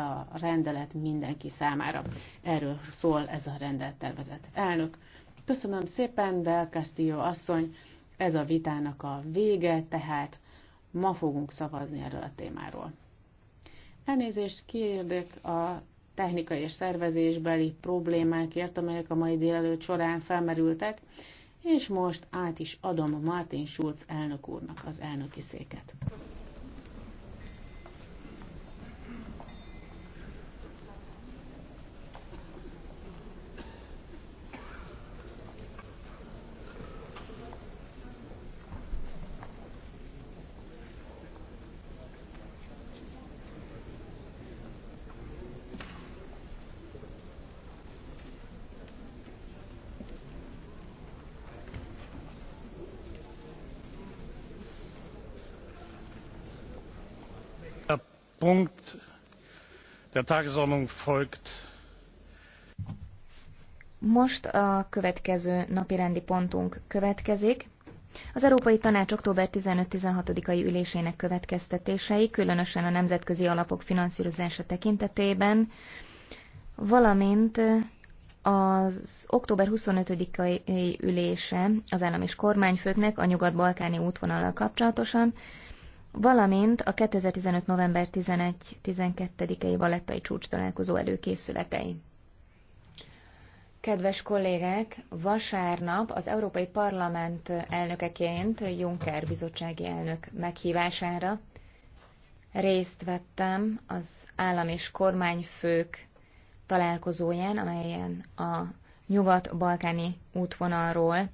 a rendelet mindenki számára. Erről szól ez a rendelettervezet. Elnök, köszönöm szépen, Del Castillo asszony, ez a vitának a vége, tehát ma fogunk szavazni erről a témáról. Elnézést kérdek a technikai és szervezésbeli problémákért, amelyek a mai délelőtt során felmerültek, és most át is adom Martin Schulz elnök úrnak az elnöki széket. der Tagesordnung folgt. Most a következő napi rendi pontunk következik. Az Európai Tanács október 15-16-ai ülésének következtetései, különösen a nemzetközi alapok finanszírozása tekintetében, valamint az október 25-ai ülése az állam és kormányfőknek a nyugat-balkáni útvonallal kapcsolatosan, valamint a 2015. november 11-12-i valettai csúcs találkozó előkészületei. Kedves kollégák, vasárnap az Európai Parlament elnökeként Juncker bizottsági elnök meghívására részt vettem az állam és kormányfők találkozóján, amelyen a nyugat-balkáni útvonalról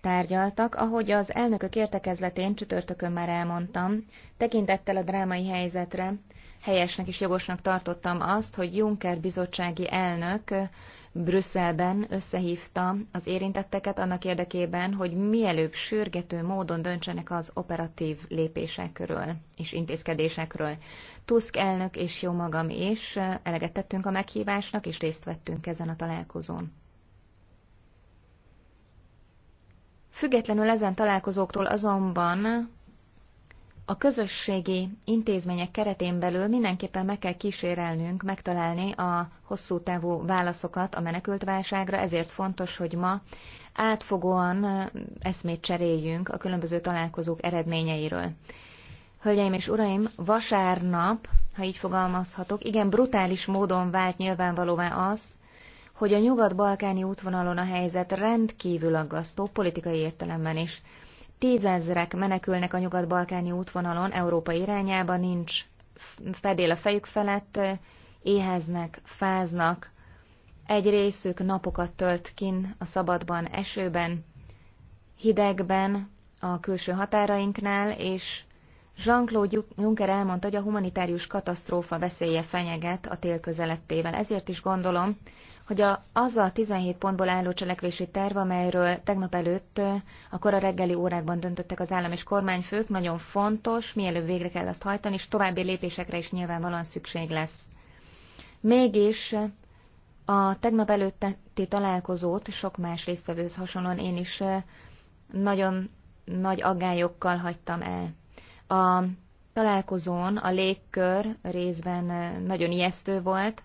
tárgyaltak, ahogy az elnökök értekezletén csütörtökön már elmondtam, tekintettel a drámai helyzetre, helyesnek és jogosnak tartottam azt, hogy Juncker bizottsági elnök Brüsszelben összehívta az érintetteket annak érdekében, hogy mielőbb sürgető módon döntsenek az operatív lépésekről és intézkedésekről. Tusk elnök és jó magam is eleget tettünk a meghívásnak, és részt vettünk ezen a találkozón. Függetlenül ezen találkozóktól azonban a közösségi intézmények keretén belül mindenképpen meg kell kísérelnünk megtalálni a hosszú távú válaszokat a menekültválságra, ezért fontos, hogy ma átfogóan eszmét cseréljünk a különböző találkozók eredményeiről. Hölgyeim és uraim, vasárnap, ha így fogalmazhatok, igen brutális módon vált nyilvánvalóvá az, hogy a nyugat-balkáni útvonalon a helyzet rendkívül aggasztó politikai értelemben is. Tízezrek menekülnek a nyugat-balkáni útvonalon Európa irányába, nincs fedél a fejük felett, éheznek, fáznak. Egy részük napokat tölt kin a szabadban, esőben, hidegben, a külső határainknál, és Jean-Claude Juncker elmondta, hogy a humanitárius katasztrófa veszélye fenyeget a tél közelettével. Ezért is gondolom, hogy a, az a 17 pontból álló cselekvési terv, amelyről tegnap előtt a kora reggeli órákban döntöttek az állam és kormányfők, nagyon fontos, mielőbb végre kell azt hajtani, és további lépésekre is nyilvánvalóan szükség lesz. Mégis a tegnap előtti találkozót sok más résztvevőhöz hasonlóan én is nagyon nagy aggályokkal hagytam el. A találkozón a légkör részben nagyon ijesztő volt,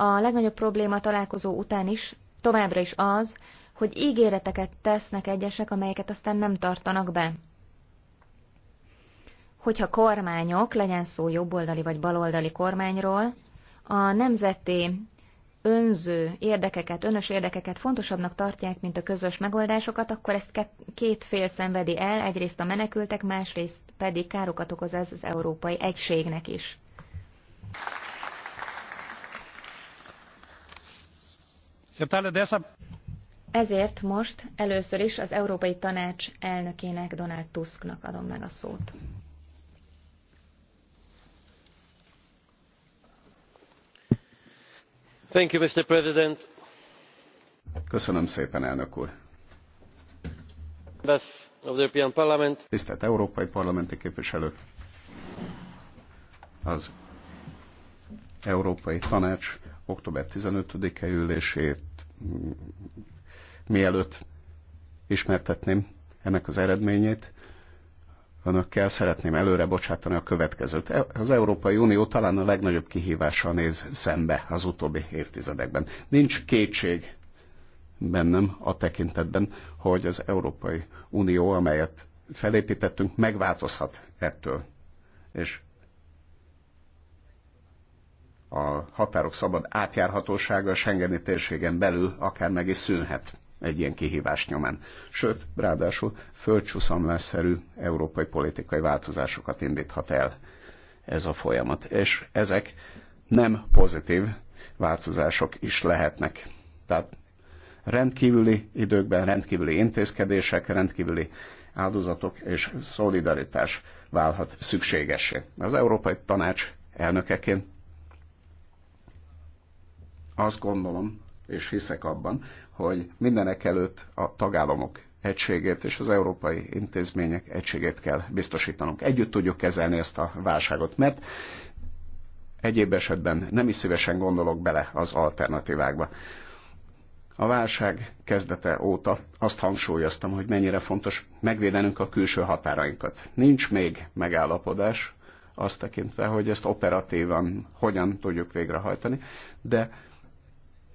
a legnagyobb probléma találkozó után is továbbra is az, hogy ígéreteket tesznek egyesek, amelyeket aztán nem tartanak be. Hogyha kormányok, legyen szó jobboldali vagy baloldali kormányról, a nemzeti önző érdekeket, önös érdekeket fontosabbnak tartják, mint a közös megoldásokat, akkor ezt két fél szenvedi el, egyrészt a menekültek, másrészt pedig károkat okoz ez az európai egységnek is. Ezért most először is az Európai Tanács elnökének Donald Tusknak adom meg a szót. Thank you, Mr. President. Köszönöm szépen, elnök úr. Tisztelt Európai Parlamenti képviselő. Az Európai Tanács október 15-e ülését mielőtt ismertetném ennek az eredményét, önökkel szeretném előre bocsátani a következőt. E- az Európai Unió talán a legnagyobb kihívással néz szembe az utóbbi évtizedekben. Nincs kétség bennem a tekintetben, hogy az Európai Unió, amelyet felépítettünk, megváltozhat ettől. És a határok szabad átjárhatósága a Schengeni térségen belül akár meg is szűnhet egy ilyen kihívás nyomán. Sőt, ráadásul földcsúszamlásszerű európai politikai változásokat indíthat el ez a folyamat. És ezek nem pozitív változások is lehetnek. Tehát rendkívüli időkben rendkívüli intézkedések, rendkívüli áldozatok és szolidaritás válhat szükségessé. Az Európai Tanács elnökeként azt gondolom, és hiszek abban, hogy mindenek előtt a tagállamok egységét és az európai intézmények egységét kell biztosítanunk. Együtt tudjuk kezelni ezt a válságot, mert egyéb esetben nem is szívesen gondolok bele az alternatívákba. A válság kezdete óta azt hangsúlyoztam, hogy mennyire fontos megvédenünk a külső határainkat. Nincs még megállapodás azt tekintve, hogy ezt operatívan hogyan tudjuk végrehajtani, de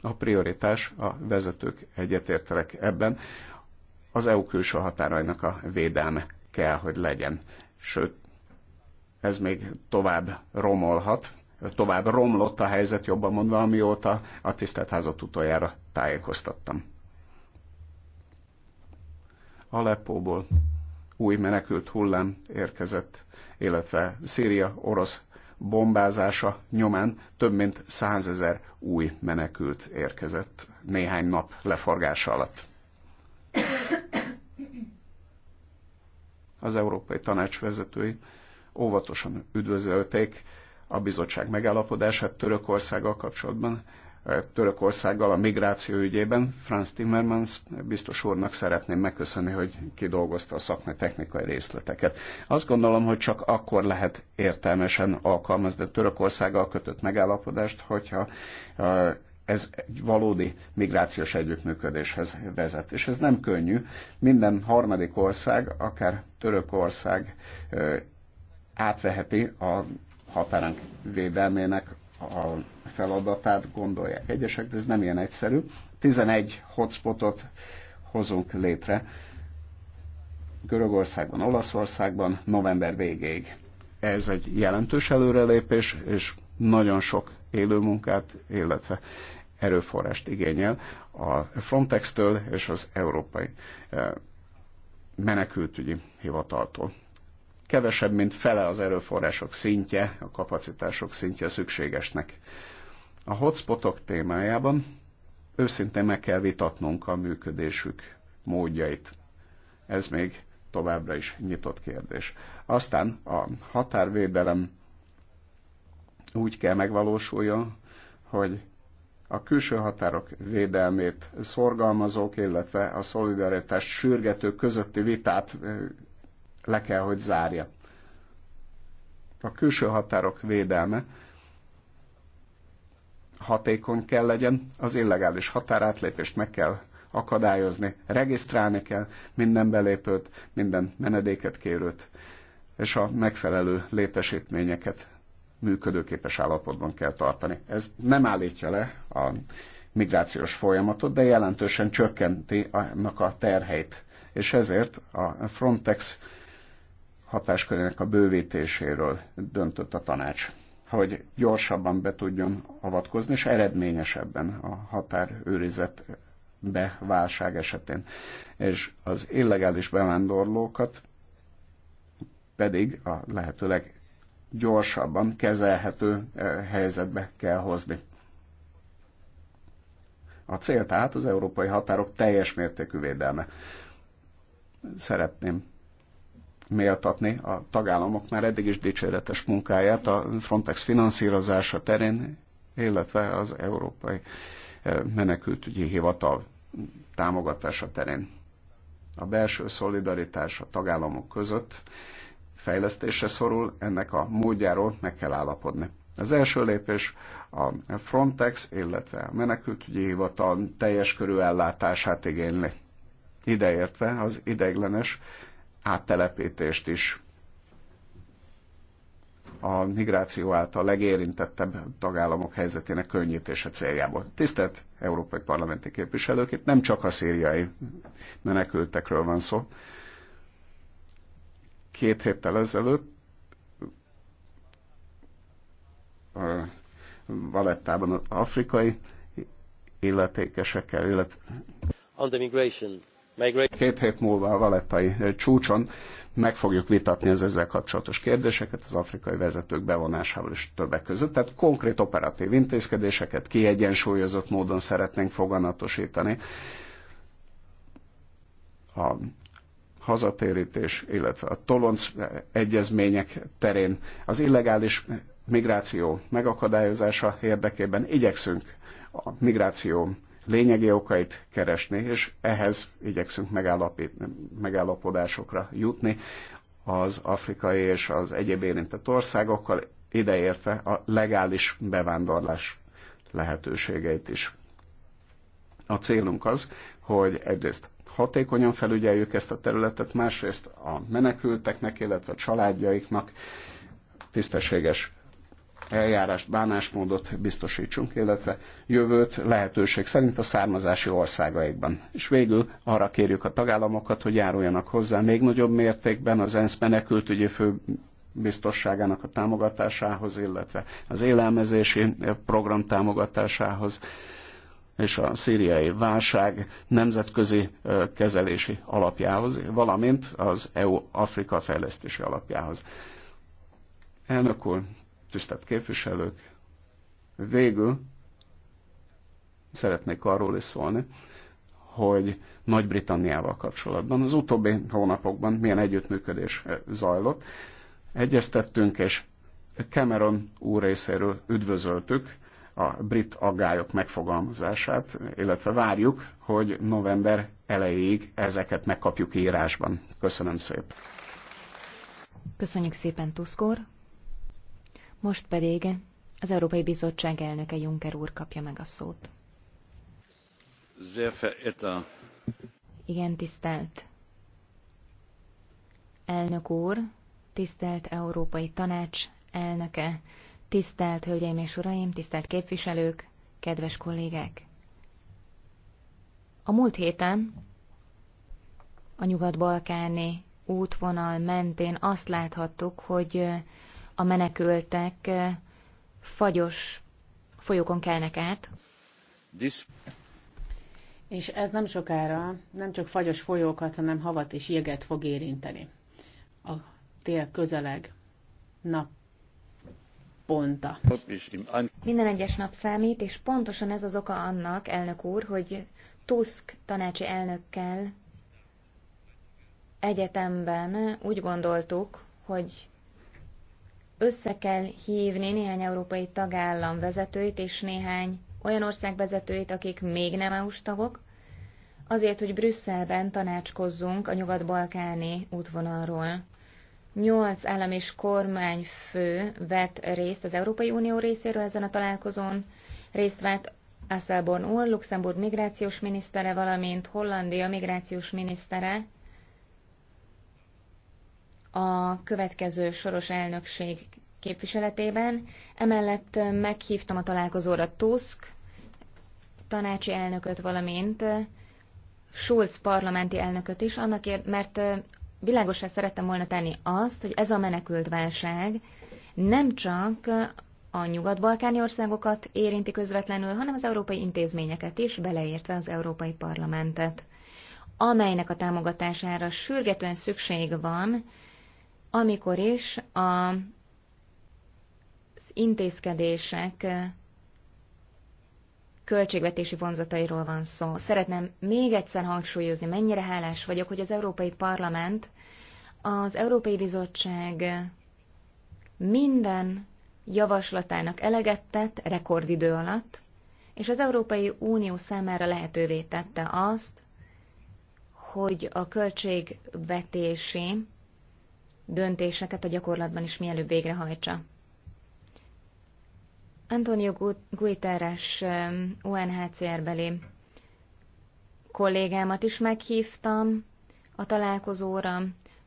a prioritás, a vezetők egyetértenek ebben, az EU külső határainak a védelme kell, hogy legyen. Sőt, ez még tovább romolhat, tovább romlott a helyzet, jobban mondva, amióta a tisztelt házat utoljára tájékoztattam. Aleppóból új menekült hullám érkezett, illetve Szíria orosz bombázása nyomán több mint százezer új menekült érkezett néhány nap leforgása alatt. Az Európai Tanács vezetői óvatosan üdvözölték a bizottság megállapodását Törökországgal kapcsolatban, Törökországgal a migráció ügyében. Franz Timmermans biztos úrnak szeretném megköszönni, hogy kidolgozta a szakmai technikai részleteket. Azt gondolom, hogy csak akkor lehet értelmesen alkalmazni a Törökországgal kötött megállapodást, hogyha ez egy valódi migrációs együttműködéshez vezet. És ez nem könnyű. Minden harmadik ország, akár Törökország átveheti a határánk védelmének a feladatát gondolják egyesek, de ez nem ilyen egyszerű. 11 hotspotot hozunk létre Görögországban, Olaszországban november végéig. Ez egy jelentős előrelépés, és nagyon sok élő munkát, illetve erőforrást igényel a Frontex-től és az Európai eh, Menekültügyi Hivataltól kevesebb, mint fele az erőforrások szintje, a kapacitások szintje szükségesnek. A hotspotok témájában őszintén meg kell vitatnunk a működésük módjait. Ez még továbbra is nyitott kérdés. Aztán a határvédelem úgy kell megvalósuljon, hogy a külső határok védelmét szorgalmazók, illetve a szolidaritást sürgető közötti vitát le kell, hogy zárja. A külső határok védelme hatékony kell legyen, az illegális határátlépést meg kell akadályozni, regisztrálni kell minden belépőt, minden menedéket kérőt, és a megfelelő létesítményeket működőképes állapotban kell tartani. Ez nem állítja le a migrációs folyamatot, de jelentősen csökkenti annak a terheit. És ezért a Frontex hatáskörének a bővítéséről döntött a tanács, hogy gyorsabban be tudjon avatkozni, és eredményesebben a határőrizet beválság esetén. És az illegális bevándorlókat pedig a lehetőleg gyorsabban kezelhető eh, helyzetbe kell hozni. A cél tehát az európai határok teljes mértékű védelme. Szeretném méltatni a tagállamok már eddig is dicséretes munkáját a Frontex finanszírozása terén, illetve az Európai eh, Menekültügyi Hivatal támogatása terén. A belső szolidaritás a tagállamok között fejlesztésre szorul, ennek a módjáról meg kell állapodni. Az első lépés a Frontex, illetve a menekültügyi hivatal teljes körű ellátását igényli. Ideértve az ideiglenes áttelepítést is a migráció által legérintettebb tagállamok helyzetének könnyítése céljából. Tisztelt európai parlamenti képviselők, itt nem csak a szíriai menekültekről van szó. Két héttel ezelőtt Valettában az afrikai illetékesekkel, illetve on the migration Két hét múlva a valettai eh, csúcson meg fogjuk vitatni az ezzel kapcsolatos kérdéseket az afrikai vezetők bevonásával és többek között. Tehát konkrét operatív intézkedéseket kiegyensúlyozott módon szeretnénk foganatosítani. A hazatérítés, illetve a tolonc eh, egyezmények terén az illegális migráció megakadályozása érdekében igyekszünk a migráció lényegi okait keresni, és ehhez igyekszünk megállapodásokra jutni az afrikai és az egyéb érintett országokkal, ideértve a legális bevándorlás lehetőségeit is. A célunk az, hogy egyrészt hatékonyan felügyeljük ezt a területet, másrészt a menekülteknek, illetve a családjaiknak tisztességes eljárást, bánásmódot biztosítsunk, illetve jövőt lehetőség szerint a származási országaikban. És végül arra kérjük a tagállamokat, hogy járuljanak hozzá még nagyobb mértékben az ENSZ menekültügyi fő biztosságának a támogatásához, illetve az élelmezési program támogatásához és a szíriai válság nemzetközi kezelési alapjához, valamint az EU-Afrika fejlesztési alapjához. Elnök úr, tisztelt képviselők, végül szeretnék arról is szólni, hogy Nagy-Britanniával kapcsolatban az utóbbi hónapokban milyen együttműködés eh, zajlott. Egyeztettünk, és Cameron úr részéről üdvözöltük a brit aggályok megfogalmazását, illetve várjuk, hogy november elejéig ezeket megkapjuk írásban. Köszönöm szépen. Köszönjük szépen, Tuszkor. Most pedig az Európai Bizottság elnöke Juncker úr kapja meg a szót. Igen, tisztelt. Elnök úr, tisztelt Európai Tanács elnöke, tisztelt Hölgyeim és Uraim, tisztelt képviselők, kedves kollégák! A múlt héten a nyugat-balkáni útvonal mentén azt láthattuk, hogy a menekültek fagyos folyókon kelnek át. This... És ez nem sokára nem csak fagyos folyókat, hanem havat és jeget fog érinteni. A tél közeleg nap ponta. Minden egyes nap számít, és pontosan ez az oka annak, elnök úr, hogy Tusk tanácsi elnökkel egyetemben úgy gondoltuk, hogy össze kell hívni néhány európai tagállam vezetőit és néhány olyan ország vezetőit, akik még nem EU-s tagok, azért, hogy Brüsszelben tanácskozzunk a nyugat-balkáni útvonalról. Nyolc állam és kormányfő vett részt az Európai Unió részéről ezen a találkozón, részt vett Asselborn úr, Luxemburg migrációs minisztere, valamint Hollandia migrációs minisztere, a következő soros elnökség képviseletében. Emellett meghívtam a találkozóra Tusk tanácsi elnököt, valamint Schulz parlamenti elnököt is, annak ér, mert világosan szerettem volna tenni azt, hogy ez a menekült válság nem csak a nyugat-balkáni országokat érinti közvetlenül, hanem az európai intézményeket is, beleértve az Európai Parlamentet, amelynek a támogatására sürgetően szükség van amikor is a, az intézkedések költségvetési vonzatairól van szó. Szeretném még egyszer hangsúlyozni, mennyire hálás vagyok, hogy az Európai Parlament, az Európai Bizottság minden javaslatának eleget tett rekordidő alatt, és az Európai Unió számára lehetővé tette azt, hogy a költségvetési döntéseket a gyakorlatban is mielőbb végrehajtsa. Antonio Guterres um, UNHCR belé kollégámat is meghívtam a találkozóra,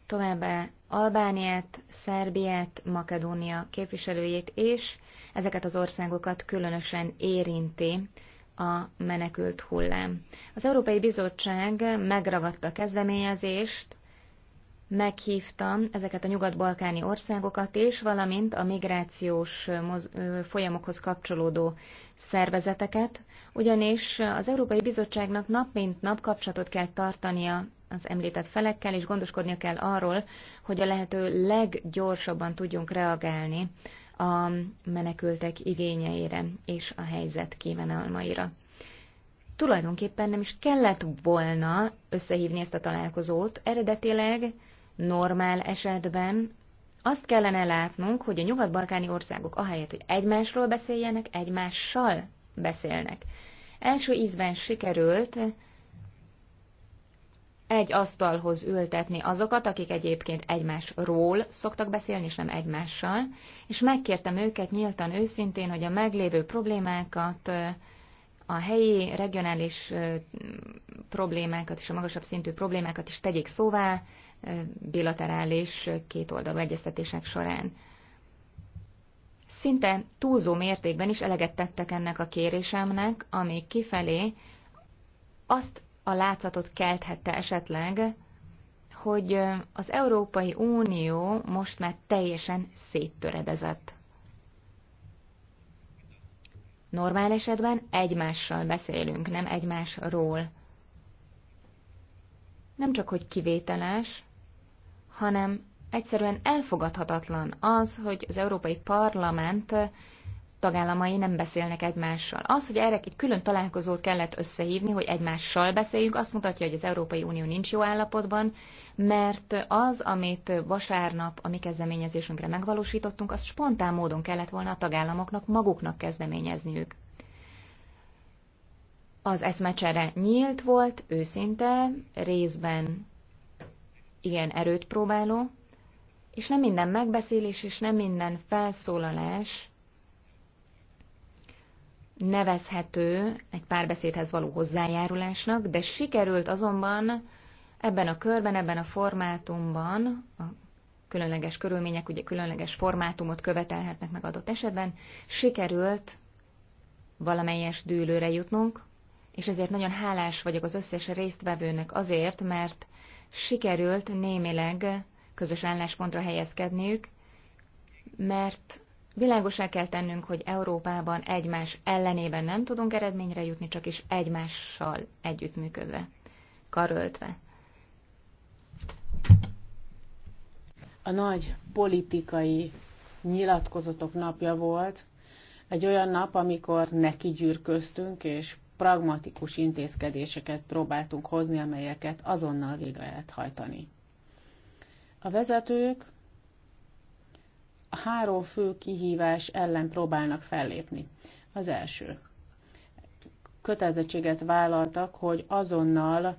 továbbá Albániát, Szerbiát, Makedónia képviselőjét, és ezeket az országokat különösen érinti a menekült hullám. Az Európai Bizottság megragadta a kezdeményezést, meghívtam ezeket a nyugat-balkáni országokat és valamint a migrációs folyamokhoz kapcsolódó szervezeteket, ugyanis az Európai Bizottságnak nap mint nap kapcsolatot kell tartania az említett felekkel, és gondoskodnia kell arról, hogy a lehető leggyorsabban tudjunk reagálni a menekültek igényeire és a helyzet kívánalmaira. Tulajdonképpen nem is kellett volna összehívni ezt a találkozót, eredetileg Normál esetben azt kellene látnunk, hogy a nyugat-balkáni országok ahelyett, hogy egymásról beszéljenek, egymással beszélnek. Első ízben sikerült egy asztalhoz ültetni azokat, akik egyébként egymásról szoktak beszélni, és nem egymással, és megkértem őket nyíltan, őszintén, hogy a meglévő problémákat, a helyi, regionális problémákat és a magasabb szintű problémákat is tegyék szóvá, bilaterális kétoldalú egyeztetések során. Szinte túlzó mértékben is eleget tettek ennek a kérésemnek, ami kifelé azt a látszatot kelthette esetleg, hogy az Európai Unió most már teljesen széttöredezett. Normál esetben egymással beszélünk, nem egymásról. Nem csak hogy kivételes, hanem egyszerűen elfogadhatatlan az, hogy az Európai Parlament tagállamai nem beszélnek egymással. Az, hogy erre egy külön találkozót kellett összehívni, hogy egymással beszéljünk, azt mutatja, hogy az Európai Unió nincs jó állapotban, mert az, amit vasárnap a mi kezdeményezésünkre megvalósítottunk, azt spontán módon kellett volna a tagállamoknak maguknak kezdeményezniük. Az eszmecsere nyílt volt, őszinte, részben igen erőt próbáló, és nem minden megbeszélés és nem minden felszólalás nevezhető egy párbeszédhez való hozzájárulásnak, de sikerült azonban ebben a körben, ebben a formátumban, a különleges körülmények, ugye különleges formátumot követelhetnek meg adott esetben, sikerült valamelyes dűlőre jutnunk, és ezért nagyon hálás vagyok az összes résztvevőnek azért, mert sikerült némileg közös álláspontra helyezkedniük, mert világosá kell tennünk, hogy Európában egymás ellenében nem tudunk eredményre jutni, csak is egymással együttműködve, karöltve. A nagy politikai nyilatkozatok napja volt, egy olyan nap, amikor neki gyűrköztünk, és pragmatikus intézkedéseket próbáltunk hozni, amelyeket azonnal végre lehet hajtani. A vezetők a három fő kihívás ellen próbálnak fellépni. Az első. Kötelezettséget vállaltak, hogy azonnal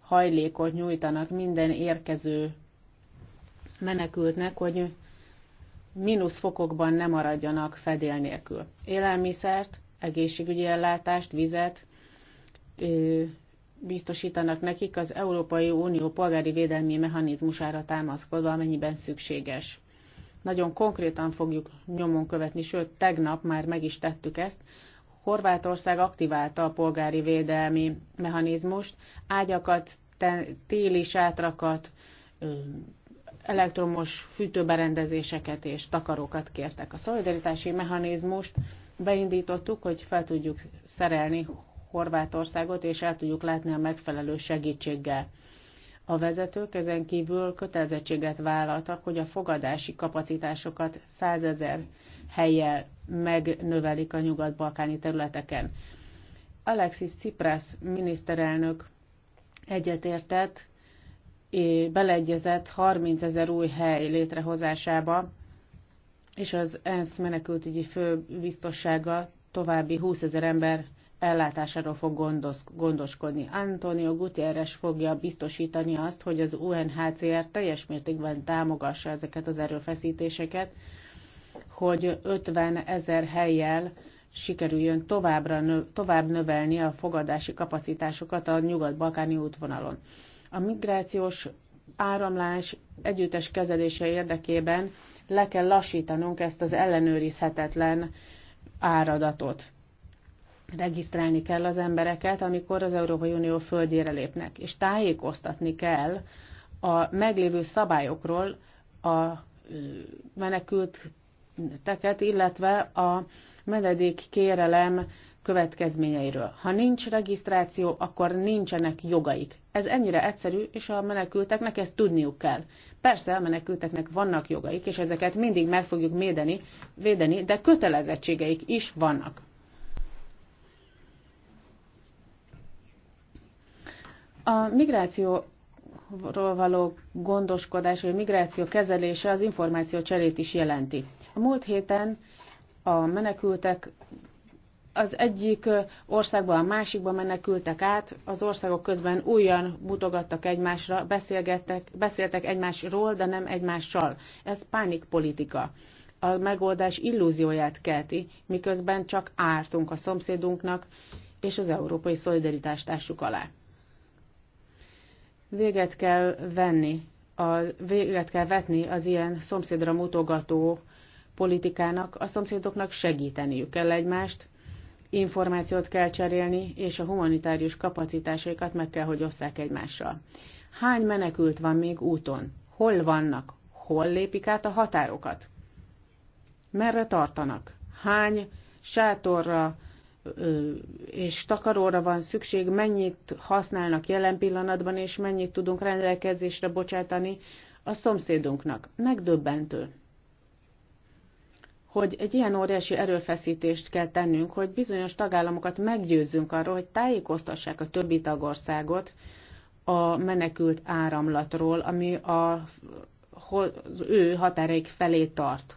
hajlékot nyújtanak minden érkező menekültnek, hogy mínusz fokokban nem maradjanak fedél nélkül. Élelmiszert, egészségügyi ellátást, vizet biztosítanak nekik az Európai Unió polgári védelmi mechanizmusára támaszkodva, amennyiben szükséges. Nagyon konkrétan fogjuk nyomon követni, sőt, tegnap már meg is tettük ezt. Horvátország aktiválta a polgári védelmi mechanizmust, ágyakat, téli sátrakat, elektromos fűtőberendezéseket és takarókat kértek. A szolidaritási mechanizmust beindítottuk, hogy fel tudjuk szerelni Horvátországot, és el tudjuk látni a megfelelő segítséggel. A vezetők ezen kívül kötelezettséget vállaltak, hogy a fogadási kapacitásokat 100 ezer megnövelik a nyugat-balkáni területeken. Alexis Tsipras miniszterelnök egyetértett, beleegyezett 30 ezer új hely létrehozásába és az ENSZ menekültügyi főbiztossága további 20 ezer ember ellátásáról fog gondos, gondoskodni. Antonio Gutierrez fogja biztosítani azt, hogy az UNHCR teljes mértékben támogassa ezeket az erőfeszítéseket, hogy 50 ezer helyjel sikerüljön továbbra, tovább növelni a fogadási kapacitásokat a nyugat-balkáni útvonalon. A migrációs áramlás együttes kezelése érdekében le kell lassítanunk ezt az ellenőrizhetetlen áradatot. Regisztrálni kell az embereket, amikor az Európai Unió földjére lépnek, és tájékoztatni kell a meglévő szabályokról a menekülteket, illetve a menedék kérelem következményeiről. Ha nincs regisztráció, akkor nincsenek jogaik. Ez ennyire egyszerű, és a menekülteknek ezt tudniuk kell. Persze a menekülteknek vannak jogaik, és ezeket mindig meg fogjuk médeni, védeni, de kötelezettségeik is vannak. A migrációról való gondoskodás, vagy migráció kezelése az információ cserét is jelenti. A múlt héten a menekültek az egyik országba, a másikba menekültek át, az országok közben újan mutogattak egymásra, beszélgettek, beszéltek egymásról, de nem egymással. Ez pánikpolitika. A megoldás illúzióját kelti, miközben csak ártunk a szomszédunknak és az európai szolidaritást ássuk alá. Véget kell venni, a, véget kell vetni az ilyen szomszédra mutogató politikának, a szomszédoknak segíteniük kell egymást, információt kell cserélni, és a humanitárius kapacitásaikat meg kell, hogy osszák egymással. Hány menekült van még úton? Hol vannak? Hol lépik át a határokat? Merre tartanak? Hány sátorra és takaróra van szükség, mennyit használnak jelen pillanatban, és mennyit tudunk rendelkezésre bocsátani a szomszédunknak. Megdöbbentő hogy egy ilyen óriási erőfeszítést kell tennünk, hogy bizonyos tagállamokat meggyőzzünk arról, hogy tájékoztassák a többi tagországot a menekült áramlatról, ami a, az ő határaik felé tart.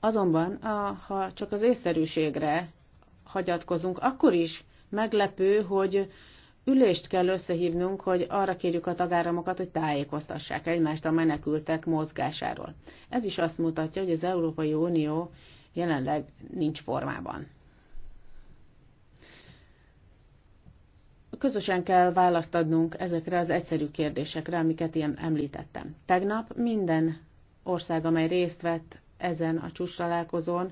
Azonban, a, ha csak az észszerűségre hagyatkozunk, akkor is meglepő, hogy ülést kell összehívnunk, hogy arra kérjük a tagáramokat, hogy tájékoztassák egymást a menekültek mozgásáról. Ez is azt mutatja, hogy az Európai Unió jelenleg nincs formában. Közösen kell választ adnunk ezekre az egyszerű kérdésekre, amiket ilyen említettem. Tegnap minden ország, amely részt vett ezen a csúcs találkozón,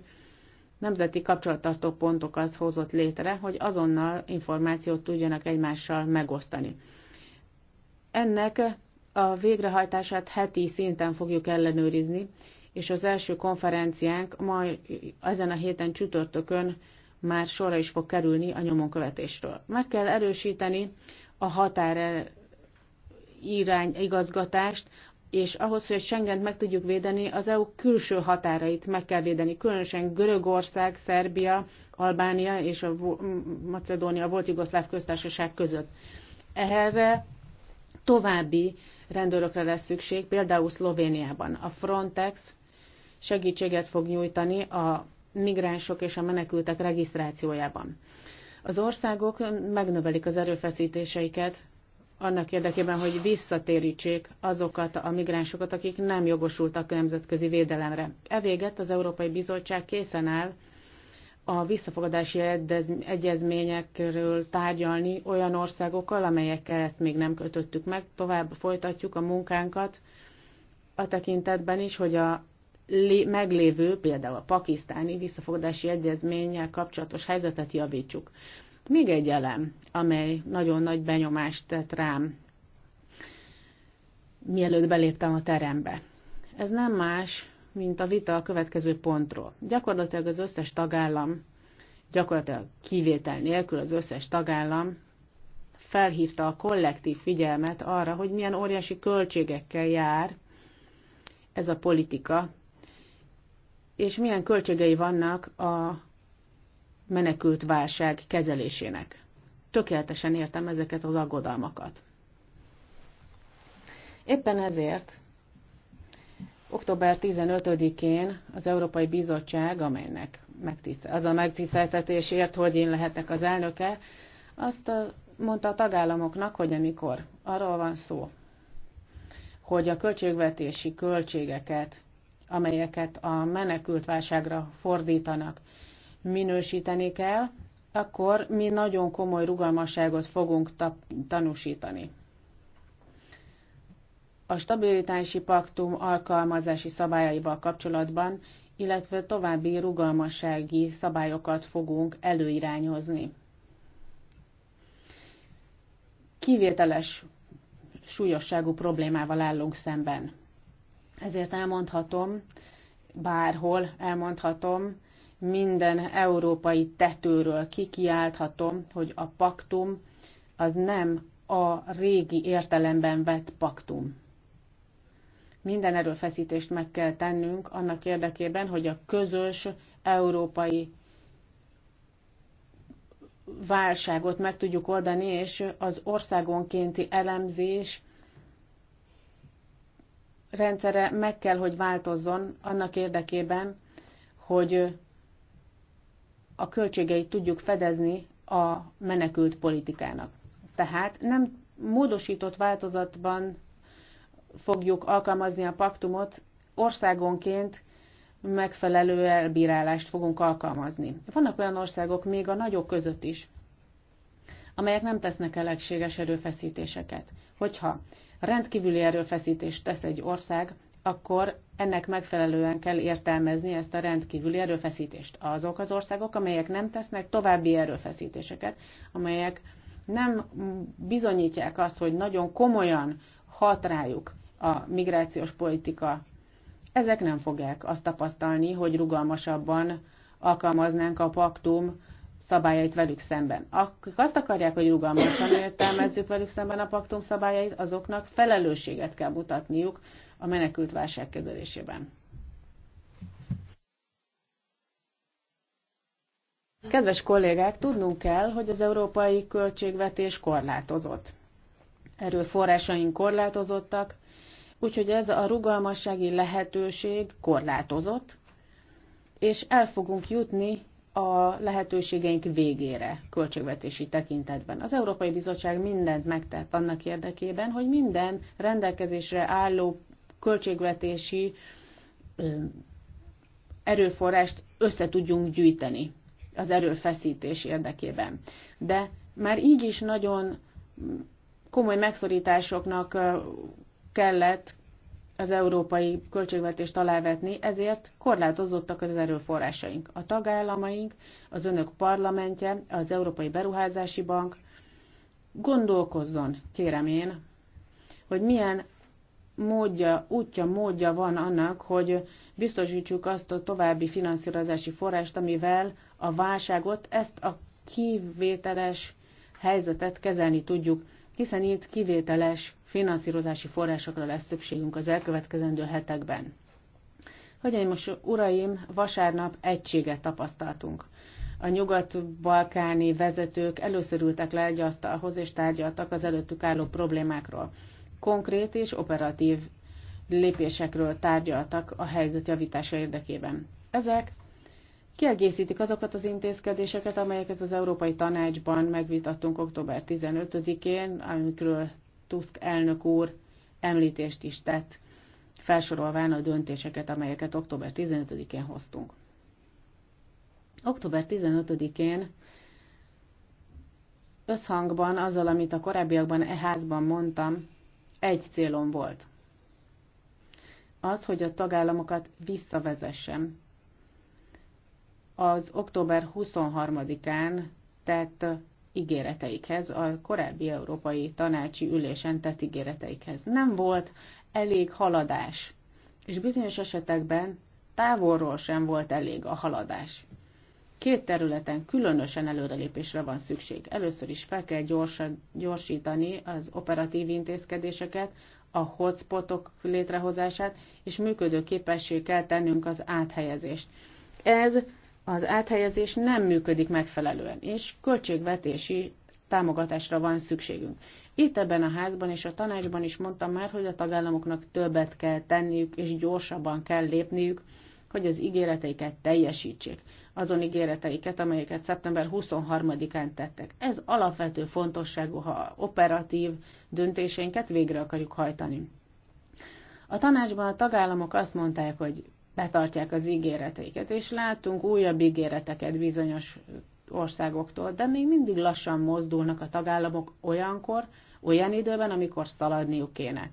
nemzeti kapcsolattartó pontokat hozott létre, hogy azonnal információt tudjanak egymással megosztani. Ennek a végrehajtását heti szinten fogjuk ellenőrizni, és az első konferenciánk majd ezen a héten csütörtökön már sorra is fog kerülni a nyomonkövetésről. Meg kell erősíteni a határ irány igazgatást, és ahhoz, hogy Schengent meg tudjuk védeni, az EU külső határait meg kell védeni, különösen Görögország, Szerbia, Albánia és a Macedónia volt Jugoszláv köztársaság között. Erre további rendőrökre lesz szükség, például Szlovéniában. A Frontex segítséget fog nyújtani a migránsok és a menekültek regisztrációjában. Az országok megnövelik az erőfeszítéseiket annak érdekében, hogy visszatérítsék azokat a migránsokat, akik nem jogosultak nemzetközi védelemre. Evégett az Európai Bizottság készen áll a visszafogadási egyezményekről tárgyalni olyan országokkal, amelyekkel ezt még nem kötöttük meg. Tovább folytatjuk a munkánkat a tekintetben is, hogy a meglévő, például a pakisztáni visszafogadási egyezménnyel kapcsolatos helyzetet javítsuk. Még egy elem, amely nagyon nagy benyomást tett rám, mielőtt beléptem a terembe. Ez nem más, mint a vita a következő pontról. Gyakorlatilag az összes tagállam, gyakorlatilag kivétel nélkül az összes tagállam felhívta a kollektív figyelmet arra, hogy milyen óriási költségekkel jár ez a politika, és milyen költségei vannak a menekült válság kezelésének. Tökéletesen értem ezeket az aggodalmakat. Éppen ezért október 15-én az Európai Bizottság, amelynek az a megtiszteltetésért, hogy én lehetek az elnöke, azt mondta a tagállamoknak, hogy amikor arról van szó, hogy a költségvetési költségeket, amelyeket a menekültválságra fordítanak, minősíteni kell, akkor mi nagyon komoly rugalmasságot fogunk tanúsítani. A stabilitási paktum alkalmazási szabályaival kapcsolatban, illetve további rugalmassági szabályokat fogunk előirányozni. Kivételes súlyosságú problémával állunk szemben. Ezért elmondhatom, bárhol elmondhatom, minden európai tetőről kikiálthatom, hogy a paktum az nem a régi értelemben vett paktum. Minden erőfeszítést meg kell tennünk annak érdekében, hogy a közös európai válságot meg tudjuk oldani, és az országonkénti elemzés rendszere meg kell, hogy változzon annak érdekében, hogy a költségeit tudjuk fedezni a menekült politikának. Tehát nem módosított változatban fogjuk alkalmazni a paktumot, országonként megfelelő elbírálást fogunk alkalmazni. Vannak olyan országok, még a nagyok között is, amelyek nem tesznek elegséges erőfeszítéseket. Hogyha rendkívüli erőfeszítést tesz egy ország, akkor ennek megfelelően kell értelmezni ezt a rendkívüli erőfeszítést. Azok az országok, amelyek nem tesznek további erőfeszítéseket, amelyek nem bizonyítják azt, hogy nagyon komolyan hat rájuk a migrációs politika, ezek nem fogják azt tapasztalni, hogy rugalmasabban alkalmaznánk a paktum szabályait velük szemben. Akik azt akarják, hogy rugalmasan értelmezzük velük szemben a paktum szabályait, azoknak felelősséget kell mutatniuk a menekült válság kezelésében. Kedves kollégák, tudnunk kell, hogy az európai költségvetés korlátozott. forrásaink korlátozottak, úgyhogy ez a rugalmassági lehetőség korlátozott, és el fogunk jutni a lehetőségeink végére költségvetési tekintetben. Az Európai Bizottság mindent megtett annak érdekében, hogy minden rendelkezésre álló költségvetési erőforrást össze tudjunk gyűjteni az erőfeszítés érdekében. De már így is nagyon komoly megszorításoknak kellett az európai költségvetést alávetni, ezért korlátozottak az erőforrásaink. A tagállamaink, az önök parlamentje, az Európai Beruházási Bank gondolkozzon, kérem én, hogy milyen módja, útja, módja van annak, hogy biztosítsuk azt a további finanszírozási forrást, amivel a válságot, ezt a kivételes helyzetet kezelni tudjuk, hiszen itt kivételes finanszírozási forrásokra lesz szükségünk az elkövetkezendő hetekben. Hölgyeim most uraim, vasárnap egységet tapasztaltunk. A nyugat-balkáni vezetők először ültek le egy asztalhoz és tárgyaltak az előttük álló problémákról konkrét és operatív lépésekről tárgyaltak a helyzet javítása érdekében. Ezek kiegészítik azokat az intézkedéseket, amelyeket az Európai Tanácsban megvitattunk október 15-én, amikről Tusk elnök úr említést is tett, felsorolván a döntéseket, amelyeket október 15-én hoztunk. Október 15-én összhangban azzal, amit a korábbiakban e házban mondtam, egy célom volt. Az, hogy a tagállamokat visszavezessem. Az október 23-án tett ígéreteikhez, a korábbi európai tanácsi ülésen tett ígéreteikhez. Nem volt elég haladás, és bizonyos esetekben távolról sem volt elég a haladás. Két területen különösen előrelépésre van szükség. Először is fel kell gyorsan, gyorsítani az operatív intézkedéseket, a hotspotok létrehozását, és működő képessé kell tennünk az áthelyezést. Ez az áthelyezés nem működik megfelelően, és költségvetési támogatásra van szükségünk. Itt ebben a házban és a tanácsban is mondtam már, hogy a tagállamoknak többet kell tenniük, és gyorsabban kell lépniük, hogy az ígéreteiket teljesítsék azon ígéreteiket, amelyeket szeptember 23-án tettek. Ez alapvető fontosságú, ha operatív döntéseinket végre akarjuk hajtani. A tanácsban a tagállamok azt mondták, hogy betartják az ígéreteiket, és láttunk újabb ígéreteket bizonyos országoktól, de még mindig lassan mozdulnak a tagállamok olyankor, olyan időben, amikor szaladniuk kéne.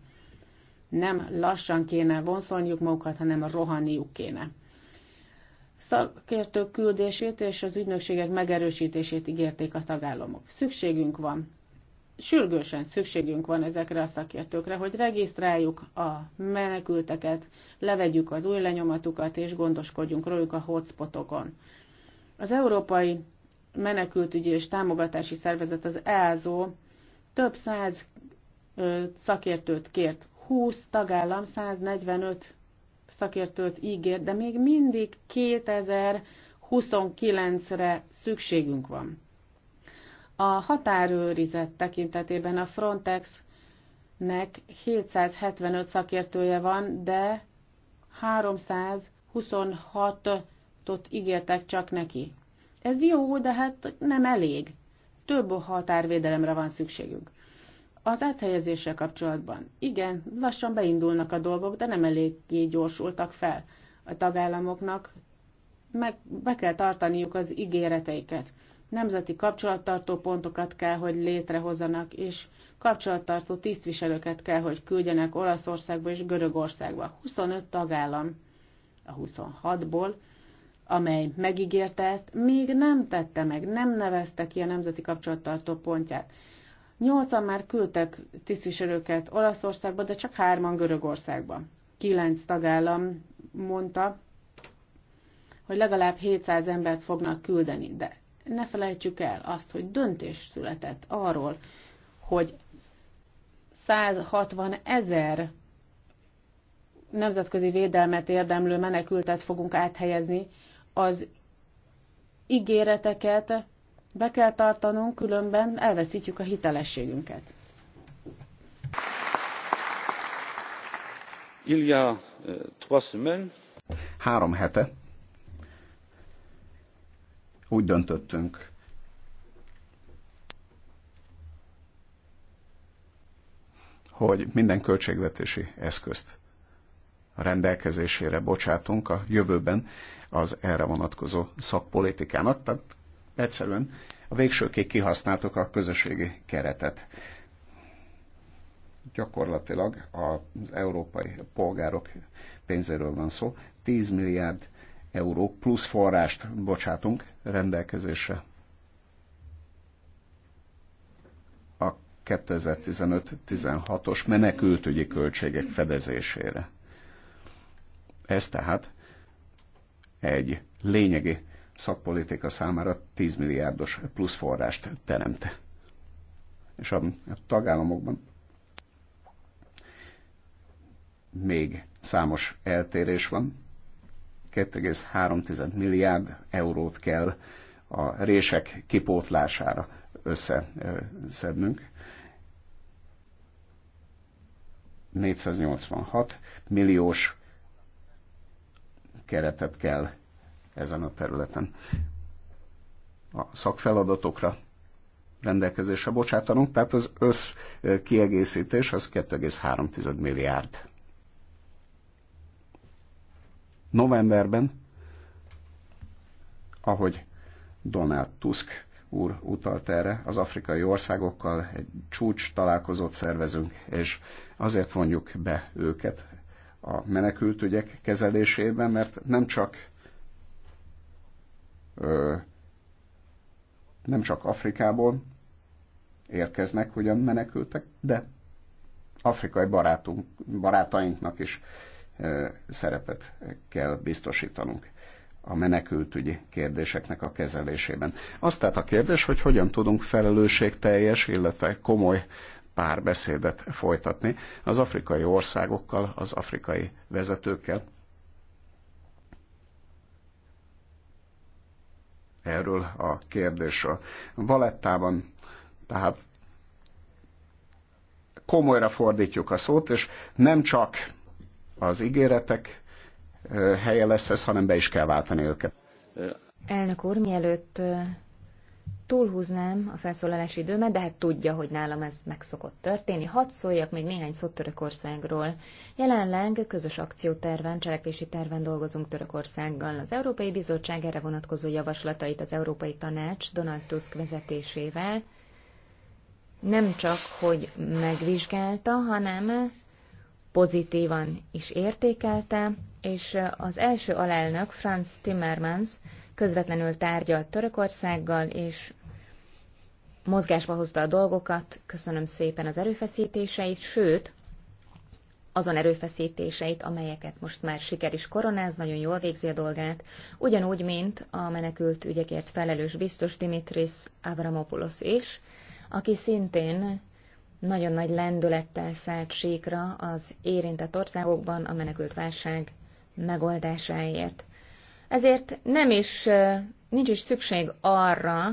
Nem lassan kéne vonszolniuk magukat, hanem rohanniuk kéne szakértők küldését és az ügynökségek megerősítését ígérték a tagállamok. Szükségünk van, sürgősen szükségünk van ezekre a szakértőkre, hogy regisztráljuk a menekülteket, levegyük az új lenyomatukat és gondoskodjunk róluk a hotspotokon. Az Európai Menekültügyi és Támogatási Szervezet, az EASO több száz szakértőt kért, 20 tagállam 145 szakértőt ígér, de még mindig 2029-re szükségünk van. A határőrizet tekintetében a Frontexnek 775 szakértője van, de 326-ot ígértek csak neki. Ez jó, de hát nem elég. Több határvédelemre van szükségünk. Az áthelyezéssel kapcsolatban. Igen, lassan beindulnak a dolgok, de nem eléggé gyorsultak fel. A tagállamoknak meg be kell tartaniuk az ígéreteiket. Nemzeti kapcsolattartó pontokat kell, hogy létrehozzanak, és kapcsolattartó tisztviselőket kell, hogy küldjenek Olaszországba és Görögországba. 25 tagállam a 26-ból, amely megígérte ezt, még nem tette meg, nem nevezte ki a nemzeti kapcsolattartó pontját. Nyolcan már küldtek tisztviselőket Olaszországba, de csak hárman Görögországba. Kilenc tagállam mondta, hogy legalább 700 embert fognak küldeni, de ne felejtsük el azt, hogy döntés született arról, hogy 160 ezer nemzetközi védelmet érdemlő menekültet fogunk áthelyezni, az ígéreteket be kell tartanunk, különben elveszítjük a hitelességünket. Ilja y euh, három hete úgy döntöttünk, hogy minden költségvetési eszközt a rendelkezésére bocsátunk a jövőben az erre vonatkozó szakpolitikának, tehát Egyszerűen a végsőkig kihasználtuk a közösségi keretet. Gyakorlatilag az európai polgárok pénzéről van szó, 10 milliárd euró plusz forrást bocsátunk rendelkezésre a 2015-16-os menekültügyi költségek fedezésére. Ez tehát egy lényegi szakpolitika számára 10 milliárdos plusz forrást teremte. És a tagállamokban még számos eltérés van. 2,3 milliárd eurót kell a rések kipótlására összeszednünk. 486 milliós keretet kell ezen a területen a szakfeladatokra rendelkezésre bocsátanunk, tehát az össz kiegészítés az 2,3 milliárd. Novemberben, ahogy Donald Tusk úr utalt erre, az afrikai országokkal egy csúcs találkozót szervezünk, és azért vonjuk be őket a menekültügyek kezelésében, mert nem csak nem csak Afrikából érkeznek hogyan menekültek, de afrikai barátunk, barátainknak is szerepet kell biztosítanunk a menekültügyi kérdéseknek a kezelésében. Azt tehát a kérdés, hogy hogyan tudunk felelősségteljes, illetve komoly párbeszédet folytatni az afrikai országokkal, az afrikai vezetőkkel, erről a kérdésről. Valettában tehát komolyra fordítjuk a szót, és nem csak az ígéretek helye lesz ez, hanem be is kell váltani őket. Elnök úr, mielőtt túlhúznám a felszólalási időmet, de hát tudja, hogy nálam ez meg szokott történni. Hadd szóljak még néhány szót Törökországról. Jelenleg közös akcióterven, cselekvési terven dolgozunk Törökországgal. Az Európai Bizottság erre vonatkozó javaslatait az Európai Tanács Donald Tusk vezetésével nem csak, hogy megvizsgálta, hanem pozitívan is értékelte, és az első alelnök, Franz Timmermans, közvetlenül tárgyalt Törökországgal, és mozgásba hozta a dolgokat, köszönöm szépen az erőfeszítéseit, sőt, azon erőfeszítéseit, amelyeket most már siker is koronáz, nagyon jól végzi a dolgát, ugyanúgy, mint a menekült ügyekért felelős biztos Dimitris Avramopoulos is, aki szintén nagyon nagy lendülettel szállt síkra az érintett országokban a menekült válság megoldásáért. Ezért nem is, nincs is szükség arra,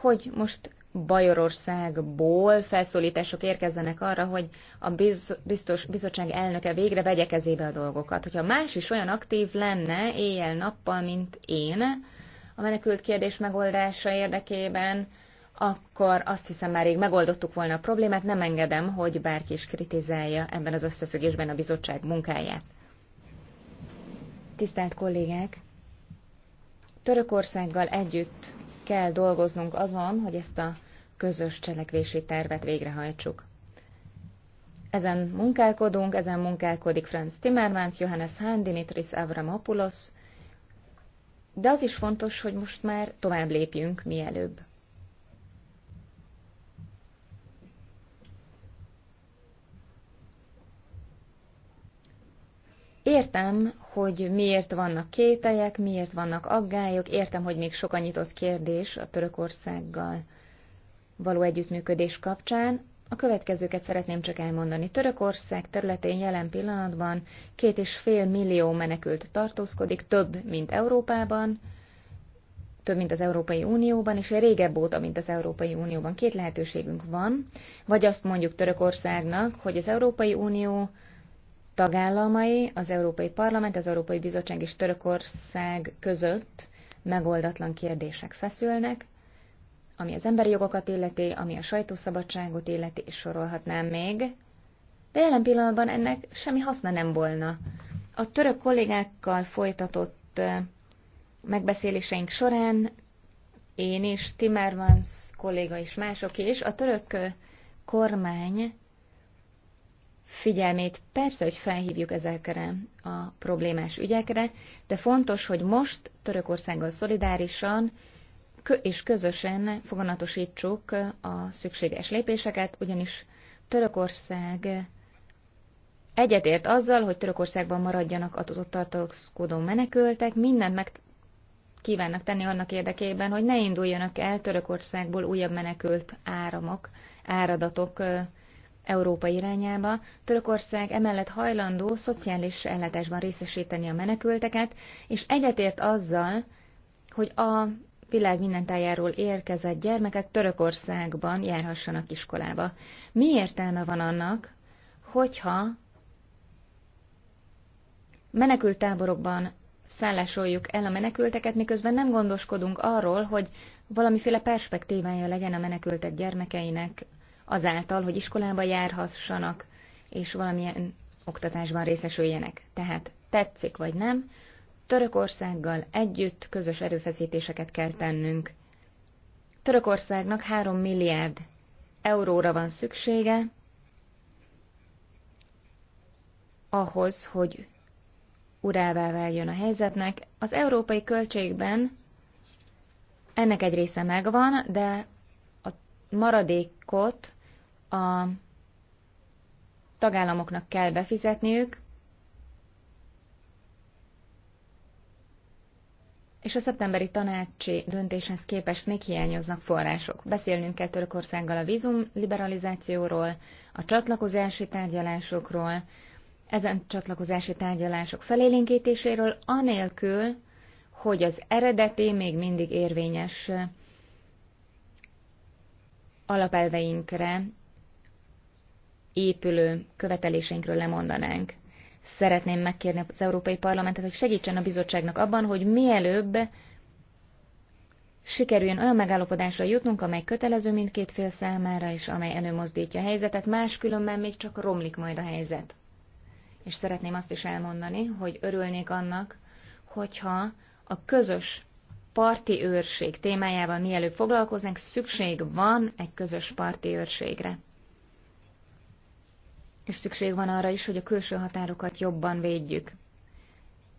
hogy most Bajorországból felszólítások érkezzenek arra, hogy a biztos, bizottság elnöke végre vegye kezébe a dolgokat. Hogyha más is olyan aktív lenne éjjel-nappal, mint én, a menekült kérdés megoldása érdekében, akkor azt hiszem már rég megoldottuk volna a problémát, nem engedem, hogy bárki is kritizálja ebben az összefüggésben a bizottság munkáját. Tisztelt kollégák! Törökországgal együtt kell dolgoznunk azon, hogy ezt a közös cselekvési tervet végrehajtsuk. Ezen munkálkodunk, ezen munkálkodik Franz Timmermans, Johannes Hahn, Dimitris Avramopoulos, de az is fontos, hogy most már tovább lépjünk mielőbb. Értem, hogy miért vannak kételyek, miért vannak aggályok, értem, hogy még sok nyitott kérdés a Törökországgal való együttműködés kapcsán. A következőket szeretném csak elmondani. Törökország területén jelen pillanatban két és fél millió menekült tartózkodik, több, mint Európában, több, mint az Európai Unióban, és régebb óta, mint az Európai Unióban. Két lehetőségünk van, vagy azt mondjuk Törökországnak, hogy az Európai Unió tagállamai, az Európai Parlament, az Európai Bizottság és Törökország között megoldatlan kérdések feszülnek, ami az emberi jogokat illeti, ami a sajtószabadságot illeti, és sorolhatnám még, de jelen pillanatban ennek semmi haszna nem volna. A török kollégákkal folytatott megbeszéléseink során én is, Timmermans kolléga és mások is, a török kormány figyelmét. Persze, hogy felhívjuk ezekre a problémás ügyekre, de fontos, hogy most Törökországgal szolidárisan és közösen foganatosítsuk a szükséges lépéseket, ugyanis Törökország egyetért azzal, hogy Törökországban maradjanak adott tartózkodó menekültek, mindent meg kívánnak tenni annak érdekében, hogy ne induljanak el Törökországból újabb menekült áramok, áradatok Európa irányába, Törökország emellett hajlandó szociális ellátásban részesíteni a menekülteket, és egyetért azzal, hogy a világ minden tájáról érkezett gyermekek Törökországban járhassanak iskolába. Mi értelme van annak, hogyha menekült táborokban szállásoljuk el a menekülteket, miközben nem gondoskodunk arról, hogy valamiféle perspektívája legyen a menekültek gyermekeinek, azáltal, hogy iskolába járhassanak, és valamilyen oktatásban részesüljenek. Tehát tetszik vagy nem, Törökországgal együtt közös erőfeszítéseket kell tennünk. Törökországnak 3 milliárd euróra van szüksége ahhoz, hogy urává váljon a helyzetnek. Az európai költségben ennek egy része megvan, de a maradékot a tagállamoknak kell befizetniük, és a szeptemberi tanácsi döntéshez képest még hiányoznak források. Beszélnünk kell Törökországgal a vízum liberalizációról, a csatlakozási tárgyalásokról, ezen csatlakozási tárgyalások felélénkítéséről, anélkül, hogy az eredeti, még mindig érvényes alapelveinkre épülő követeléseinkről lemondanánk. Szeretném megkérni az Európai Parlamentet, hogy segítsen a bizottságnak abban, hogy mielőbb sikerüljön olyan megállapodásra jutnunk, amely kötelező mindkét fél számára, és amely előmozdítja a helyzetet, máskülönben még csak romlik majd a helyzet. És szeretném azt is elmondani, hogy örülnék annak, hogyha a közös parti őrség témájával mielőbb foglalkoznánk, szükség van egy közös parti őrségre és szükség van arra is, hogy a külső határokat jobban védjük.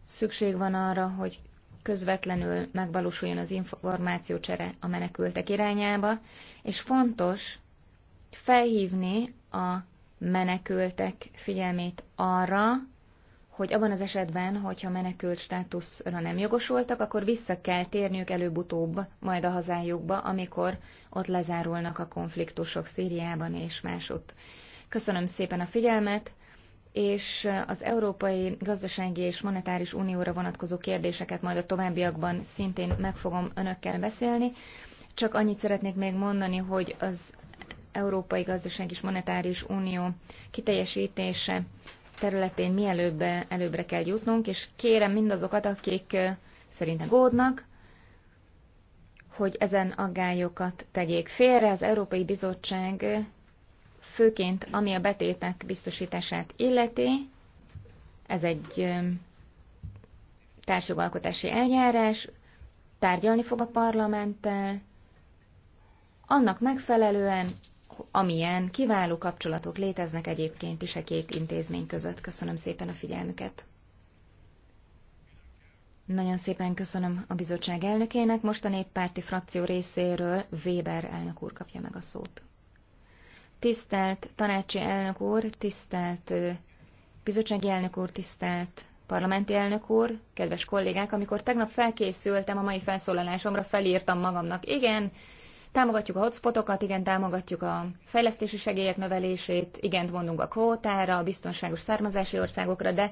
Szükség van arra, hogy közvetlenül megvalósuljon az információcsere a menekültek irányába, és fontos felhívni a menekültek figyelmét arra, hogy abban az esetben, hogyha menekült státuszra nem jogosultak, akkor vissza kell térniük előbb-utóbb majd a hazájukba, amikor ott lezárulnak a konfliktusok Szíriában és másutt. Köszönöm szépen a figyelmet, és az Európai Gazdasági és Monetáris Unióra vonatkozó kérdéseket majd a továbbiakban szintén meg fogom önökkel beszélni. Csak annyit szeretnék még mondani, hogy az Európai Gazdaság és Monetáris Unió kiteljesítése területén mielőbb előbbre kell jutnunk, és kérem mindazokat, akik szerintem gódnak, hogy ezen aggályokat tegyék félre. Az Európai Bizottság főként ami a betétek biztosítását illeti. Ez egy társjogalkotási eljárás, tárgyalni fog a parlamenttel, annak megfelelően, amilyen kiváló kapcsolatok léteznek egyébként is a két intézmény között. Köszönöm szépen a figyelmüket. Nagyon szépen köszönöm a bizottság elnökének. Most a néppárti frakció részéről Weber elnök úr kapja meg a szót. Tisztelt tanácsi elnök úr, tisztelt bizottsági elnök úr, tisztelt parlamenti elnök úr, kedves kollégák, amikor tegnap felkészültem a mai felszólalásomra, felírtam magamnak, igen, támogatjuk a hotspotokat, igen, támogatjuk a fejlesztési segélyek növelését, igen, mondunk a kvótára, a biztonságos származási országokra, de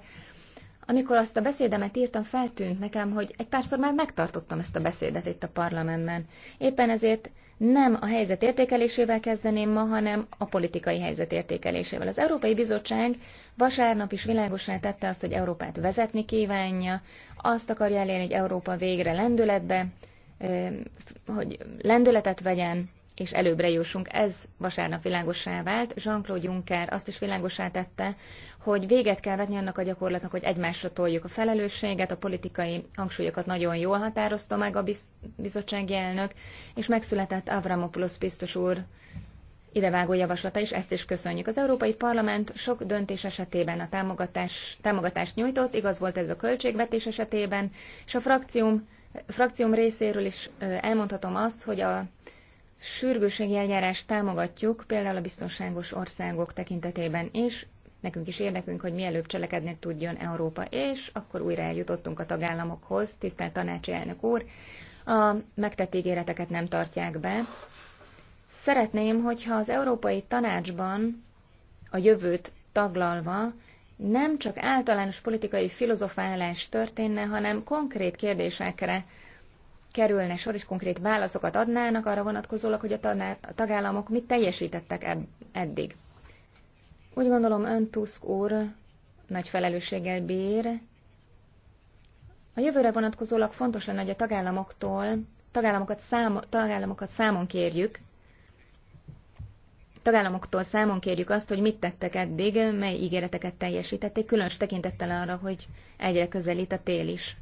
amikor azt a beszédemet írtam, feltűnt nekem, hogy egy párszor már megtartottam ezt a beszédet itt a parlamentben. Éppen ezért nem a helyzet értékelésével kezdeném ma, hanem a politikai helyzet értékelésével. Az Európai Bizottság vasárnap is világosan tette azt, hogy Európát vezetni kívánja, azt akarja elérni, hogy Európa végre lendületbe, hogy lendületet vegyen, és előbbre jussunk. Ez vasárnap világosá vált. Jean-Claude Juncker azt is világosá tette, hogy véget kell vetni annak a gyakorlatnak, hogy egymásra toljuk a felelősséget, a politikai hangsúlyokat nagyon jól határozta meg a bizottsági elnök, és megszületett Avramopoulos biztos úr idevágó javaslata, és ezt is köszönjük. Az Európai Parlament sok döntés esetében a támogatás, támogatást nyújtott, igaz volt ez a költségvetés esetében, és a frakcióm, frakcióm részéről is elmondhatom azt, hogy a sürgőségi eljárást támogatjuk, például a biztonságos országok tekintetében is, nekünk is érdekünk, hogy mielőbb cselekedni tudjon Európa, és akkor újra eljutottunk a tagállamokhoz, tisztelt tanácsi elnök úr, a megtett ígéreteket nem tartják be. Szeretném, hogyha az Európai Tanácsban a jövőt taglalva nem csak általános politikai filozofálás történne, hanem konkrét kérdésekre kerülne sor, és konkrét válaszokat adnának arra vonatkozólag, hogy a tagállamok mit teljesítettek eddig. Úgy gondolom, ön Tusk úr nagy felelősséggel bír. A jövőre vonatkozólag fontos lenne, hogy a tagállamoktól tagállamokat, szám, tagállamokat számon kérjük, tagállamoktól számon kérjük azt, hogy mit tettek eddig, mely ígéreteket teljesítették, különös tekintettel arra, hogy egyre közelít a tél is.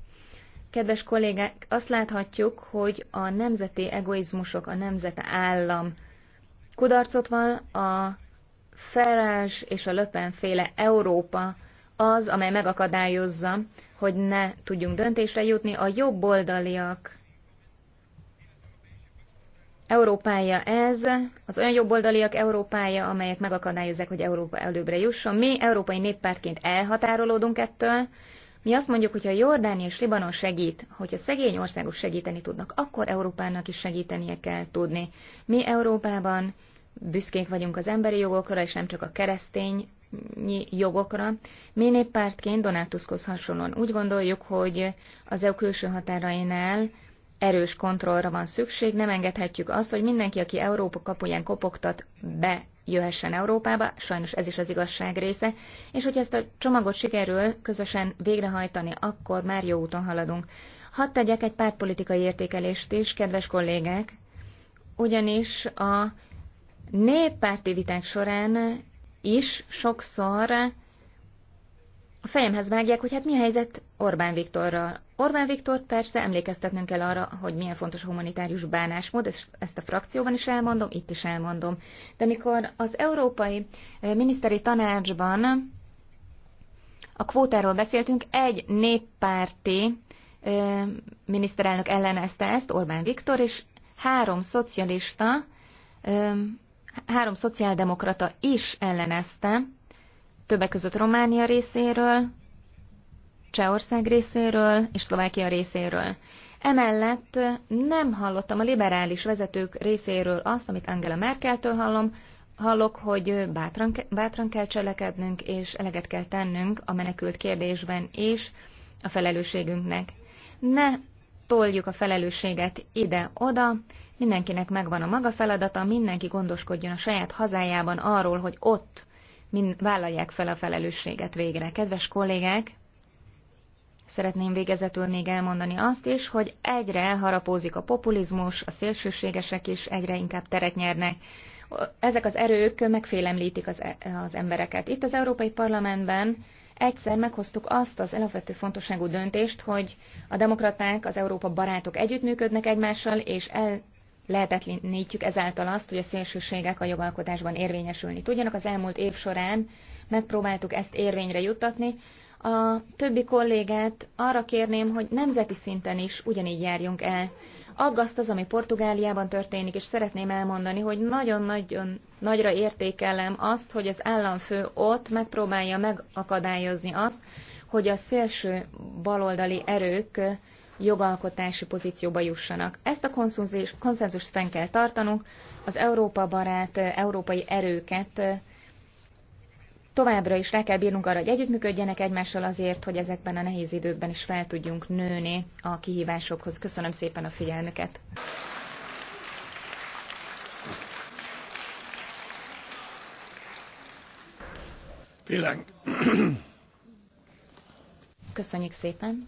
Kedves kollégák, azt láthatjuk, hogy a nemzeti egoizmusok, a nemzet állam kudarcot van, a Ferrás és a Löpen féle Európa az, amely megakadályozza, hogy ne tudjunk döntésre jutni, a jobboldaliak Európája ez, az olyan jobboldaliak Európája, amelyek megakadályozzák, hogy Európa előbbre jusson. Mi európai néppártként elhatárolódunk ettől, mi azt mondjuk, hogy ha Jordánia és Libanon segít, hogyha szegény országok segíteni tudnak, akkor Európának is segítenie kell tudni. Mi Európában büszkék vagyunk az emberi jogokra, és nem csak a keresztény jogokra. Mi néppártként Donald hasonlóan úgy gondoljuk, hogy az EU külső határainál erős kontrollra van szükség, nem engedhetjük azt, hogy mindenki, aki Európa kapuján kopogtat, be jöhessen Európába, sajnos ez is az igazság része, és hogy ezt a csomagot sikerül közösen végrehajtani, akkor már jó úton haladunk. Hadd tegyek egy pár politikai értékelést is, kedves kollégák, ugyanis a néppárti viták során is sokszor a fejemhez vágják, hogy hát mi a helyzet Orbán Viktorral. Orbán Viktor persze emlékeztetnünk kell arra, hogy milyen fontos a humanitárius bánásmód, ezt a frakcióban is elmondom, itt is elmondom. De mikor az Európai Miniszteri Tanácsban a kvótáról beszéltünk, egy néppárti ö, miniszterelnök ellenezte ezt, Orbán Viktor, és három szocialista, ö, három szociáldemokrata is ellenezte, többek között Románia részéről, Csehország részéről és Szlovákia részéről. Emellett nem hallottam a liberális vezetők részéről azt, amit Angela Merkeltől hallom, hallok, hogy bátran, bátran kell cselekednünk, és eleget kell tennünk a menekült kérdésben és a felelősségünknek. Ne toljuk a felelősséget ide-oda, mindenkinek megvan a maga feladata, mindenki gondoskodjon a saját hazájában arról, hogy ott mind vállalják fel a felelősséget végre. Kedves kollégák, szeretném végezetül még elmondani azt is, hogy egyre elharapózik a populizmus, a szélsőségesek is egyre inkább teret nyernek. Ezek az erők megfélemlítik az, e, az embereket. Itt az Európai Parlamentben egyszer meghoztuk azt az alapvető fontosságú döntést, hogy a demokraták, az Európa barátok együttműködnek egymással, és el lehetetlenítjük ezáltal azt, hogy a szélsőségek a jogalkotásban érvényesülni tudjanak. Az elmúlt év során megpróbáltuk ezt érvényre juttatni. A többi kollégát arra kérném, hogy nemzeti szinten is ugyanígy járjunk el. Aggaszt az, ami Portugáliában történik, és szeretném elmondani, hogy nagyon-nagyon nagyra értékelem azt, hogy az államfő ott megpróbálja megakadályozni azt, hogy a szélső baloldali erők jogalkotási pozícióba jussanak. Ezt a konszenzust fenn kell tartanunk, az Európa barát európai erőket továbbra is rá kell bírnunk arra, hogy együttműködjenek egymással azért, hogy ezekben a nehéz időkben is fel tudjunk nőni a kihívásokhoz. Köszönöm szépen a figyelmüket! Köszönjük szépen!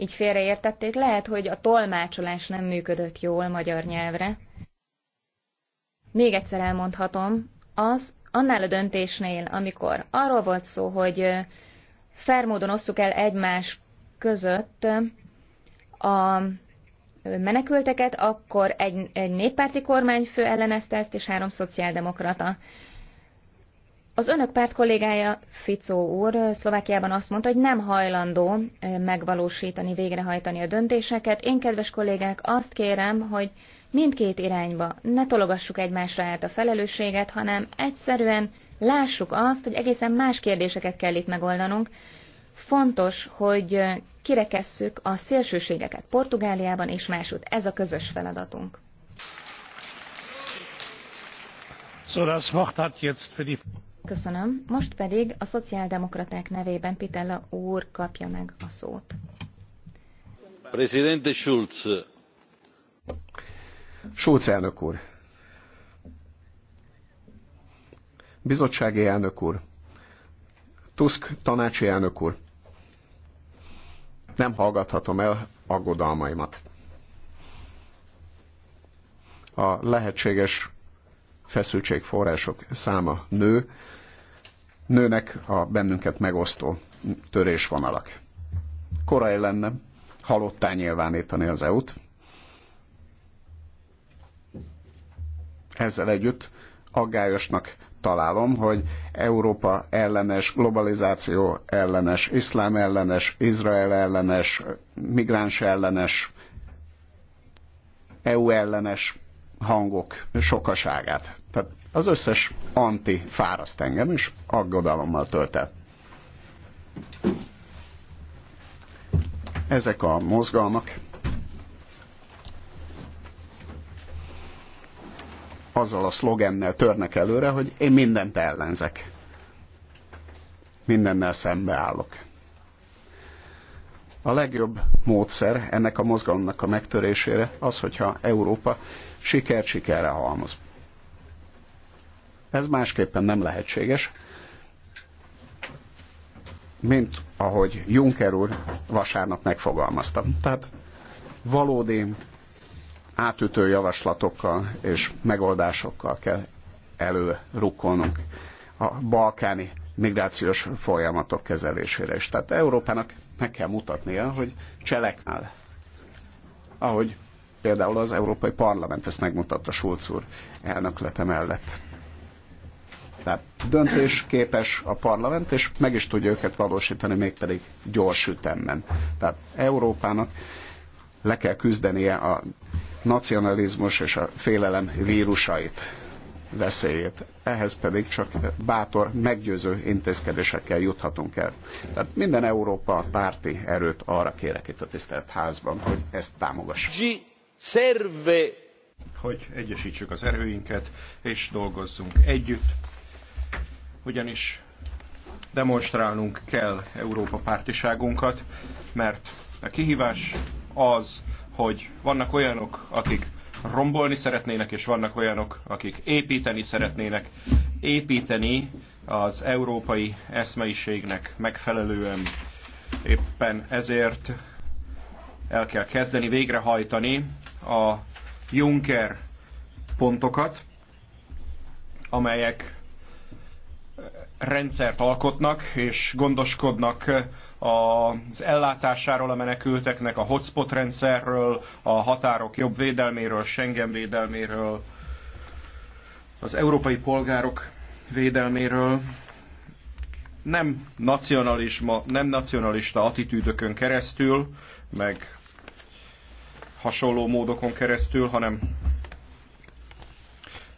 így félreértették. Lehet, hogy a tolmácsolás nem működött jól magyar nyelvre. Még egyszer elmondhatom, az annál a döntésnél, amikor arról volt szó, hogy fermódon osszuk el egymás között a menekülteket, akkor egy, egy néppárti kormányfő ellenezte ezt, és három szociáldemokrata. Az önök párt kollégája Ficó úr Szlovákiában azt mondta, hogy nem hajlandó megvalósítani, végrehajtani a döntéseket. Én, kedves kollégák, azt kérem, hogy mindkét irányba ne tologassuk egymásra át a felelősséget, hanem egyszerűen lássuk azt, hogy egészen más kérdéseket kell itt megoldanunk. Fontos, hogy kirekesszük a szélsőségeket Portugáliában és másút. Ez a közös feladatunk. So, das Wort hat jetzt für die Köszönöm. Most pedig a szociáldemokraták nevében Pitella úr kapja meg a szót. Presidente Schulz. Schulz elnök úr. Bizottsági elnök úr. Tusk tanácsi elnök úr. Nem hallgathatom el aggodalmaimat. A lehetséges feszültségforrások száma nő, nőnek a bennünket megosztó törésvonalak. Korai lenne halottá nyilvánítani az EU-t. Ezzel együtt aggályosnak találom, hogy Európa ellenes, globalizáció ellenes, iszlám ellenes, Izrael ellenes, migráns ellenes, EU ellenes hangok sokaságát az összes anti fáraszt engem, és aggodalommal tölt el. Ezek a mozgalmak azzal a szlogennel törnek előre, hogy én mindent ellenzek. Mindennel szembeállok. A legjobb módszer ennek a mozgalomnak a megtörésére az, hogyha Európa siker-sikerre halmoz. Ez másképpen nem lehetséges, mint ahogy Juncker úr vasárnap megfogalmazta. Tehát valódi átütő javaslatokkal és megoldásokkal kell előrukkolnunk a balkáni migrációs folyamatok kezelésére is. Tehát Európának meg kell mutatnia, hogy cselekmel. Ahogy például az Európai Parlament ezt megmutatta Schulz úr elnöklete mellett döntés képes a parlament, és meg is tudja őket valósítani, mégpedig gyors ütemben. Tehát Európának le kell küzdenie a nacionalizmus és a félelem vírusait, veszélyét. Ehhez pedig csak bátor, meggyőző intézkedésekkel juthatunk el. Tehát minden Európa párti erőt arra kérek itt a tisztelt házban, hogy ezt támogassa. Hogy egyesítsük az erőinket, és dolgozzunk együtt ugyanis demonstrálnunk kell Európa pártiságunkat, mert a kihívás az, hogy vannak olyanok, akik rombolni szeretnének, és vannak olyanok, akik építeni szeretnének. Építeni az európai eszmeiségnek megfelelően éppen ezért el kell kezdeni végrehajtani a Juncker pontokat, amelyek rendszert alkotnak, és gondoskodnak eh, az ellátásáról a menekülteknek, a hotspot rendszerről, a határok jobb védelméről, Schengen védelméről, az európai polgárok védelméről, nem, nacionalizma, nem nacionalista attitűdökön keresztül, meg hasonló módokon keresztül, hanem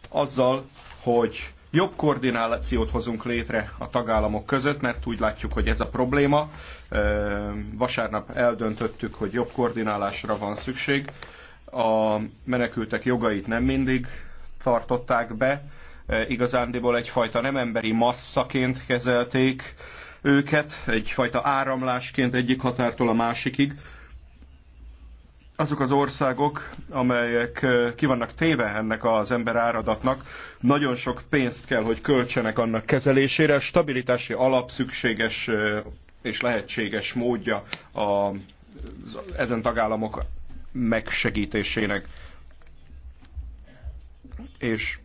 azzal, hogy jobb koordinációt hozunk létre a tagállamok között, mert úgy látjuk, hogy ez a probléma. Vasárnap eldöntöttük, hogy jobb koordinálásra van szükség. A menekültek jogait nem mindig tartották be, igazándiból egyfajta nem emberi masszaként kezelték őket, egyfajta áramlásként egyik határtól a másikig azok az országok, amelyek ki vannak téve ennek az ember áradatnak, nagyon sok pénzt kell, hogy költsenek annak kezelésére. Stabilitási alap szükséges és lehetséges módja a, ezen tagállamok megsegítésének. És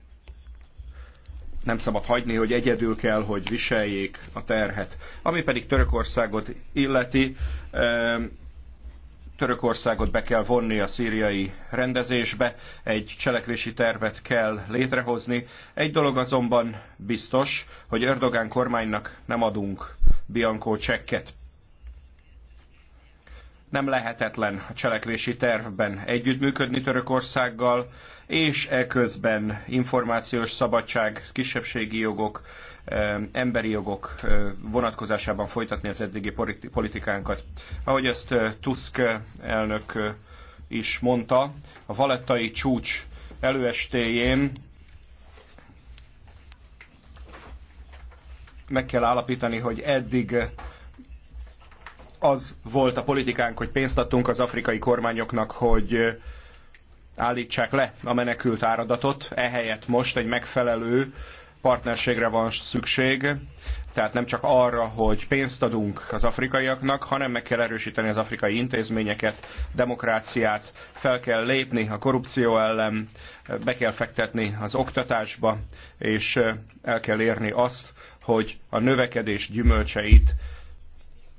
nem szabad hagyni, hogy egyedül kell, hogy viseljék a terhet. Ami pedig Törökországot illeti, Törökországot be kell vonni a szíriai rendezésbe, egy cselekvési tervet kell létrehozni. Egy dolog azonban biztos, hogy Erdogan kormánynak nem adunk Bianco csekket. Nem lehetetlen a cselekvési tervben együttműködni Törökországgal, és eközben információs szabadság, kisebbségi jogok, emberi jogok vonatkozásában folytatni az eddigi politikánkat. Ahogy ezt Tusk elnök is mondta, a valettai csúcs előestéjén meg kell állapítani, hogy eddig az volt a politikánk, hogy pénzt adtunk az afrikai kormányoknak, hogy állítsák le a menekült áradatot, ehelyett most egy megfelelő partnerségre van szükség, tehát nem csak arra, hogy pénzt adunk az afrikaiaknak, hanem meg kell erősíteni az afrikai intézményeket, demokráciát, fel kell lépni a korrupció ellen, be kell fektetni az oktatásba, és el kell érni azt, hogy a növekedés gyümölcseit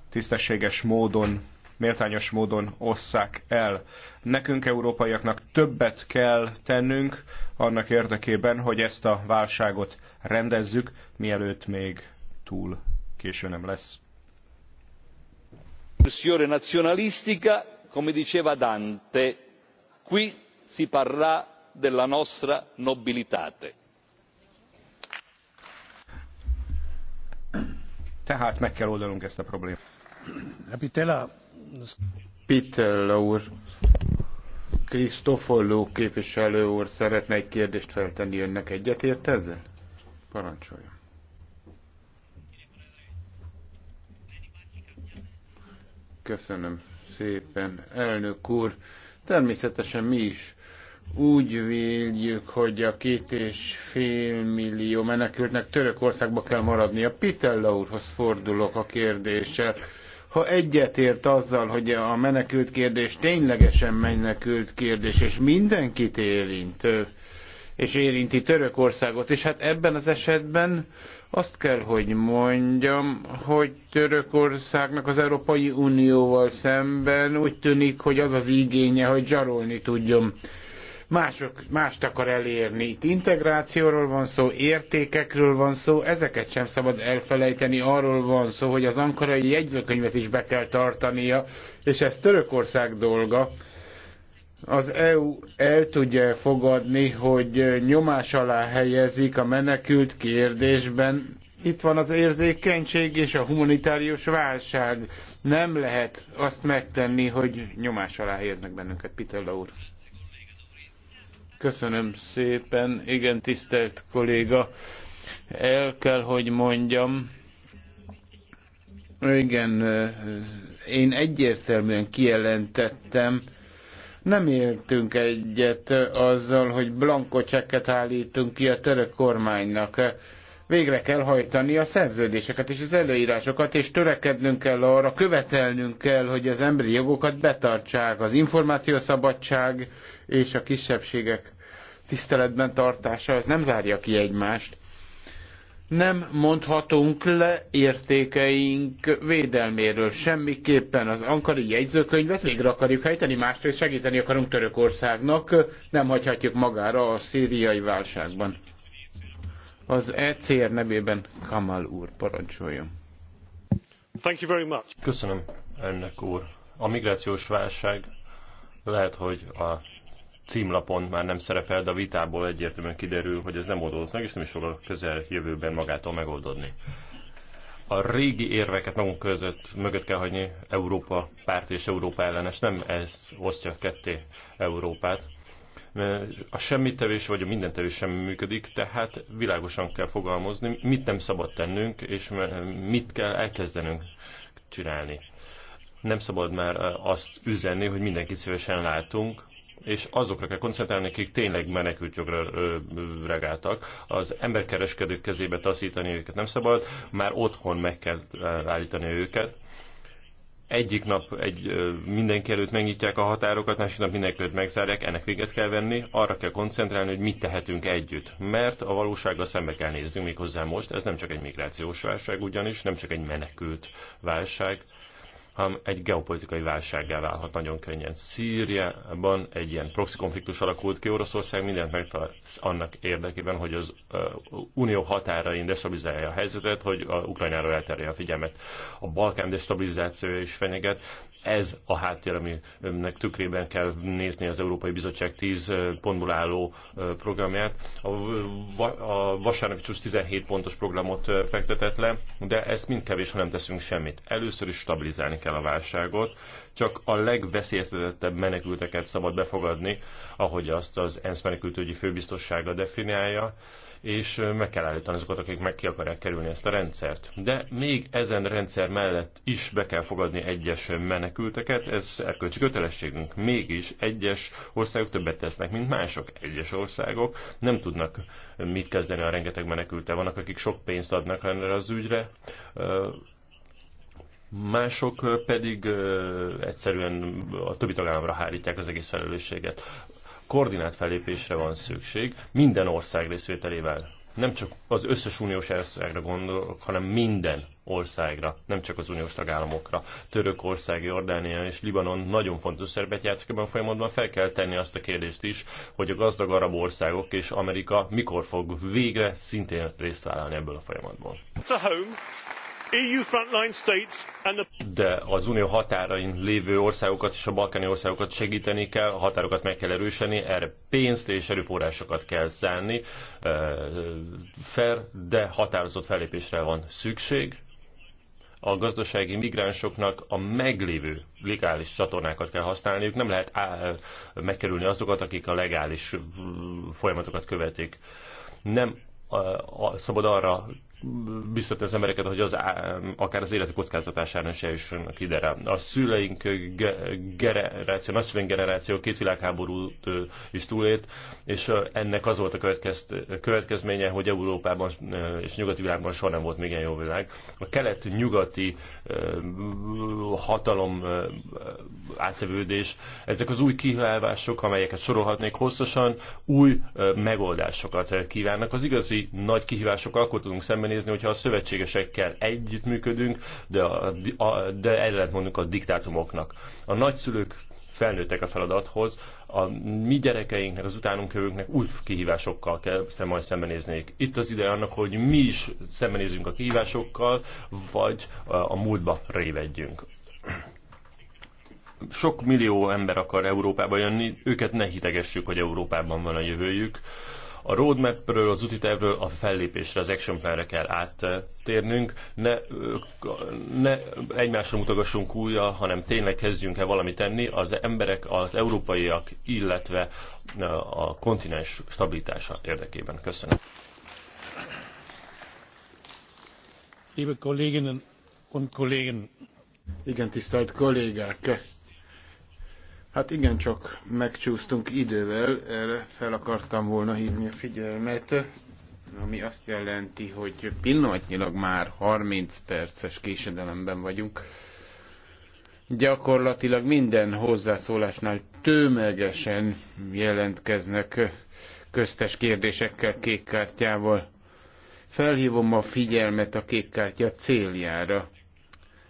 tisztességes módon méltányos módon osszák el. Nekünk, európaiaknak többet kell tennünk annak érdekében, hogy ezt a válságot rendezzük, mielőtt még túl késő nem lesz. nazionalistica, come diceva Dante, qui si parlà della nostra nobilitate. tehát meg kell oldanunk ezt a problémát. Pitella úr, Krisztofolló képviselő úr szeretne egy kérdést feltenni önnek. Egyetért ezzel? Parancsoljon. Köszönöm szépen, elnök úr. Természetesen mi is úgy véljük, hogy a két és fél millió menekültnek Törökországba kell maradnia. Pitella úrhoz fordulok a kérdéssel ha egyetért azzal, hogy a menekült kérdés ténylegesen menekült kérdés, és mindenkit érint, és érinti Törökországot, és hát ebben az esetben azt kell, hogy mondjam, hogy Törökországnak az Európai Unióval szemben úgy tűnik, hogy az az igénye, hogy zsarolni tudjon mások, mást akar elérni. Itt integrációról van szó, értékekről van szó, ezeket sem szabad elfelejteni, arról van szó, hogy az ankarai jegyzőkönyvet is be kell tartania, és ez Törökország dolga az EU el tudja fogadni, hogy nyomás alá helyezik a menekült kérdésben. Itt van az érzékenység és a humanitárius válság. Nem lehet azt megtenni, hogy nyomás alá helyeznek bennünket, Pitella úr. Köszönöm szépen. Igen, tisztelt kolléga, el kell, hogy mondjam, igen, én egyértelműen kijelentettem, nem értünk egyet azzal, hogy blanko csekket állítunk ki a török kormánynak végre kell hajtani a szerződéseket és az előírásokat, és törekednünk kell arra, követelnünk kell, hogy az emberi jogokat betartsák, az információszabadság és a kisebbségek tiszteletben tartása, ez nem zárja ki egymást. Nem mondhatunk le értékeink védelméről semmiképpen. Az ankari jegyzőkönyvet végre akarjuk helyteni, másrészt segíteni akarunk Törökországnak, nem hagyhatjuk magára a szíriai válságban. Az ECR nevében Kamal úr parancsoljon. Thank you very much. Köszönöm, ennek úr. A migrációs válság lehet, hogy a címlapon már nem szerepel, de a vitából egyértelműen kiderül, hogy ez nem oldódott meg, és nem is fog a közel jövőben magától megoldódni. A régi érveket magunk között mögött kell hagyni, Európa párt és Európa ellenes, nem ez osztja ketté Európát a tevés vagy a mindentevés sem működik, tehát világosan kell fogalmazni, mit nem szabad tennünk, és mit kell elkezdenünk csinálni. Nem szabad már azt üzenni, hogy mindenkit szívesen látunk, és azokra kell koncentrálni, akik tényleg menekültjogra regáltak. Az emberkereskedők kezébe taszítani őket nem szabad, már otthon meg kell állítani őket egyik nap egy, mindenki előtt megnyitják a határokat, másik nap mindenki előtt megzárják, ennek véget kell venni, arra kell koncentrálni, hogy mit tehetünk együtt. Mert a valósággal szembe kell néznünk méghozzá most, ez nem csak egy migrációs válság ugyanis, nem csak egy menekült válság, hanem egy geopolitikai válsággá válhat nagyon könnyen. Szíriában egy ilyen proxy konfliktus alakult ki, Oroszország mindent megtalál annak érdekében, hogy az unió határain destabilizálja a helyzetet, hogy a Ukrajnáról elterje a figyelmet. A Balkán destabilizációja is fenyeget. Ez a háttér, aminek tükrében kell nézni az Európai Bizottság 10 pontból álló programját. A, a vasárnapi csúcs 17 pontos programot fektetett le, de ezt mind kevés, ha nem teszünk semmit. Először is stabilizálni kell el a válságot. Csak a legveszélyeztetettebb menekülteket szabad befogadni, ahogy azt az ENSZ menekültőgyi főbiztossága definiálja, és meg kell állítani azokat, akik meg ki akarják kerülni ezt a rendszert. De még ezen rendszer mellett is be kell fogadni egyes menekülteket, ez erkölcsi kötelességünk. Mégis egyes országok többet tesznek, mint mások. Egyes országok nem tudnak mit kezdeni a rengeteg menekülte. Vannak, akik sok pénzt adnak erre az ügyre, mások pedig egyszerűen a többi tagállamra hárítják az egész felelősséget. Koordinált fellépésre van szükség, minden ország részvételével. Nem csak az összes uniós országra gondolok, hanem minden országra, nem csak az uniós tagállamokra. Törökország, Jordánia és Libanon nagyon fontos szerepet játszik ebben a folyamatban. Fel kell tenni azt a kérdést is, hogy a gazdag arab országok és Amerika mikor fog végre szintén részt vállalni ebből a folyamatból. It's a home. E de az unió határain lévő országokat és a balkáni országokat segíteni kell, a határokat meg kell erősíteni, erre pénzt és erőforrásokat kell szánni. Fair, de határozott fellépésre van szükség. A gazdasági migránsoknak a meglévő legális csatornákat kell használniuk, nem lehet megkerülni azokat, akik a legális folyamatokat követik. Nem szabad arra biztatni az embereket, hogy az, akár az életi kockázatására se jönnek ide rá. A szüleink generáció, nagyszüleink generáció két világháborút is túlélt, és ennek az volt a következt következménye, hogy Európában és nyugati világban soha nem volt még ilyen jó világ. A kelet-nyugati hatalom átlevődés, ezek az új kihívások, amelyeket sorolhatnék hosszasan, új megoldásokat kívánnak. Az igazi nagy kihívások akkor tudunk szemben szembenézni, hogyha a szövetségesekkel együttműködünk, de, a, a, de ellentmondunk a diktátumoknak. A nagyszülők felnőttek a feladathoz, a mi gyerekeinknek, az utánunk jövőknek új kihívásokkal kell majd szembenézniük. Itt az ideje annak, hogy mi is szembenézünk a kihívásokkal, vagy a múltba révedjünk. Sok millió ember akar Európába jönni, őket ne hitegessük, hogy Európában van a jövőjük. A roadmapről, az útitervről a fellépésre, az action planre kell áttérnünk. Ne, ne egymásra mutogassunk újra, hanem tényleg kezdjünk el valamit tenni az emberek, az európaiak, illetve a kontinens stabilitása érdekében. Köszönöm. Liebe Kolleginnen und Kollegen! Igen, tisztelt kollégák! Hát igen, csak megcsúsztunk idővel, erre fel akartam volna hívni a figyelmet, ami azt jelenti, hogy pillanatnyilag már 30 perces késedelemben vagyunk. Gyakorlatilag minden hozzászólásnál tömegesen jelentkeznek köztes kérdésekkel, kékkártyával. Felhívom a figyelmet a kékkártya céljára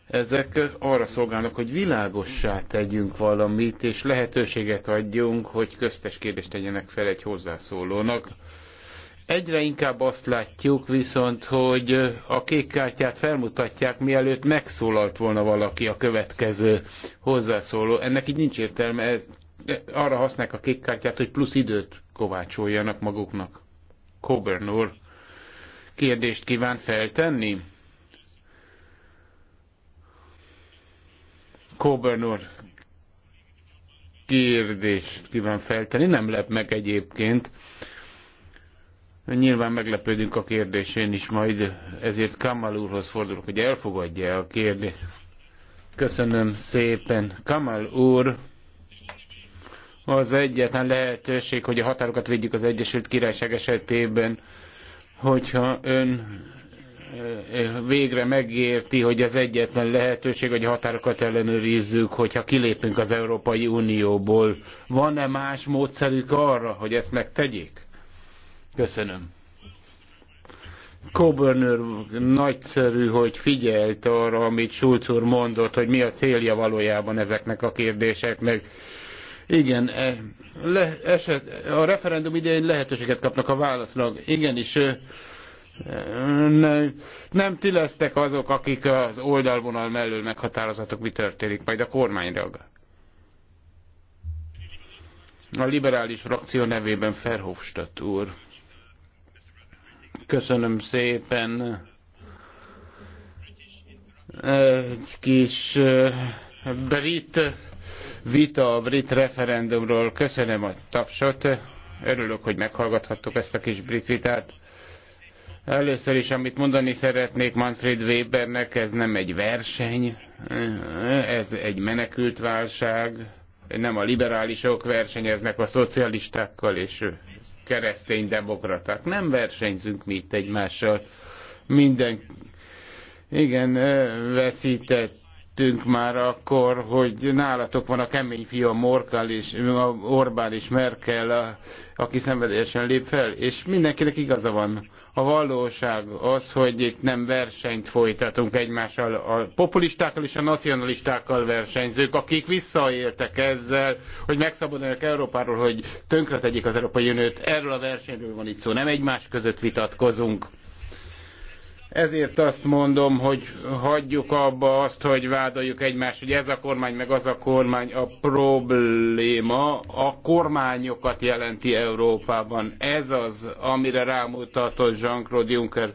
ezek arra szolgálnak, hogy világossá tegyünk valamit, és lehetőséget adjunk, hogy köztes kérdést tegyenek fel egy hozzászólónak. Egyre inkább azt látjuk viszont, hogy a kék kártyát felmutatják, mielőtt megszólalt volna valaki a következő hozzászóló. Ennek így nincs értelme, ez, arra használják a kék kártyát, hogy plusz időt kovácsoljanak maguknak. Coburn úr kérdést kíván feltenni? Coburn úr kérdést kíván feltenni, nem lep meg egyébként. Nyilván meglepődünk a kérdésén is majd, ezért Kamal úrhoz fordulok, hogy elfogadja a kérdést. Köszönöm szépen. Kamal úr, az egyetlen lehetőség, hogy a határokat védjük az Egyesült Királyság esetében, hogyha ön végre megérti, hogy ez egyetlen lehetőség, hogy a határokat ellenőrizzük, hogyha kilépünk az Európai Unióból. Van-e más módszerük arra, hogy ezt megtegyék? Köszönöm. Coburn úr nagyszerű, hogy figyelt arra, amit Schulz úr mondott, hogy mi a célja valójában ezeknek a kérdéseknek. Igen, e, le, eset, a referendum idején lehetőséget kapnak a válasznak. Igenis, nem ti lesztek azok, akik az oldalvonal mellől meghatározatok, mi történik, majd a kormány reagál. A liberális frakció nevében Ferhofstadt úr. Köszönöm szépen. Egy kis eh, brit vita a brit referendumról. Köszönöm a tapsot. Örülök, hogy meghallgathattuk ezt a kis brit vitát Először is, amit mondani szeretnék Manfred Webernek, ez nem egy verseny, ez egy menekült válság, nem a liberálisok versenyeznek a szocialistákkal és keresztény demokraták. Nem versenyzünk mi itt egymással. Minden, igen, veszítettünk már akkor, hogy nálatok van a kemény fia Morkal és Orbán és Merkel, a, aki szenvedélyesen lép fel, és mindenkinek igaza van a valóság az, hogy itt nem versenyt folytatunk egymással, a populistákkal és a nacionalistákkal versenyzők, akik visszaéltek ezzel, hogy megszabaduljanak Európáról, hogy tönkretegyék az Európai Uniót. Erről a versenyről van itt szó, nem egymás között vitatkozunk. Ezért azt mondom, hogy hagyjuk abba azt, hogy vádoljuk egymást, hogy ez a kormány, meg az a kormány a probléma. A kormányokat jelenti Európában. Ez az, amire rámutatott Jean-Claude Juncker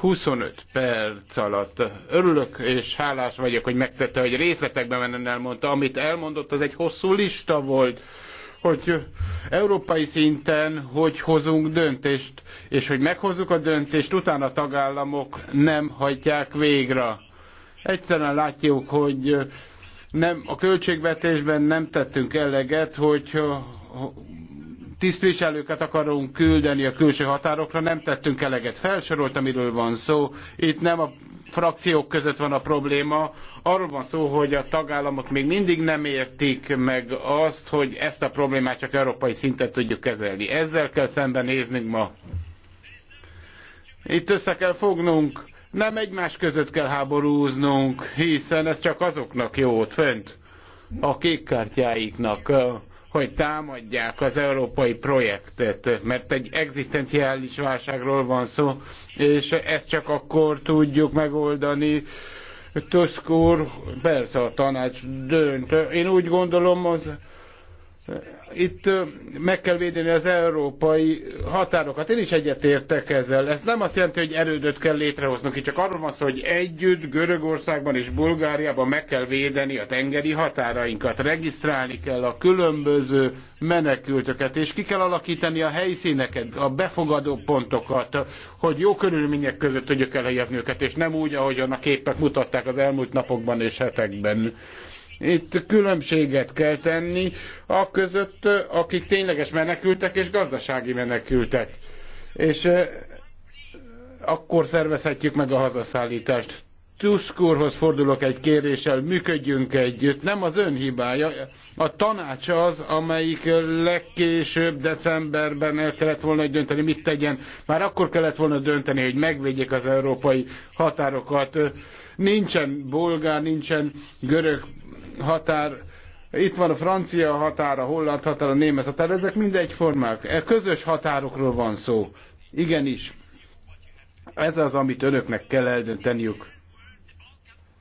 25 perc alatt. Örülök és hálás vagyok, hogy megtette, hogy részletekben menne elmondta. Amit elmondott, az egy hosszú lista volt hogy európai szinten hogy hozunk döntést, és hogy meghozzuk a döntést, utána a tagállamok nem hajtják végre. Egyszerűen látjuk, hogy nem, a költségvetésben nem tettünk eleget, hogy tisztviselőket akarunk küldeni a külső határokra, nem tettünk eleget. Felsorolt, amiről van szó. Itt nem a frakciók között van a probléma. Arról van szó, hogy a tagállamok még mindig nem értik meg azt, hogy ezt a problémát csak európai szinten tudjuk kezelni. Ezzel kell szembenéznünk ma. Itt össze kell fognunk, nem egymás között kell háborúznunk, hiszen ez csak azoknak jó ott fönt, a kék kártyáiknak hogy támadják az európai projektet, mert egy egzisztenciális válságról van szó, és ezt csak akkor tudjuk megoldani, Tusk úr, persze a tanács dönt. Én úgy gondolom, az itt meg kell védeni az európai határokat. Én is egyetértek ezzel. Ez nem azt jelenti, hogy erődöt kell létrehoznunk, csak arról van szó, hogy együtt Görögországban és Bulgáriában meg kell védeni a tengeri határainkat. Regisztrálni kell a különböző menekültöket, és ki kell alakítani a helyszíneket, a befogadó pontokat, hogy jó körülmények között tudjuk elhelyezni őket, és nem úgy, ahogyan a képek mutatták az elmúlt napokban és hetekben itt különbséget kell tenni a között, akik tényleges menekültek és gazdasági menekültek. És eh, akkor szervezhetjük meg a hazaszállítást. Tusk úrhoz fordulok egy kéréssel, működjünk együtt. Nem az ön hibája, a tanács az, amelyik legkésőbb decemberben el kellett volna dönteni, mit tegyen. Már akkor kellett volna dönteni, hogy megvédjék az európai határokat. Nincsen bolgár, nincsen görög határ, itt van a francia határ, a holland határ, a német határ, ezek mind egyformák. E közös határokról van szó. Igenis. Ez az, amit önöknek kell eldönteniük.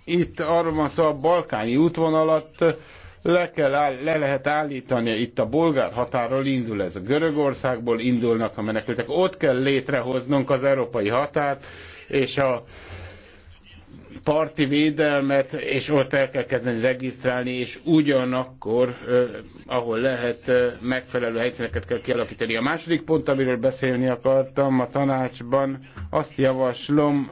Itt arról van szó, a balkáni útvonalat le, kell, le lehet állítani, itt a bolgár határól indul ez, a Görögországból indulnak a menekültek, ott kell létrehoznunk az európai határt, és a parti védelmet, és ott el kell kezdeni regisztrálni, és ugyanakkor, ahol lehet, megfelelő helyszíneket kell kialakítani. A második pont, amiről beszélni akartam a tanácsban, azt javaslom,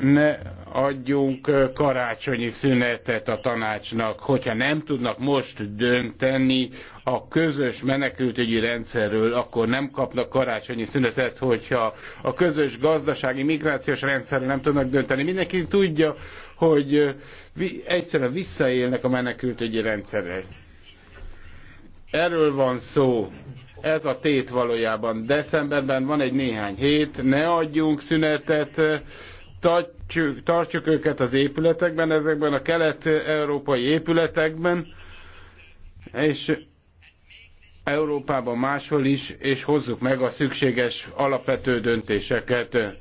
ne adjunk karácsonyi szünetet a tanácsnak, hogyha nem tudnak most dönteni a közös menekültügyi rendszerről, akkor nem kapnak karácsonyi szünetet, hogyha a közös gazdasági migrációs rendszerről nem tudnak dönteni. Mindenki tudja, hogy egyszerűen visszaélnek a menekültügyi rendszerrel. Erről van szó ez a tét valójában. Decemberben van egy néhány hét, ne adjunk szünetet, tartsuk, tartsuk őket az épületekben, ezekben a kelet-európai épületekben, és Európában máshol is, és hozzuk meg a szükséges alapvető döntéseket.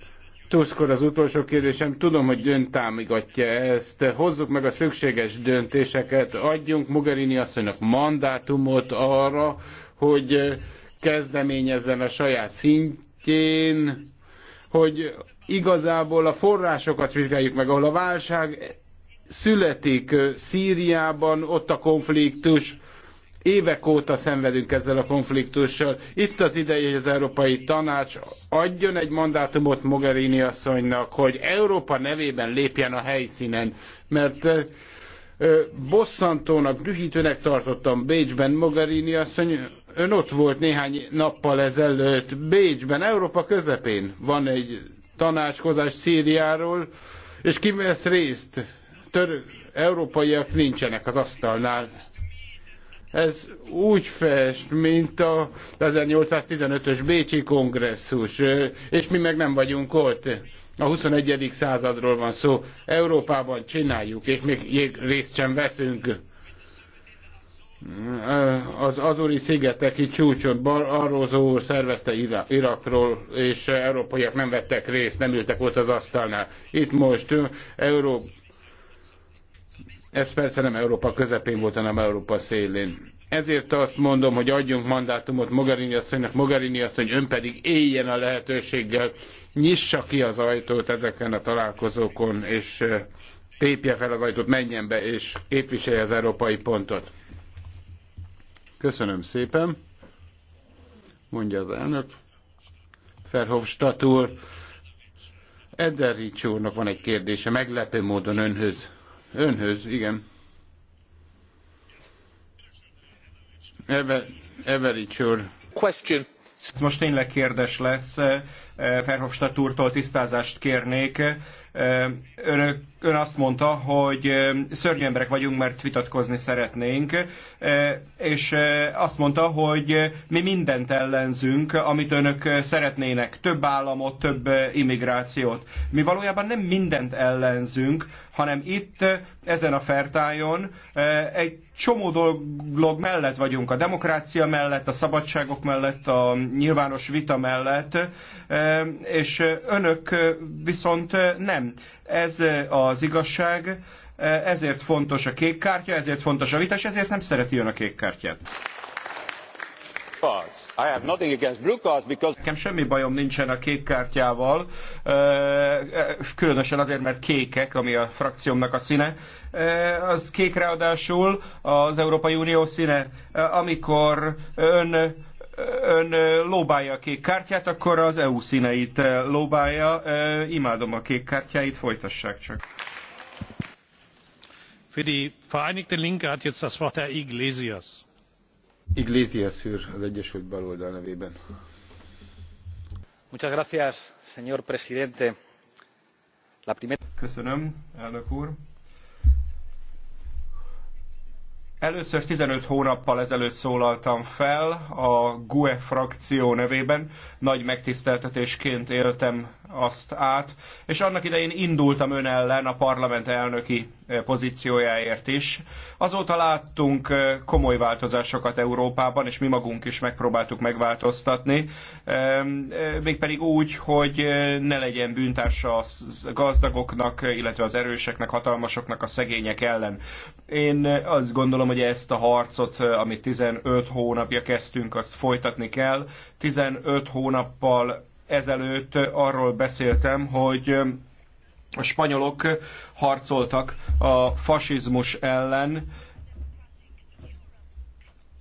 Tuskor az utolsó kérdésem, tudom, hogy ön támogatja ezt. Hozzuk meg a szükséges döntéseket, adjunk Mogherini asszonynak mandátumot arra, hogy kezdeményezzen a saját szintjén, hogy igazából a forrásokat vizsgáljuk meg, ahol a válság születik Szíriában, ott a konfliktus, évek óta szenvedünk ezzel a konfliktussal. Itt az ideje, hogy az Európai Tanács adjon egy mandátumot Mogherini asszonynak, hogy Európa nevében lépjen a helyszínen, mert bosszantónak, dühítőnek tartottam Bécsben Mogherini asszony, ön ott volt néhány nappal ezelőtt Bécsben, Európa közepén van egy tanácskozás Szíriáról, és ki vesz részt? európaiak nincsenek az asztalnál. Ez úgy fest, mint a 1815-ös Bécsi kongresszus, és mi meg nem vagyunk ott. A 21. századról van szó. Európában csináljuk, és még részt sem veszünk az Azori szigeteki csúcson Barroso úr szervezte Irakról, és európaiak nem vettek részt, nem ültek ott az asztalnál. Itt most Euró... ez persze nem Európa közepén volt, hanem Európa szélén. Ezért azt mondom, hogy adjunk mandátumot Mogherini asszonynak, Mogherini asszony ön pedig éljen a lehetőséggel, nyissa ki az ajtót ezeken a találkozókon, és tépje fel az ajtót, menjen be, és képviselje az európai pontot. Köszönöm szépen, mondja az elnök. Ferhofstadt úr, Ederich úrnak van egy kérdése, meglepő módon önhöz. Önhöz, igen. Ever, Everich úr. Question. Ez most tényleg kérdés lesz. Verhofstadt úrtól tisztázást kérnék. Ön, ön azt mondta, hogy szörnyű emberek vagyunk, mert vitatkozni szeretnénk, és azt mondta, hogy mi mindent ellenzünk, amit önök szeretnének, több államot, több immigrációt. Mi valójában nem mindent ellenzünk, hanem itt, ezen a fertájon egy csomó dolog mellett vagyunk, a demokrácia mellett, a szabadságok mellett, a nyilvános vita mellett, és önök viszont nem. Ez az igazság, ezért fontos a kék kártya, ezért fontos a vita, és ezért nem szereti ön a kék kártyát. Nekem semmi bajom nincsen a kék kártyával, különösen azért, mert kékek, ami a frakciómnak a színe. Az kék ráadásul az Európai Unió színe. Amikor ön ön lóbálja a kék kártyát, akkor az EU színeit lóbálja. Imádom a kék kártyáit, folytassák csak. Für die Vereinigte Linke hat jetzt das Wort Herr Iglesias. Iglesias úr, az Egyesült Baloldal nevében. Muchas gracias, señor presidente. La primera... Köszönöm, elnök úr. Először 15 hónappal ezelőtt szólaltam fel a GUE frakció nevében. Nagy megtiszteltetésként éltem azt át, és annak idején indultam ön ellen a parlament elnöki eh, pozíciójáért is. Azóta láttunk eh, komoly változásokat Európában, és mi magunk is megpróbáltuk megváltoztatni, eh, mégpedig úgy, hogy ne legyen bűntársa a gazdagoknak, illetve az erőseknek, hatalmasoknak a szegények ellen. Én azt gondolom, hogy ezt a harcot, amit 15 hónapja kezdtünk, azt folytatni kell. 15 hónappal ezelőtt arról beszéltem, hogy um, a spanyolok harcoltak a fasizmus ellen,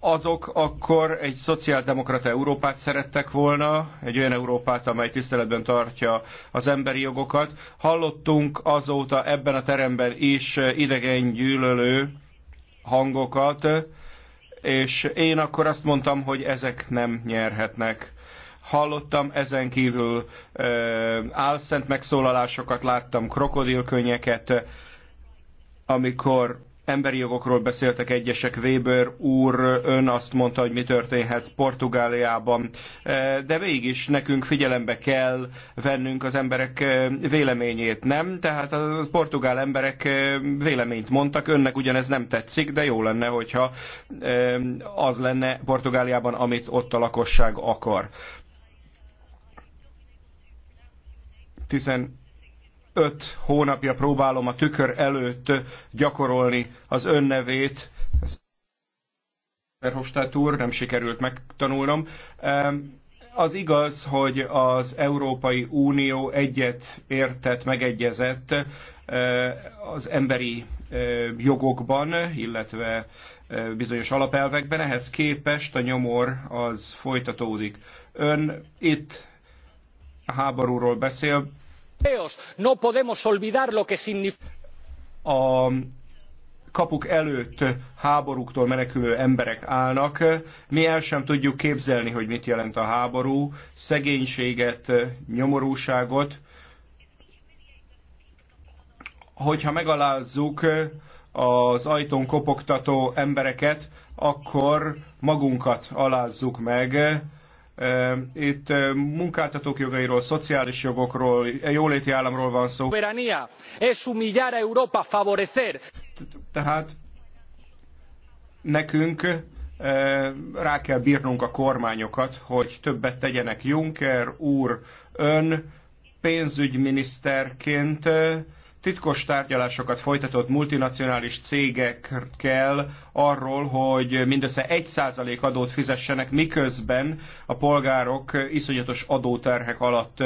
azok akkor egy szociáldemokrata Európát szerettek volna, egy olyan Európát, amely tiszteletben tartja az emberi jogokat. Hallottunk azóta ebben a teremben is idegen gyűlölő hangokat, és én akkor azt mondtam, hogy ezek nem nyerhetnek hallottam, ezen kívül ö, álszent megszólalásokat láttam, krokodilkönnyeket, amikor emberi jogokról beszéltek egyesek, Weber úr ön azt mondta, hogy mi történhet Portugáliában, de mégis nekünk figyelembe kell vennünk az emberek véleményét, nem? Tehát a portugál emberek véleményt mondtak, önnek ugyanez nem tetszik, de jó lenne, hogyha az lenne Portugáliában, amit ott a lakosság akar. 15 hónapja próbálom a tükör előtt gyakorolni az önnevét. Verhofstadt úr, nem sikerült megtanulnom. Az igaz, hogy az Európai Unió egyet értett, megegyezett eh, az emberi eh, jogokban, illetve eh, bizonyos alapelvekben, ehhez képest a nyomor az folytatódik. Ön itt a háborúról beszél, europeos. No podemos olvidar lo que A kapuk előtt háborúktól menekülő emberek állnak. Mi el sem tudjuk képzelni, hogy mit jelent a háború, szegénységet, nyomorúságot. Hogyha megalázzuk az ajtón kopogtató embereket, akkor magunkat alázzuk meg, itt munkáltatók jogairól, szociális jogokról, e jóléti államról van szó. Tehát nekünk rá kell bírnunk a kormányokat, hogy többet tegyenek Juncker úr, ön pénzügyminiszterként, titkos tárgyalásokat folytatott multinacionális cégekkel arról, hogy mindössze 1% adót fizessenek, miközben a polgárok iszonyatos adóterhek alatt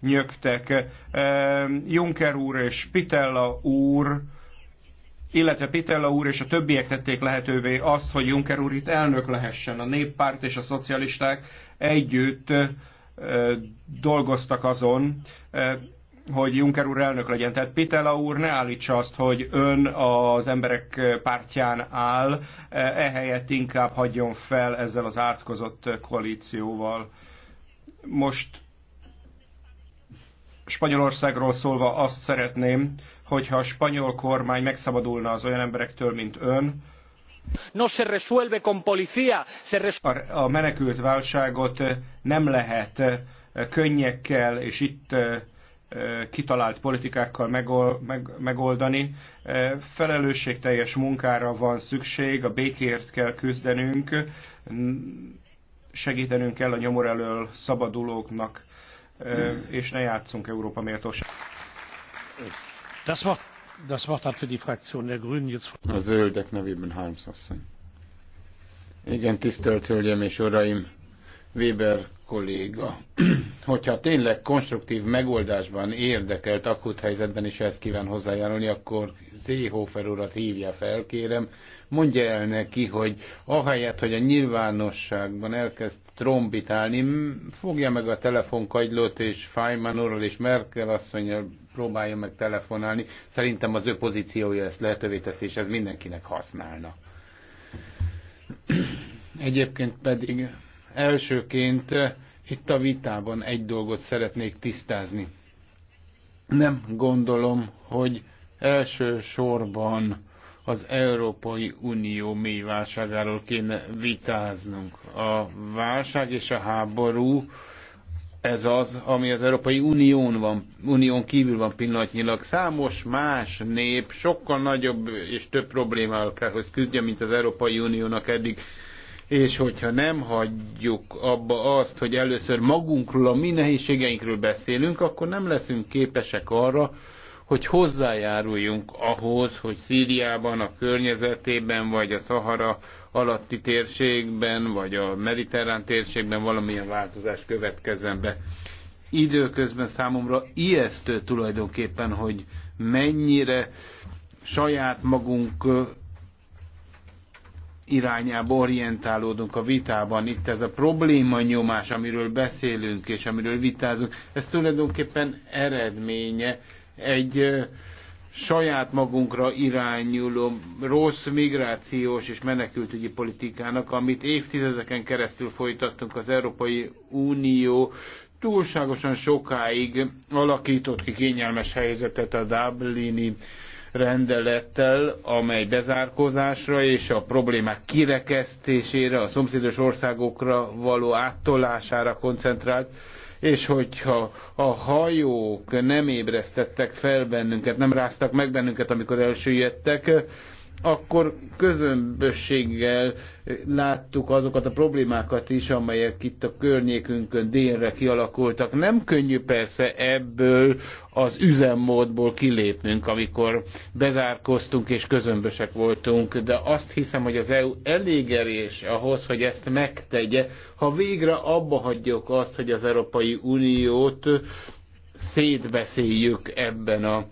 nyögtek. Juncker úr és Pitella úr illetve Pitella úr és a többiek tették lehetővé azt, hogy Juncker úr itt elnök lehessen. A néppárt és a szocialisták együtt dolgoztak azon, hogy Juncker úr elnök legyen. Tehát Pitela úr ne állítsa azt, hogy ön az emberek pártján áll, ehelyett inkább hagyjon fel ezzel az átkozott koalícióval. Most Spanyolországról szólva azt szeretném, hogyha a spanyol kormány megszabadulna az olyan emberektől, mint ön, no se resuelve con policía, se res... a menekült válságot nem lehet könnyekkel és itt kitalált politikákkal megoldani. Felelősségteljes munkára van szükség, a békért kell küzdenünk, segítenünk kell a nyomor elől szabadulóknak, és ne játszunk Európa méltóság. Das Wort, das Wort hat für die Fraktion der Grünen jetzt. A zöldek nevében Harms asszony. Igen, tisztelt Hölgyeim és Uraim! Weber kolléga. Hogyha tényleg konstruktív megoldásban érdekelt akut helyzetben is ezt kíván hozzájárulni, akkor Zéhofer urat hívja fel, kérem, mondja el neki, hogy ahelyett, hogy a nyilvánosságban elkezd trombitálni, fogja meg a telefonkagylót, és Feynman úrral és Merkel asszonyjal próbálja meg telefonálni. Szerintem az ő pozíciója ezt lehetővé teszi, és ez mindenkinek használna. Egyébként pedig Elsőként eh, itt a vitában egy dolgot szeretnék tisztázni. Nem gondolom, hogy elsősorban az Európai Unió mély válságáról kéne vitáznunk. A válság és a háború ez az, ami az Európai Unión, van, Unión kívül van pillanatnyilag. Számos más nép sokkal nagyobb és több problémával kell, hogy küzdje, mint az Európai Uniónak eddig és hogyha nem hagyjuk abba azt, hogy először magunkról, a mi nehézségeinkről beszélünk, akkor nem leszünk képesek arra, hogy hozzájáruljunk ahhoz, hogy Szíriában, a környezetében, vagy a Szahara alatti térségben, vagy a mediterrán térségben valamilyen változás következzen be. Időközben számomra ijesztő tulajdonképpen, hogy mennyire saját magunk irányába orientálódunk a vitában. Itt ez a probléma nyomás, amiről beszélünk és amiről vitázunk, ez tulajdonképpen eredménye egy saját magunkra irányuló rossz migrációs és menekültügyi politikának, amit évtizedeken keresztül folytattunk az Európai Unió, túlságosan sokáig alakított ki kényelmes helyzetet a Dublini rendelettel, amely bezárkózásra és a problémák kirekesztésére, a szomszédos országokra való áttolására koncentrált, és hogyha a hajók nem ébresztettek fel bennünket, nem ráztak meg bennünket, amikor elsüllyedtek, akkor közömbösséggel láttuk azokat a problémákat is, amelyek itt a környékünkön délre kialakultak. Nem könnyű persze ebből az üzemmódból kilépnünk, amikor bezárkoztunk és közömbösek voltunk, de azt hiszem, hogy az EU elég erős ahhoz, hogy ezt megtegye, ha végre abba hagyjuk azt, hogy az Európai Uniót szétbeszéljük ebben a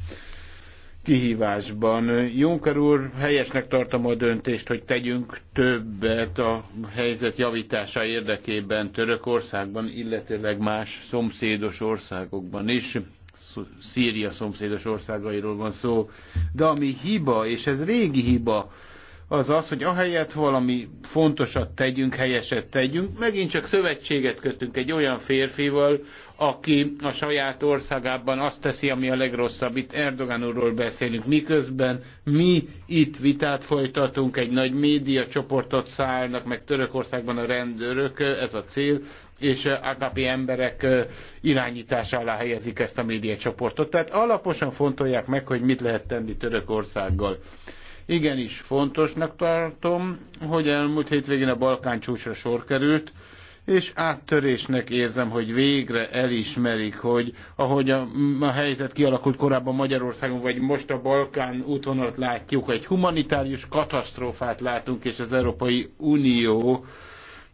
kihívásban. Juncker úr, helyesnek tartom a döntést, hogy tegyünk többet a helyzet javítása érdekében Törökországban, illetőleg más szomszédos országokban is. Szíria szomszédos országairól van szó. De ami hiba, és ez régi hiba, az az, hogy ahelyett valami fontosat tegyünk, helyeset tegyünk, megint csak szövetséget kötünk egy olyan férfival, aki a saját országában azt teszi, ami a legrosszabb. Itt Erdogan úrról beszélünk, miközben mi itt vitát folytatunk, egy nagy média csoportot szállnak, meg Törökországban a rendőrök, ez a cél, és AKP emberek irányítása alá helyezik ezt a média csoportot. Tehát alaposan fontolják meg, hogy mit lehet tenni Törökországgal. Igenis fontosnak tartom, hogy elmúlt hétvégén a Balkán csúcsra sor került, és áttörésnek érzem, hogy végre elismerik, hogy ahogy a, a helyzet kialakult korábban Magyarországon, vagy most a Balkán útvonalat látjuk, egy humanitárius katasztrófát látunk, és az Európai Unió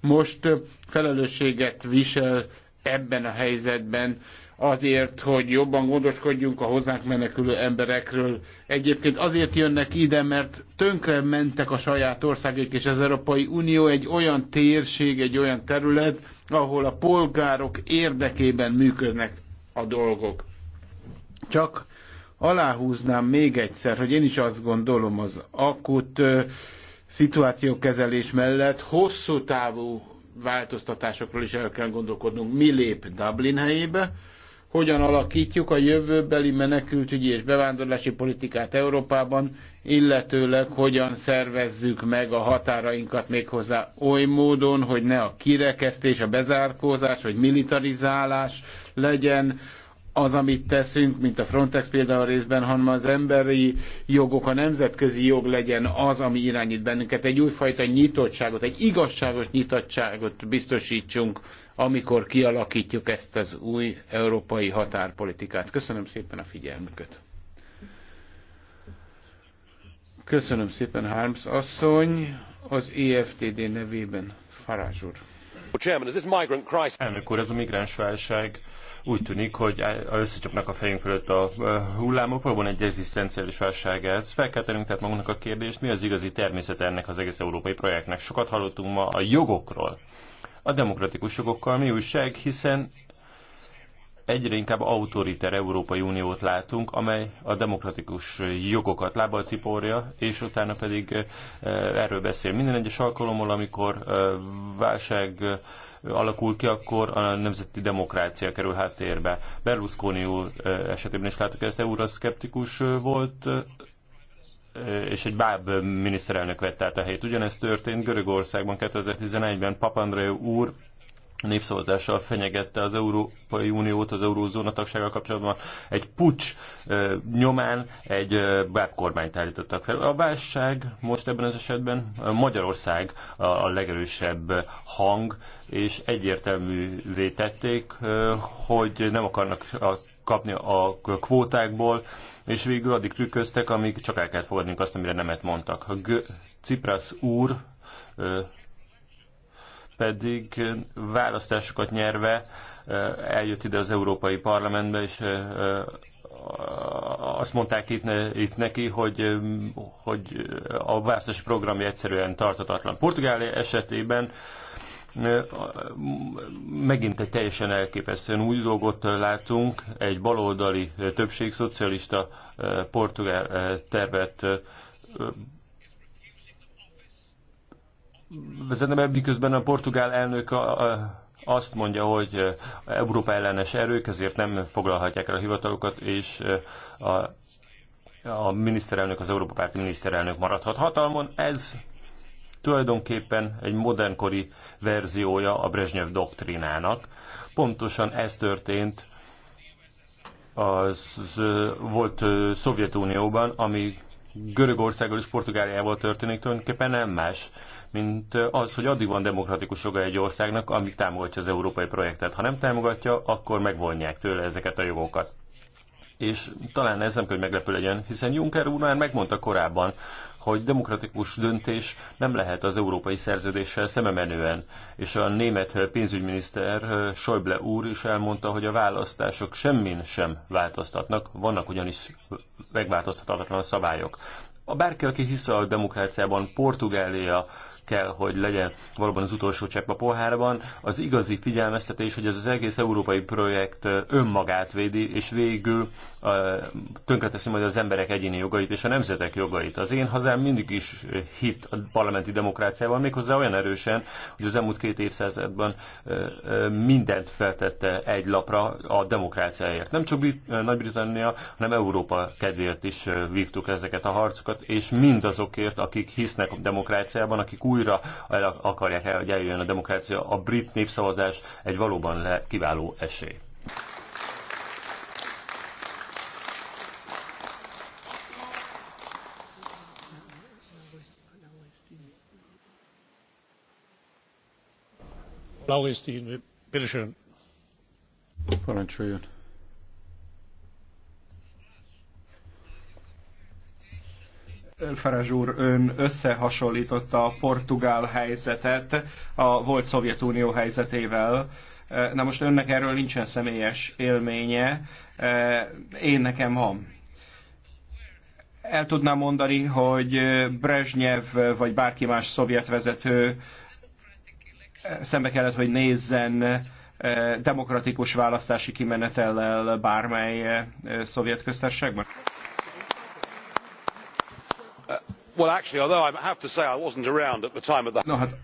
most felelősséget visel ebben a helyzetben, azért, hogy jobban gondoskodjunk a hozzánk menekülő emberekről. Egyébként azért jönnek ide, mert tönkre mentek a saját országok, és az Európai Unió egy olyan térség, egy olyan terület, ahol a polgárok érdekében működnek a dolgok. Csak aláhúznám még egyszer, hogy én is azt gondolom az akut szituációkezelés mellett hosszú távú változtatásokról is el kell gondolkodnunk. Mi lép Dublin helyébe, hogyan alakítjuk a jövőbeli menekültügyi és bevándorlási politikát Európában, illetőleg hogyan szervezzük meg a határainkat méghozzá oly módon, hogy ne a kirekesztés, a bezárkózás vagy militarizálás legyen, az, amit teszünk, mint a Frontex például részben, hanem az emberi jogok, a nemzetközi jog legyen az, ami irányít bennünket. Egy újfajta nyitottságot, egy igazságos nyitottságot biztosítsunk, amikor kialakítjuk ezt az új európai határpolitikát. Köszönöm szépen a figyelmüket. Köszönöm szépen, Harms asszony, az EFTD nevében, Farázs úr. Elnök úr, ez a migránsválság úgy tűnik, hogy összecsapnak a fejünk fölött a hullámok, valóban egy egzisztenciális válság ez. Fel kell tennünk tehát magunknak a kérdést, mi az igazi természet ennek az egész európai projektnek. Sokat hallottunk ma a jogokról. A demokratikus jogokkal mi újság, hiszen egyre inkább autoriter Európai Uniót látunk, amely a demokratikus jogokat lábbal tiporja, és utána pedig erről beszél minden egyes alkalommal, amikor válság alakul ki, akkor a nemzeti demokrácia kerül háttérbe. Berlusconi úr esetében is láttuk, ezt euroszkeptikus volt, és egy báb miniszterelnök vett át a helyét. Ugyanezt történt Görögországban 2011-ben Papandreou úr népszavazással fenyegette az Európai Uniót, az Eurózóna tagsággal kapcsolatban egy pucs nyomán egy bábkormányt állítottak fel. A válság most ebben az esetben Magyarország a legerősebb hang, és egyértelművé tették, hogy nem akarnak kapni a kvótákból, és végül addig trükköztek, amíg csak el kellett fogadni azt, amire nemet mondtak. G- Cipras úr pedig választásokat nyerve eh, eljött ide az Európai Parlamentbe, és eh, eh, azt mondták itt, itt neki, hogy, hogy a választási programja egyszerűen tartatatlan. Portugália esetében megint egy teljesen elképesztően új dolgot látunk, egy baloldali többség szocialista portugál tervet vezetem ember közben a portugál elnök a, a, azt mondja, hogy Európa ellenes erők, ezért nem foglalhatják el a hivatalokat, és a, a miniszterelnök, az Európa Párti miniszterelnök maradhat hatalmon. Ez tulajdonképpen egy modernkori verziója a Brezsnyev doktrinának. Pontosan ez történt az volt Szovjetunióban, ami Görögországgal és Portugáliával történik, tulajdonképpen nem más mint az, hogy addig van demokratikus joga egy országnak, amíg támogatja az európai projektet. Ha nem támogatja, akkor megvonják tőle ezeket a jogokat. És talán ez nem kell, hogy meglepő legyen, hiszen Juncker úr már megmondta korábban, hogy demokratikus döntés nem lehet az európai szerződéssel szembe menően. És a német pénzügyminiszter Schäuble úr is elmondta, hogy a választások semmin sem változtatnak, vannak ugyanis megváltoztathatatlan szabályok. A bárki, aki hisz a demokráciában, Portugália, kell, hogy legyen valóban az utolsó csepp a pohárban. Az igazi figyelmeztetés, hogy ez az egész európai projekt önmagát védi, és végül tönkreteszi majd az emberek egyéni jogait és a nemzetek jogait. Az én hazám mindig is hit a parlamenti demokráciával, méghozzá olyan erősen, hogy az elmúlt két évszázadban mindent feltette egy lapra a demokráciáért. Nem csak Nagy-Britannia, hanem Európa kedvéért is vívtuk ezeket a harcokat, és mindazokért, akik hisznek a demokráciában, akik új újra el akarják, el, hogy eljöjjön a demokrácia. A brit népszavazás egy valóban le kiváló esély. Lauristin, bitteschön. Parancsoljon. Farage úr, ön összehasonlította a portugál helyzetet a volt Szovjetunió helyzetével. Na most önnek erről nincsen személyes élménye, én nekem van el tudnám mondani, hogy Brezhnev vagy bárki más szovjet vezető szembe kellett, hogy nézzen eh, demokratikus választási kimenetellel bármely eh, szovjet köztársaságban? Well, hát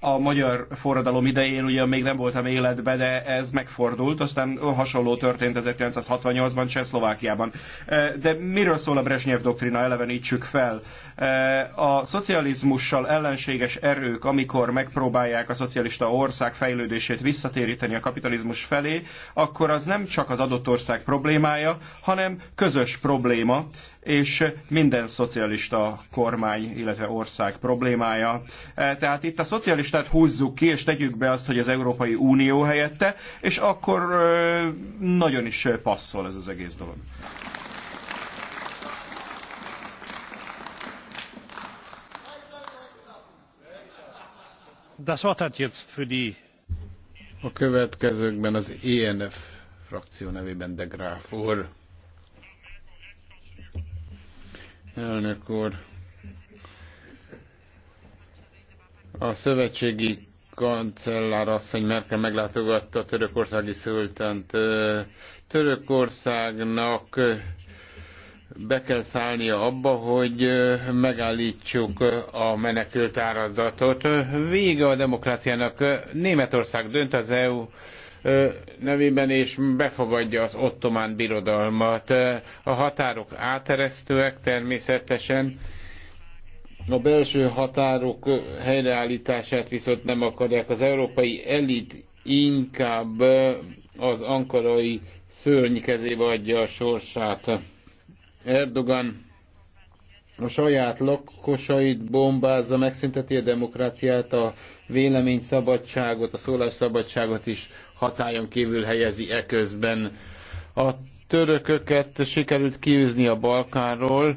a magyar forradalom idején ugyan még nem voltam életben, de ez megfordult, aztán hasonló történt 1968-ban Csehszlovákiában. Eh, de miről szól a Brezsnyev doktrina, elevenítsük fel. Eh, a szocializmussal ellenséges erők, amikor megpróbálják a szocialista ország fejlődését visszatéríteni a kapitalizmus felé, akkor az nem csak az adott ország problémája, hanem közös probléma, és minden szocialista kormány, illetve ország problémája. E, tehát itt a szocialistát húzzuk ki, és tegyük be azt, hogy az Európai Unió helyette, és akkor e, nagyon is passzol ez az egész dolog. Das Wort hat jetzt für die a következőkben az ENF frakció nevében de Graaf úr. elnök úr. A szövetségi kancellár asszony Merkel meglátogatta a törökországi szultánt. Törökországnak be kell szállnia abba, hogy megállítsuk a menekült áradatot. Vége a demokráciának. Németország dönt az EU nevében, és befogadja az ottomán birodalmat. A határok áteresztőek természetesen, a belső határok helyreállítását viszont nem akarják. Az európai elit inkább az ankarai szörny kezébe adja a sorsát. Erdogan a saját lakosait bombázza, megszünteti a demokráciát, a vélemény szabadságot, a szólásszabadságot is hatályon kívül helyezi e közben. A törököket sikerült kiűzni a Balkánról,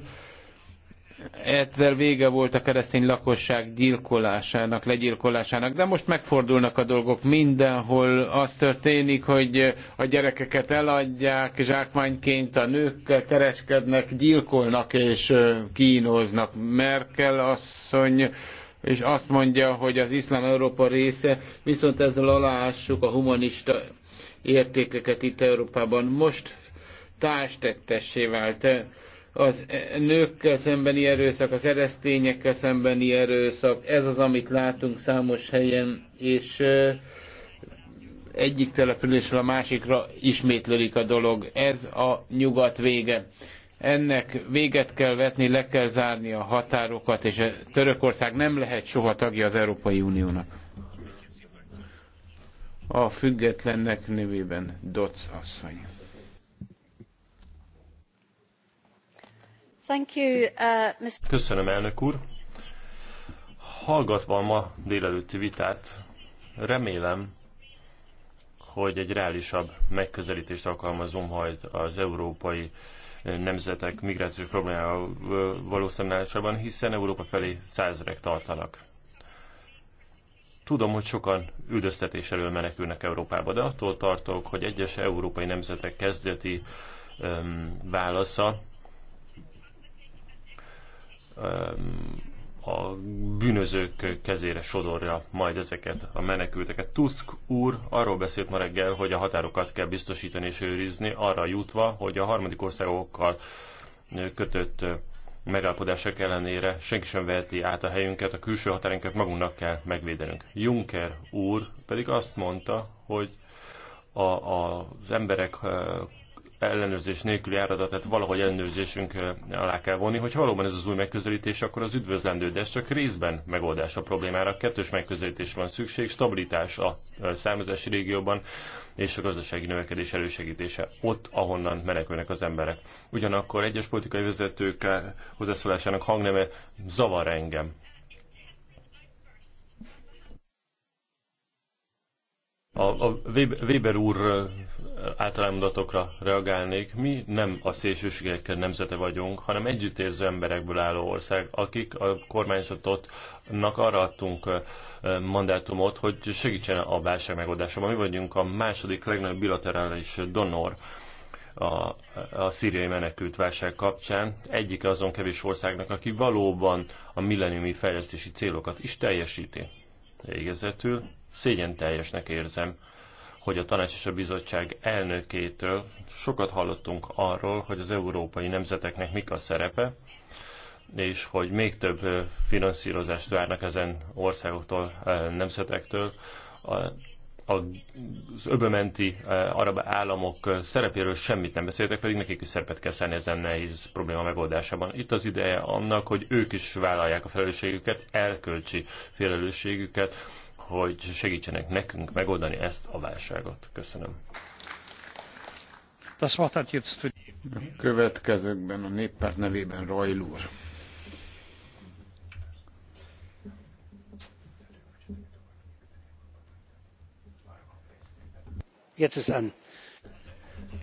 ezzel vége volt a keresztény lakosság gyilkolásának, legyilkolásának, de most megfordulnak a dolgok mindenhol. Az történik, hogy a gyerekeket eladják, zsákmányként a nőkkel kereskednek, gyilkolnak és kínoznak. Merkel asszony és azt mondja, hogy az iszlám Európa része, viszont ezzel aláássuk a humanista értékeket itt Európában. Most társtettessé vált az nőkkel szembeni erőszak, a keresztényekkel szembeni erőszak, ez az, amit látunk számos helyen, és egyik településről a másikra ismétlődik a dolog. Ez a nyugat vége. Ennek véget kell vetni, le kell zárni a határokat, és a Törökország nem lehet soha tagja az Európai Uniónak. A függetlennek nevében Doc asszony. Uh, Köszönöm, elnök úr. Hallgatva a ma délelőtti vitát, remélem, hogy egy reálisabb megközelítést alkalmazom majd az európai nemzetek migrációs problémával való szemlélásában, hiszen Európa felé százrek tartanak. Tudom, hogy sokan üldöztetés elől menekülnek Európába, de attól tartok, hogy egyes európai nemzetek kezdeti öm, válasza öm, a bűnözők kezére sodorja majd ezeket a menekülteket. Tusk úr arról beszélt ma reggel, hogy a határokat kell biztosítani és őrizni, arra jutva, hogy a harmadik országokkal kötött megállapodások ellenére senki sem veheti át a helyünket, a külső határainkat magunknak kell megvédenünk. Juncker úr pedig azt mondta, hogy a, a, az emberek ellenőrzés nélküli áradatát valahogy ellenőrzésünk eh, alá kell vonni. Hogy valóban ez az új megközelítés, akkor az üdvözlendő, de ez csak részben megoldás a problémára. Kettős megközelítés van szükség, stabilitás a eh, származási régióban és a gazdasági növekedés elősegítése ott, ahonnan menekülnek az emberek. Ugyanakkor egyes politikai vezetők eh, hozzászólásának hangneme zavar engem. A, a Weber úr általánodatokra reagálnék. Mi nem a szélsőségek nemzete vagyunk, hanem együttérző emberekből álló ország, akik a kormányzatotnak arra adtunk mandátumot, hogy segítsen a válság megoldásában. Mi vagyunk a második legnagyobb bilaterális donor a, a szíriai menekült válság kapcsán. Egyik azon kevés országnak, aki valóban a milleniumi fejlesztési célokat is teljesíti. Végezetül szégyen teljesnek érzem, hogy a tanács és a bizottság elnökétől sokat hallottunk arról, hogy az európai nemzeteknek mik a szerepe, és hogy még több finanszírozást várnak ezen országoktól, nemzetektől. Az öbömenti arab államok szerepéről semmit nem beszéltek, pedig nekik is szerepet kell szállni ezen nehéz probléma megoldásában. Itt az ideje annak, hogy ők is vállalják a felelősségüket, elkölcsi felelősségüket, hogy segítsenek nekünk megoldani ezt a válságot. Köszönöm. Das Wort hat jetzt für Következőkben a néppárt nevében Rajl úr.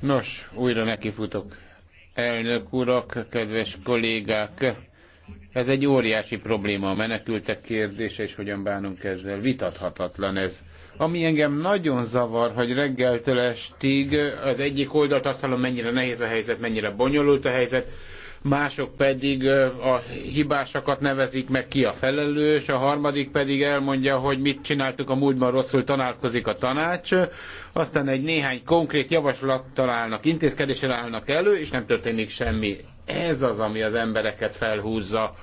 Nos, újra nekifutok. Elnök urak, kedves kollégák! Ez egy óriási probléma a menekültek kérdése, és hogyan bánunk ezzel. Vitathatatlan ez. Ami engem nagyon zavar, hogy reggeltől estig az egyik oldalt azt hallom, mennyire nehéz a helyzet, mennyire bonyolult a helyzet, mások pedig a hibásakat nevezik meg ki a felelős, a harmadik pedig elmondja, hogy mit csináltuk a múltban rosszul, tanálkozik a tanács, aztán egy néhány konkrét javaslat találnak, intézkedésre állnak elő, és nem történik semmi ez az, ami az embereket felhúzza.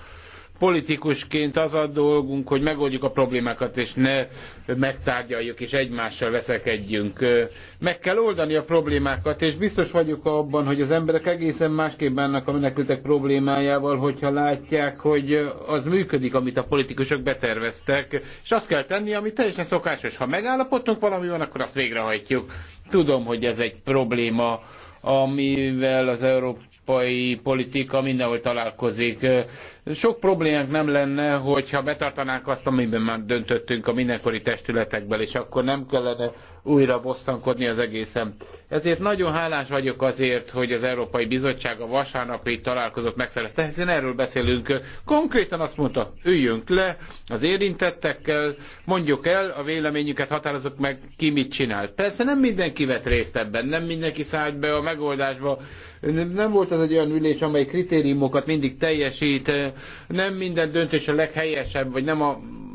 Politikusként az a dolgunk, hogy megoldjuk a problémákat, és ne megtárgyaljuk, és egymással veszekedjünk. Meg kell oldani a problémákat, és biztos vagyok abban, hogy az emberek egészen másképp bánnak a menekültek problémájával, hogyha látják, hogy az működik, amit a politikusok beterveztek, és azt kell tenni, ami teljesen szokásos. Ha megállapodtunk valami van, akkor azt végrehajtjuk. Tudom, hogy ez egy probléma, amivel az Európai európai politika mindenhol találkozik sok problémánk nem lenne, hogyha betartanánk azt, amiben már döntöttünk a mindenkori testületekben, és akkor nem kellene újra bosszankodni az egészen. Ezért nagyon hálás vagyok azért, hogy az Európai Bizottság a vasárnapi találkozót megszerezte, hiszen erről beszélünk. Konkrétan azt mondta, üljünk le az érintettekkel, mondjuk el a véleményüket, határozok meg, ki mit csinál. Persze nem mindenki vett részt ebben, nem mindenki szállt be a megoldásba. Nem volt ez egy olyan ülés, amely kritériumokat mindig teljesít, nem minden döntés a leghelyesebb, vagy nem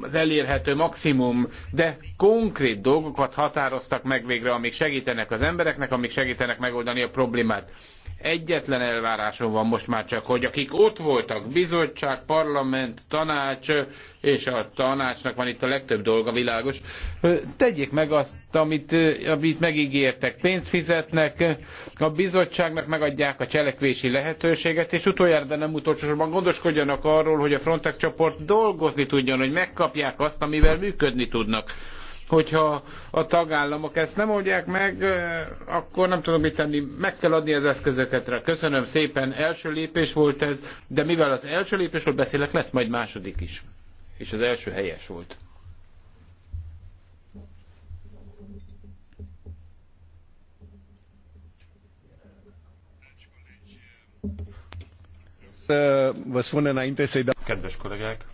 az elérhető maximum, de konkrét dolgokat határoztak meg végre, amik segítenek az embereknek, amik segítenek megoldani a problémát. Egyetlen elvárásom van most már csak, hogy akik ott voltak, bizottság, parlament, tanács, és a tanácsnak van itt a legtöbb dolga világos, tegyék meg azt, amit, amit megígértek. Pénzt fizetnek, a bizottságnak megadják a cselekvési lehetőséget, és utoljára, de nem utolsósorban gondoskodjanak arról, hogy a Frontex csoport dolgozni tudjon, hogy megkapják azt, amivel működni tudnak Hogyha a tagállamok ezt nem oldják meg, akkor nem tudom mit tenni, meg kell adni az eszközöket. Köszönöm szépen, első lépés volt ez, de mivel az első lépésről beszélek, lesz majd második is. És az első helyes volt. Kedves kollégák,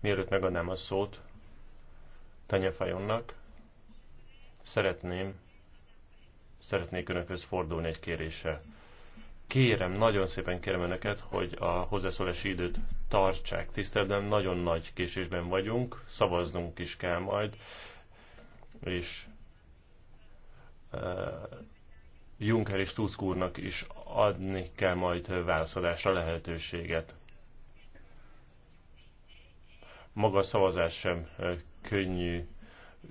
mielőtt megadnám a szót fenyefajonnak, Szeretném, szeretnék Önökhöz fordulni egy kéréssel. Kérem, nagyon szépen kérem Önöket, hogy a hozzászólási időt tartsák tiszteletben. Nagyon nagy késésben vagyunk, szavaznunk is kell majd, és e, Juncker és Tusk úrnak is adni kell majd válaszadásra lehetőséget. Maga a szavazás sem e, könnyű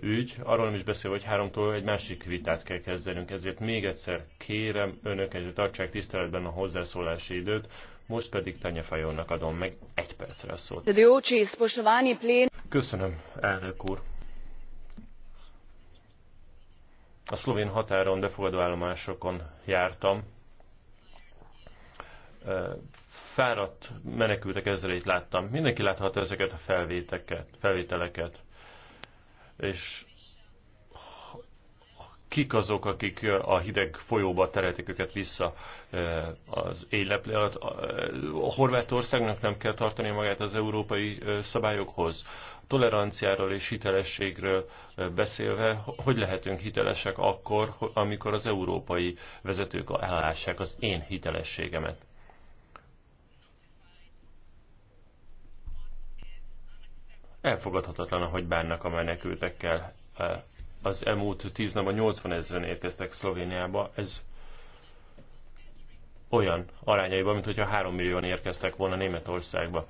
ügy, arról nem is beszél, hogy háromtól egy másik vitát kell kezdenünk, ezért még egyszer kérem önöket, hogy tartsák tiszteletben a hozzászólási időt, most pedig Tanya Fajónak adom meg egy percre a szót. Köszönöm, elnök úr. A szlovén határon befogadó állomásokon jártam. Fáradt menekültek itt láttam. Mindenki láthatta ezeket a felvételeket és kik azok, akik a hideg folyóba terelték őket vissza az éjleple alatt. A Horvátországnak nem kell tartani magát az európai szabályokhoz. Toleranciáról és hitelességről beszélve, hogy lehetünk hitelesek akkor, amikor az európai vezetők elássák az én hitelességemet? Elfogadhatatlan, hogy bánnak a menekültekkel. E, az elmúlt tíz a 80 ezeren érkeztek Szlovéniába. Ez olyan arányaiban, mint hogyha 3 millióan érkeztek volna Németországba.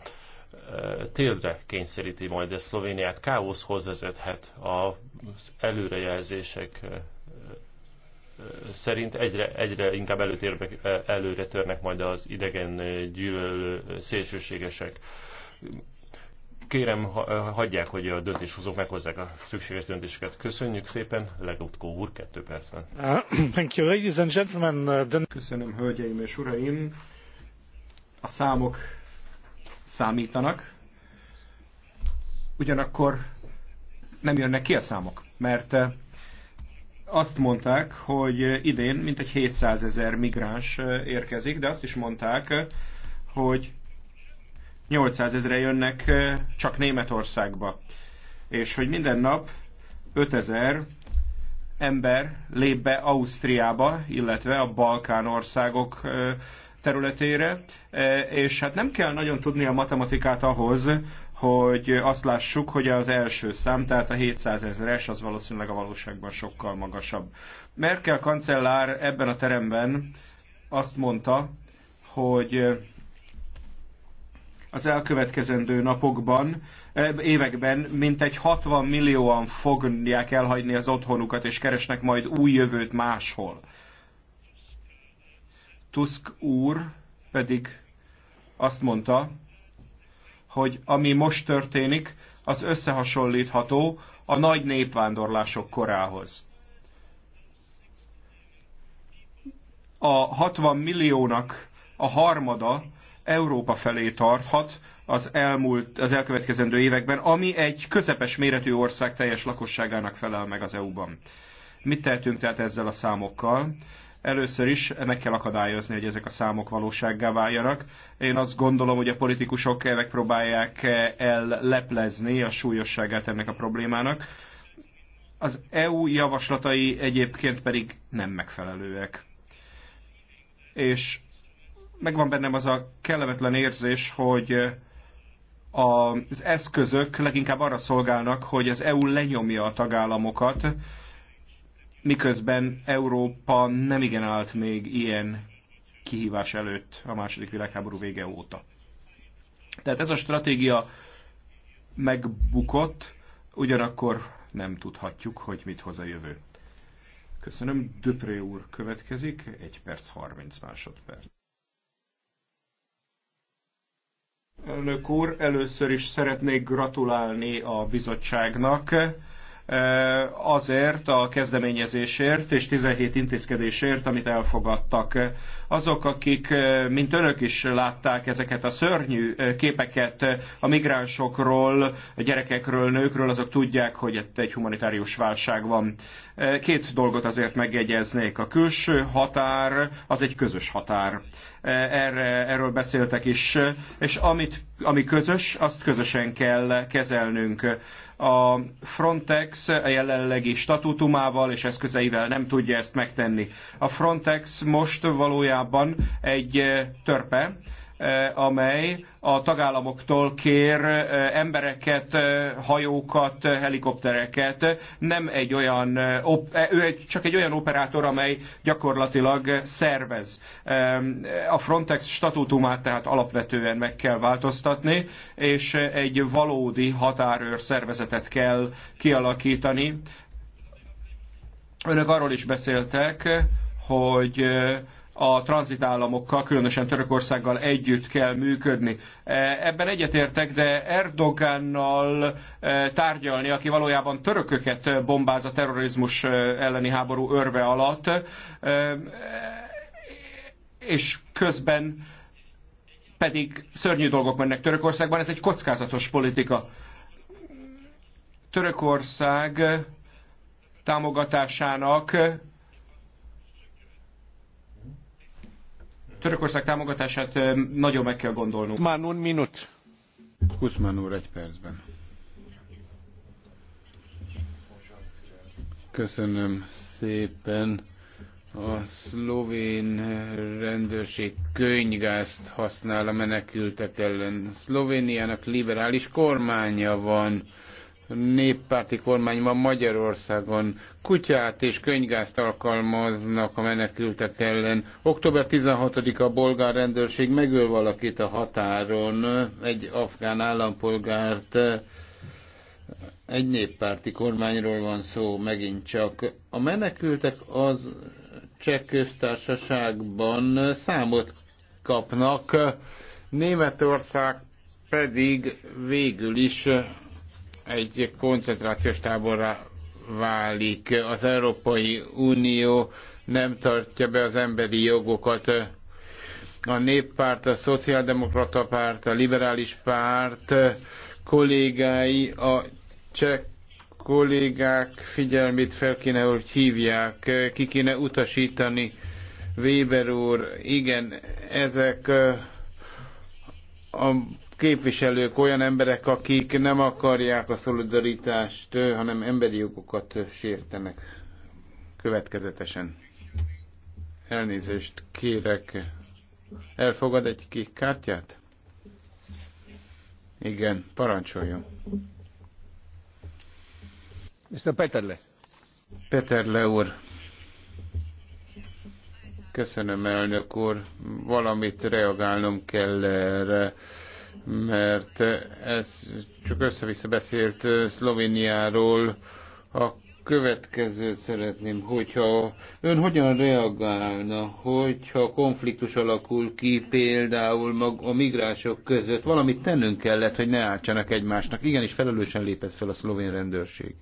E, Téldre kényszeríti majd a Szlovéniát, káoszhoz vezethet az előrejelzések e, szerint egyre, egyre inkább előtérbe, előre törnek majd az idegen gyűlölő szélsőségesek. Kérem, eh, hagyják, hogy a döntéshozók meghozzák a szükséges döntéseket. Köszönjük szépen, Legutko úr, kettő percben. Uh, thank you, ladies and gentlemen. Uh, Köszönöm, hölgyeim és uraim. A számok számítanak, ugyanakkor nem jönnek ki a számok, mert eh, azt mondták, hogy idén mintegy 700 ezer migráns eh, érkezik, de azt is mondták, hogy 800 ezre jönnek csak Németországba. És hogy minden nap 5000 ember lép be Ausztriába, illetve a Balkán országok területére, és hát nem kell nagyon tudni a matematikát ahhoz, hogy azt lássuk, hogy az első szám, tehát a 700 ezeres, az valószínűleg a valóságban sokkal magasabb. Merkel kancellár ebben a teremben azt mondta, hogy az elkövetkezendő napokban, eh, években mintegy 60 millióan fogják elhagyni az otthonukat, és keresnek majd új jövőt máshol. Tusk úr pedig azt mondta, hogy ami most történik, az összehasonlítható a nagy népvándorlások korához. A 60 milliónak a harmada Európa felé tarthat az, elmúlt, az elkövetkezendő években, ami egy közepes méretű ország teljes lakosságának felel meg az EU-ban. Mit tehetünk tehát ezzel a számokkal? Először is meg kell akadályozni, hogy ezek a számok valósággá váljanak. Én azt gondolom, hogy a politikusok megpróbálják elleplezni a súlyosságát ennek a problémának. Az EU javaslatai egyébként pedig nem megfelelőek. És megvan bennem az a kellemetlen érzés, hogy az eszközök leginkább arra szolgálnak, hogy az EU lenyomja a tagállamokat, miközben Európa nem igen állt még ilyen kihívás előtt a második világháború vége óta. Tehát ez a stratégia megbukott, ugyanakkor nem tudhatjuk, hogy mit hoz a jövő. Köszönöm, Döpré úr következik, 1 perc 30 másodperc. Elnök úr, először is szeretnék gratulálni a bizottságnak eh, azért a kezdeményezésért és 17 intézkedésért, amit elfogadtak. Azok, akik, eh, mint önök is látták ezeket a szörnyű eh, képeket a migránsokról, a gyerekekről, nőkről, azok tudják, hogy itt egy humanitárius válság van. Két dolgot azért megjegyeznék. A külső határ az egy közös határ. Erre, erről beszéltek is, és amit, ami közös, azt közösen kell kezelnünk a Frontex a jelenlegi statutumával és eszközeivel nem tudja ezt megtenni. A Frontex most valójában egy törpe, Eh, amely a tagállamoktól kér eh, embereket, eh, hajókat, helikoptereket. Nem egy olyan, ő csak egy olyan operátor, amely gyakorlatilag szervez. A Frontex statútumát tehát alapvetően meg kell változtatni, és egy valódi határőr szervezetet kell kialakítani. Önök arról is beszéltek, hogy a tranzitállamokkal, különösen Törökországgal együtt kell működni. E, ebben egyetértek, de Erdogannal e, tárgyalni, aki valójában törököket bombáz a terrorizmus e, elleni háború örve alatt, és közben pedig szörnyű dolgok mennek Törökországban, ez egy kockázatos politika. Törökország támogatásának Törökország támogatását nagyon meg kell gondolnunk. Már minut. Kuszman úr, egy percben. Köszönöm szépen. A szlovén rendőrség könygázt használ a menekültek ellen. Szlovéniának liberális kormánya van néppárti kormány van Magyarországon. Kutyát és könygázt alkalmaznak a menekültek ellen. Október 16-a a bolgár rendőrség megöl valakit a határon, egy afgán állampolgárt. Egy néppárti kormányról van szó megint csak. A menekültek az cseh köztársaságban számot kapnak, Németország pedig végül is egy koncentrációs táborra válik. Az Európai Unió nem tartja be az emberi jogokat. A néppárt, a szociáldemokrata párt, a liberális párt kollégái, a cseh kollégák figyelmét fel kéne, hogy hívják, ki kéne utasítani. Weber úr, igen, ezek a képviselők olyan emberek, akik nem akarják a szolidaritást, hanem emberi jogokat sértenek következetesen. Elnézést kérek. Elfogad egy kék kártyát? Igen, parancsoljon. Mr. Peterle. Peterle úr. Köszönöm, elnök úr. Valamit reagálnom kell erre mert ez csak össze-vissza beszélt Szlovéniáról. A következőt szeretném, hogyha ön hogyan reagálna, hogyha konfliktus alakul ki például mag, a migránsok között, valamit tennünk kellett, hogy ne ártsanak egymásnak. Igenis felelősen lépett fel a szlovén rendőrség.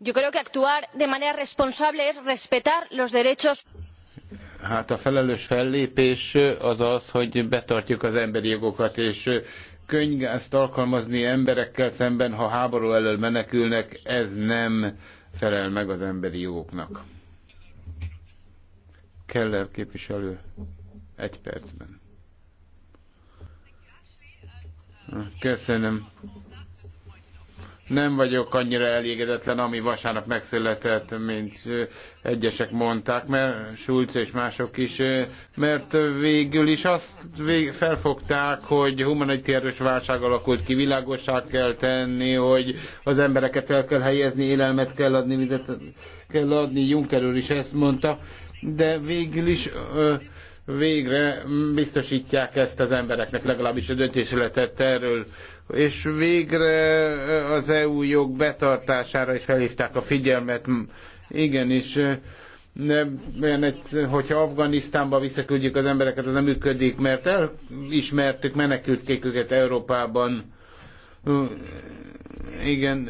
yo creo que actuar de manera responsable es respetar los derechos Hát a felelős fellépés az az, hogy betartjuk az emberi jogokat, és könygázt alkalmazni emberekkel szemben, ha háború elől menekülnek, ez nem felel meg az emberi jogoknak. Keller képviselő, egy percben. Köszönöm nem vagyok annyira elégedetlen, ami vasárnap megszületett, mint egyesek mondták, mert Schulz és mások is, mert végül is azt felfogták, hogy humanitárius válság alakult ki, világossá kell tenni, hogy az embereket el kell helyezni, élelmet kell adni, vizet kell adni, Juncker úr is ezt mondta, de végül is végre biztosítják ezt az embereknek, legalábbis a döntésületet erről és végre az EU jog betartására is felhívták a figyelmet. Igenis, nem, hogyha Afganisztánba visszaküldjük az embereket, az nem működik, mert elismertük menekültkék őket Európában igen,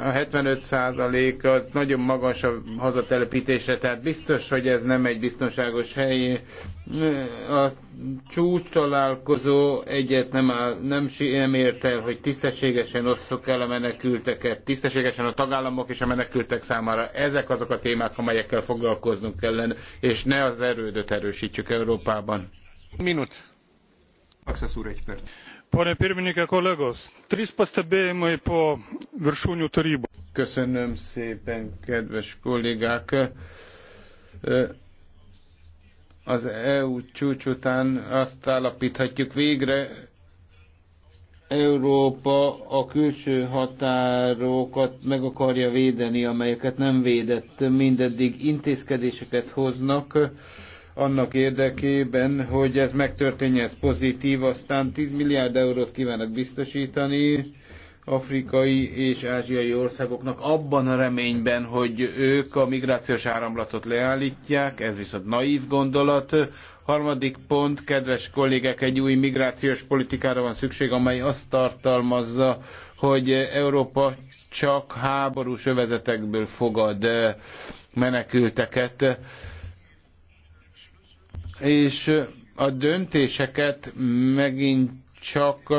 a 75 százalék az nagyon magas a hazatelepítésre, tehát biztos, hogy ez nem egy biztonságos hely. A csúcs találkozó egyet nem, áll, nem, nem ért el, hogy tisztességesen osszuk el a menekülteket, tisztességesen a tagállamok és a menekültek számára. Ezek azok a témák, amelyekkel foglalkoznunk kellene, és ne az erődöt erősítsük Európában. Minut. Access úr, egy perc pone pirmininke kolegos trys pastebėjimai po viršūnių tarybos. köszönöm szépen kedves kollégák! az eu csúcs után azt állapíthatjuk végre Európa a külső határokat meg akarja védeni, amelyeket nem védett mindeddig intézkedéseket hoznak annak érdekében, hogy ez megtörténjen, ez pozitív, aztán 10 milliárd eurót kívánnak biztosítani afrikai és ázsiai országoknak abban a reményben, hogy ők a migrációs áramlatot leállítják, ez viszont naív gondolat. Harmadik pont, kedves kollégek, egy új migrációs politikára van szükség, amely azt tartalmazza, hogy Európa csak háborús övezetekből fogad menekülteket és a döntéseket megint csak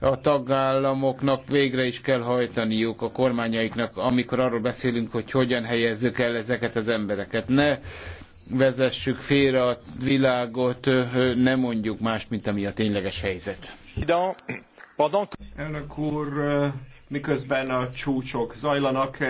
a tagállamoknak végre is kell hajtaniuk, a kormányaiknak, amikor arról beszélünk, hogy hogyan helyezzük el ezeket az embereket. Ne vezessük félre a világot, ne mondjuk más, mint ami a tényleges helyzet. Elnök úr, miközben a csúcsok zajlanak,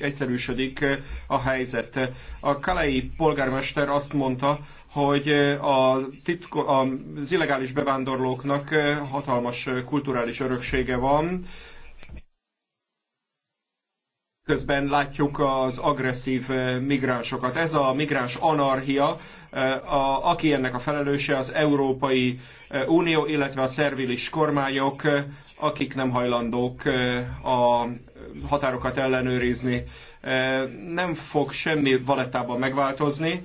egyszerűsödik a helyzet. A kalei polgármester azt mondta, hogy a titko, az illegális bevándorlóknak hatalmas kulturális öröksége van, közben látjuk az agresszív migránsokat. Ez a migráns anarchia, a, aki ennek a felelőse az Európai Unió, illetve a szervilis kormányok, akik nem hajlandók a határokat ellenőrizni. Nem fog semmi valettában megváltozni,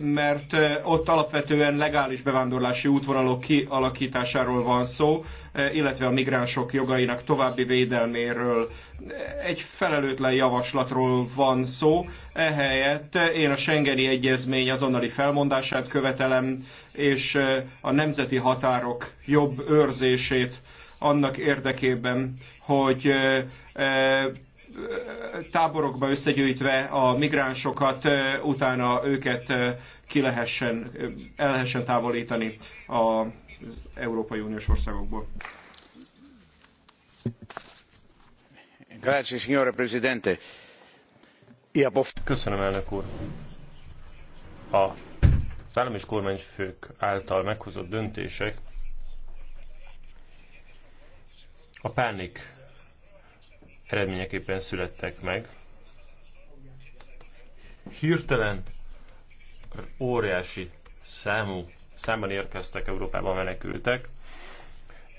mert ott alapvetően legális bevándorlási útvonalok kialakításáról van szó, illetve a migránsok jogainak további védelméről. Egy felelőtlen javaslatról van szó, ehelyett én a Schengeni Egyezmény azonnali felmondását követelem, és a nemzeti határok jobb őrzését annak érdekében, hogy táborokba összegyűjtve a migránsokat, utána őket ki lehessen, el lehessen távolítani az Európai Uniós országokból. Köszönöm, elnök úr. A szállam és kormányfők által meghozott döntések A pánik eredményeképpen születtek meg. Hirtelen óriási számú számban érkeztek Európába menekültek,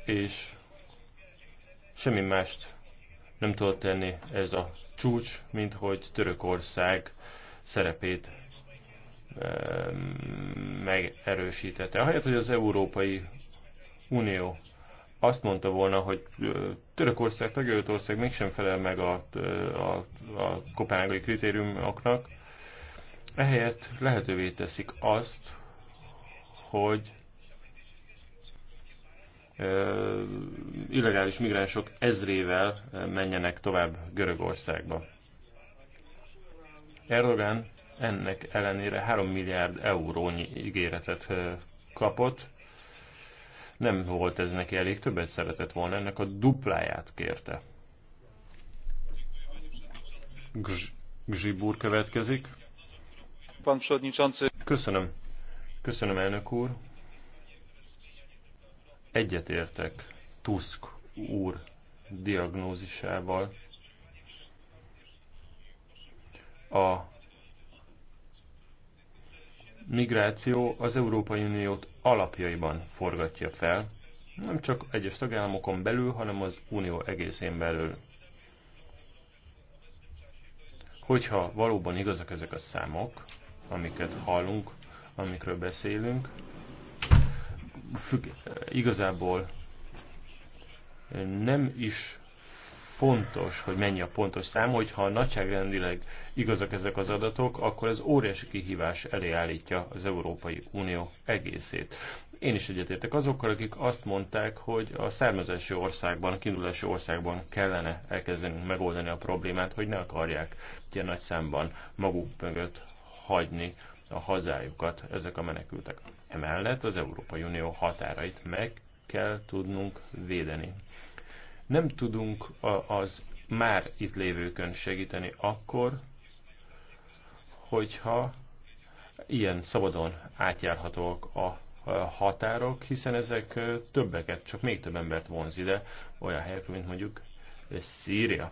és semmi mást nem tudott tenni ez a csúcs, mint hogy Törökország szerepét megerősítette. Ahelyett, hogy az Európai Unió azt mondta volna, hogy Törökország Törökország mégsem felel meg a, a, a kopenhágai kritériumoknak, ehelyett lehetővé teszik azt, hogy illegális migránsok ezrével menjenek tovább Görögországba. Erdogan ennek ellenére 3 milliárd eurónyi ígéretet kapott, nem volt ez neki elég, többet szeretett volna, ennek a dupláját kérte. Gzsibúr következik. Köszönöm. Köszönöm, elnök úr. Egyetértek Tusk úr diagnózisával. A migráció az Európai Uniót alapjaiban forgatja fel, nem csak egyes tagállamokon belül, hanem az Unió egészén belül. Hogyha valóban igazak ezek a számok, amiket hallunk, amikről beszélünk, függ, igazából nem is fontos, hogy mennyi a pontos szám, hogyha nagyságrendileg igazak ezek az adatok, akkor ez óriási kihívás elé állítja az Európai Unió egészét. Én is egyetértek azokkal, akik azt mondták, hogy a származási országban, a kiindulási országban kellene elkezdeni megoldani a problémát, hogy ne akarják ilyen nagy számban maguk mögött hagyni a hazájukat ezek a menekültek. Emellett az Európai Unió határait meg kell tudnunk védeni. Nem tudunk az már itt lévőkön segíteni akkor, hogyha ilyen szabadon átjárhatók a határok, hiszen ezek többeket, csak még több embert vonz ide, olyan helyekről, mint mondjuk Szíria.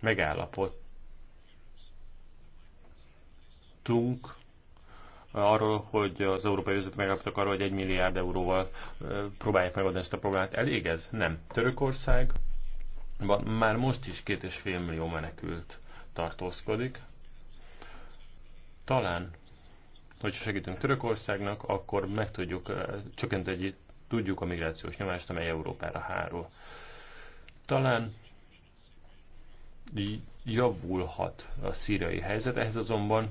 Megállapodtunk arról, hogy az európai vezetők megállapodtak arról, hogy egy milliárd euróval próbálják megoldani ezt a problémát. Elég ez? Nem. Törökország már most is két és fél millió menekült tartózkodik. Talán, hogyha segítünk Törökországnak, akkor meg tudjuk, csökkenteni tudjuk a migrációs nyomást, amely Európára hárul. Talán javulhat a szíriai helyzet, ehhez azonban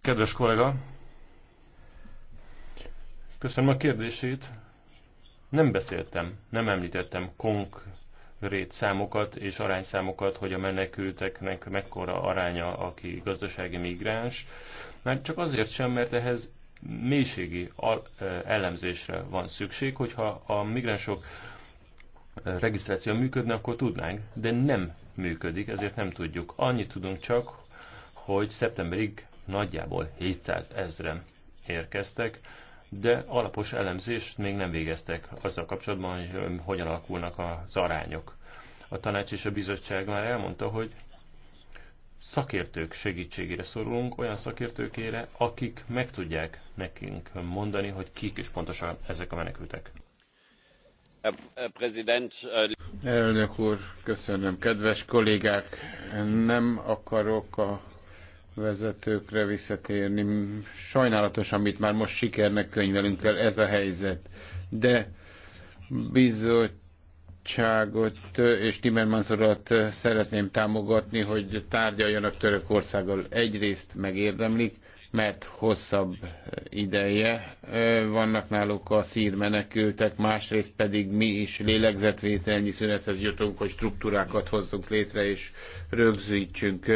Kedves kollega, köszönöm a kérdését. Nem beszéltem, nem említettem konkrét számokat és arányszámokat, hogy a menekülteknek mekkora aránya, aki gazdasági migráns. Mert csak azért sem, mert ehhez mélységi ellenzésre van szükség, hogyha a migránsok regisztráció működne, akkor tudnánk, de nem működik, ezért nem tudjuk. Annyit tudunk csak, hogy szeptemberig nagyjából 700 ezren érkeztek, de alapos elemzést még nem végeztek azzal kapcsolatban, hogy hogyan alakulnak az arányok. A tanács és a bizottság már elmondta, hogy szakértők segítségére szorulunk, olyan szakértőkére, akik meg tudják nekünk mondani, hogy kik is pontosan ezek a menekültek. Äh, Elnök úr, köszönöm. Kedves kollégák, nem akarok a vezetőkre visszatérni. Sajnálatos, amit már most sikernek könyvelünk el, ez a helyzet. De bizottságot és Timmermans urat szeretném támogatni, hogy tárgyaljanak Törökországgal. Egyrészt megérdemlik, mert hosszabb ideje vannak náluk a szír menekültek, másrészt pedig mi is lélegzetvételnyi szünethez jutunk, hogy struktúrákat hozzunk létre és rögzítsünk.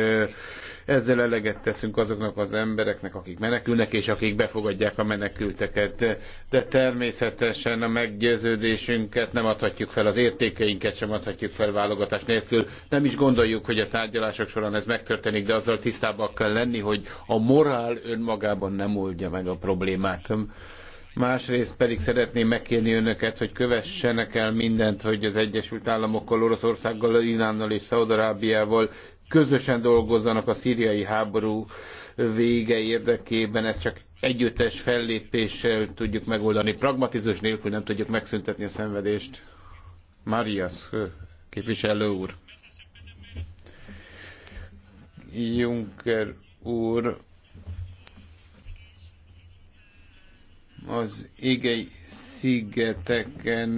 Ezzel eleget teszünk azoknak az embereknek, akik menekülnek, és akik befogadják a menekülteket de természetesen a meggyőződésünket nem adhatjuk fel, az értékeinket sem adhatjuk fel válogatás nélkül. Nem is gondoljuk, hogy a tárgyalások során ez megtörténik, de azzal tisztában kell lenni, hogy a morál önmagában nem oldja meg a problémát. Másrészt pedig szeretném megkérni önöket, hogy kövessenek el mindent, hogy az Egyesült Államokkal, Oroszországgal, Iránnal és Szaudarábiával közösen dolgozzanak a szíriai háború vége érdekében. Ez csak együttes fellépéssel tudjuk megoldani. Pragmatizmus nélkül nem tudjuk megszüntetni a szenvedést. Marias képviselő úr. Juncker úr az égei szigeteken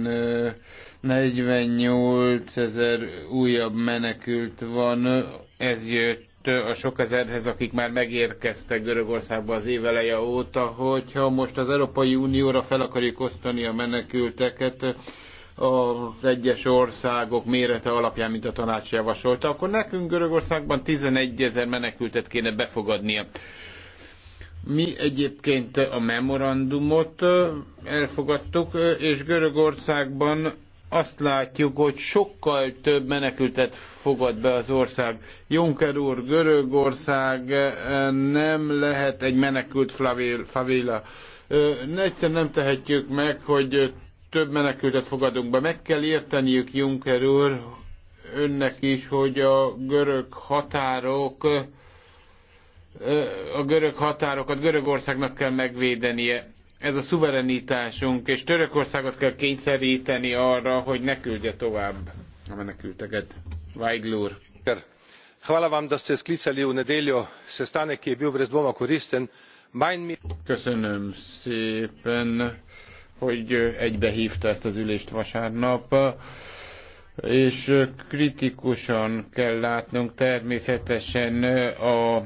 48 ezer újabb menekült van, ez jött a sok ezerhez, akik már megérkeztek Görögországba az éveleje óta, hogyha most az Európai Unióra fel akarjuk osztani a menekülteket, az egyes országok mérete alapján, mint a tanács javasolta, akkor nekünk Görögországban 11 ezer menekültet kéne befogadnia. Mi egyébként a memorandumot elfogadtuk, és Görögországban azt látjuk, hogy sokkal több menekültet fogad be az ország. Juncker úr, Görögország nem lehet egy menekült favéla. Egyszerűen nem tehetjük meg, hogy több menekültet fogadunk be. Meg kell érteniük, Juncker úr, önnek is, hogy a görög határok a görög határokat Görögországnak kell megvédenie ez a szuverenitásunk, és Törökországot kell kényszeríteni arra, hogy ne küldje tovább a menekülteket. Weigl úr. Hvala da ste sklicali v nedeljo sestanek, ki je bil brez dvoma koristen. Köszönöm szépen, hogy egybehívta ezt az ülést vasárnap és kritikusan kell látnunk természetesen a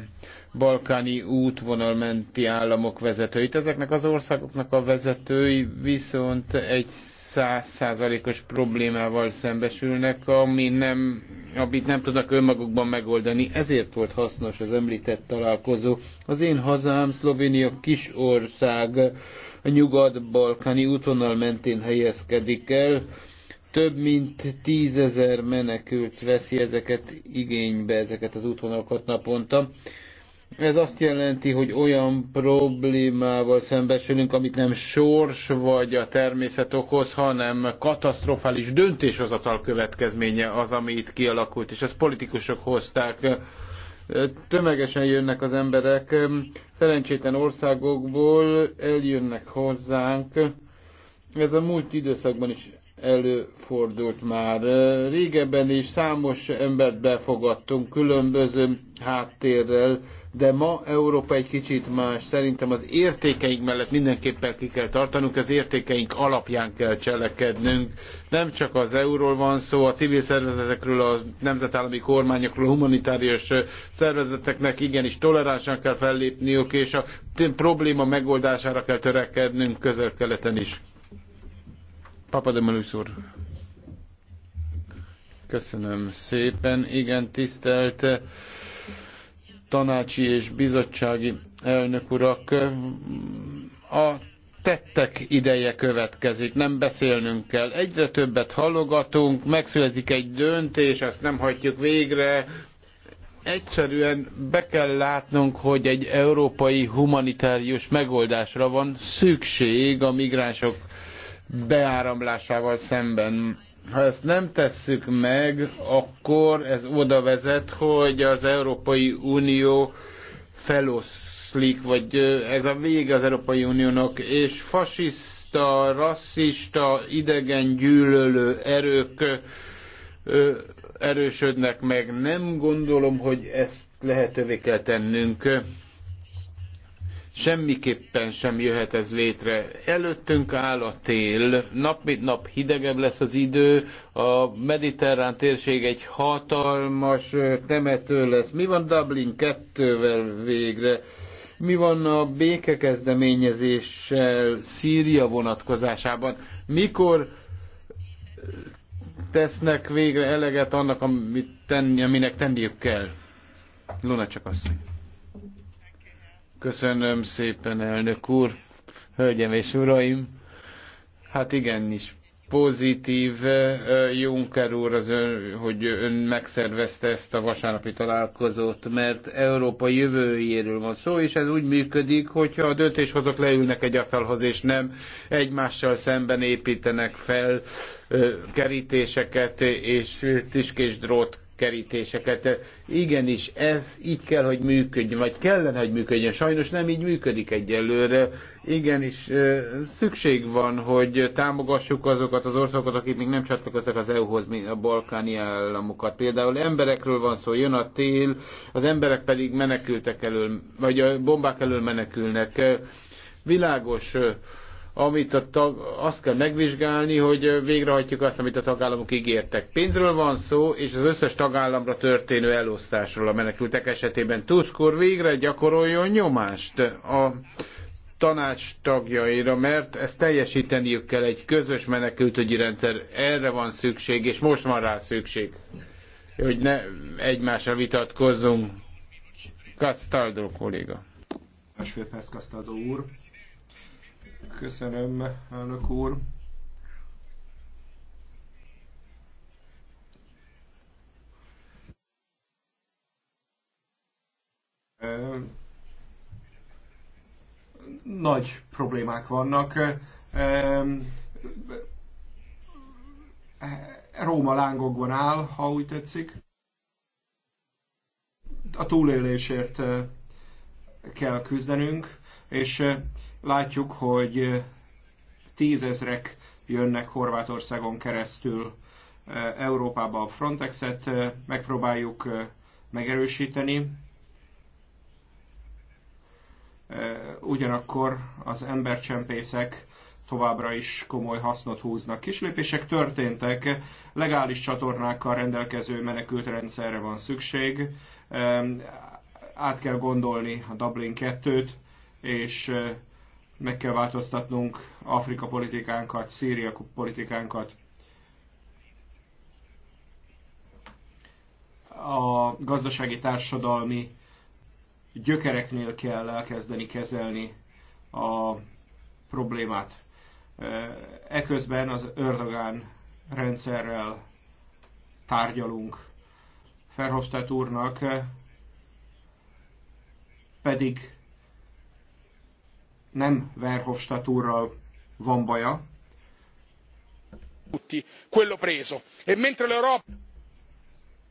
balkáni útvonal menti államok vezetőit. Ezeknek az országoknak a vezetői viszont egy százszázalékos problémával szembesülnek, ami nem, amit nem tudnak önmagukban megoldani. Ezért volt hasznos az említett találkozó. Az én hazám, Szlovénia kis ország, a nyugat-balkáni útvonal mentén helyezkedik el. Több mint tízezer menekült veszi ezeket igénybe, ezeket az útvonalakat naponta. Ez azt jelenti, hogy olyan problémával szembesülünk, amit nem sors vagy a természet okoz, hanem katasztrofális döntéshozatal következménye az, ami itt kialakult, és ezt politikusok hozták. Tömegesen jönnek az emberek, szerencsétlen országokból eljönnek hozzánk. Ez a múlt időszakban is előfordult már. Régebben is számos embert befogadtunk különböző háttérrel, de ma Európa egy kicsit más. Szerintem az értékeink mellett mindenképpen ki kell tartanunk, az értékeink alapján kell cselekednünk. Nem csak az euról van szó, a civil szervezetekről, a nemzetállami kormányokról, a humanitárius szervezeteknek igenis toleránsan kell fellépniük, és a probléma megoldására kell törekednünk közel-keleten is. Papademelus úr. Köszönöm szépen. Igen, tisztelt tanácsi és bizottsági elnök urak, a tettek ideje következik, nem beszélnünk kell. Egyre többet hallogatunk, megszületik egy döntés, azt nem hagyjuk végre. Egyszerűen be kell látnunk, hogy egy európai humanitárius megoldásra van szükség a migránsok beáramlásával szemben ha ezt nem tesszük meg, akkor ez oda vezet, hogy az Európai Unió feloszlik, vagy ez a vége az Európai Uniónak, és fasiszta, rasszista, idegen gyűlölő erők erősödnek meg. Nem gondolom, hogy ezt lehetővé kell tennünk. Semmiképpen sem jöhet ez létre. Előttünk áll a tél, nap mint nap hidegebb lesz az idő, a mediterrán térség egy hatalmas temető lesz. Mi van Dublin 2-vel végre? mi van a békekezdeményezéssel Szíria vonatkozásában? Mikor tesznek végre eleget annak, amit tenni, aminek tenniük kell? Luna csak azt mondja. Köszönöm szépen, elnök úr, hölgyem és uraim. Hát igenis, pozitív Juncker úr, az ön, hogy ön megszervezte ezt a vasárnapi találkozót, mert Európa jövőjéről van szó, és ez úgy működik, hogyha a döntéshozók leülnek egy asztalhoz, és nem egymással szemben építenek fel kerítéseket és tiskés drót kerítéseket. Igenis, ez így kell, hogy működjön, vagy kellene, hogy működjön. Sajnos nem így működik egyelőre. Igenis, szükség van, hogy támogassuk azokat az országokat, akik még nem csatlakoztak az EU-hoz, mint a balkáni államokat. Például emberekről van szó, jön a tél, az emberek pedig menekültek elől, vagy a bombák elől menekülnek. Világos, amit a tag, azt kell megvizsgálni, hogy végrehajtjuk azt, amit a tagállamok ígértek. Pénzről van szó, és az összes tagállamra történő elosztásról a menekültek esetében. Tuskor végre gyakoroljon nyomást a tanács tagjaira, mert ezt teljesíteniük kell egy közös menekültügyi rendszer. Erre van szükség, és most van rá szükség, hogy ne egymásra vitatkozzunk. Kasztaldó kolléga. Másfél perc úr. Köszönöm, elnök úr. Nagy problémák vannak. Róma lángokban áll, ha úgy tetszik. A túlélésért kell küzdenünk, és Látjuk, hogy tízezrek jönnek Horvátországon keresztül Európába a Frontexet, megpróbáljuk megerősíteni. Ugyanakkor az embercsempészek továbbra is komoly hasznot húznak. Kislépések történtek, legális csatornákkal rendelkező menekültrendszerre van szükség, át kell gondolni a Dublin 2-t, és meg kell változtatnunk Afrika politikánkat, Szíria politikánkat. A gazdasági társadalmi gyökereknél kell elkezdeni kezelni a problémát. Eközben az Erdogan rendszerrel tárgyalunk. Ferhofstadt úrnak pedig nem Verhofstadt úrral van baja. Quello preso. E mentre l'Europa...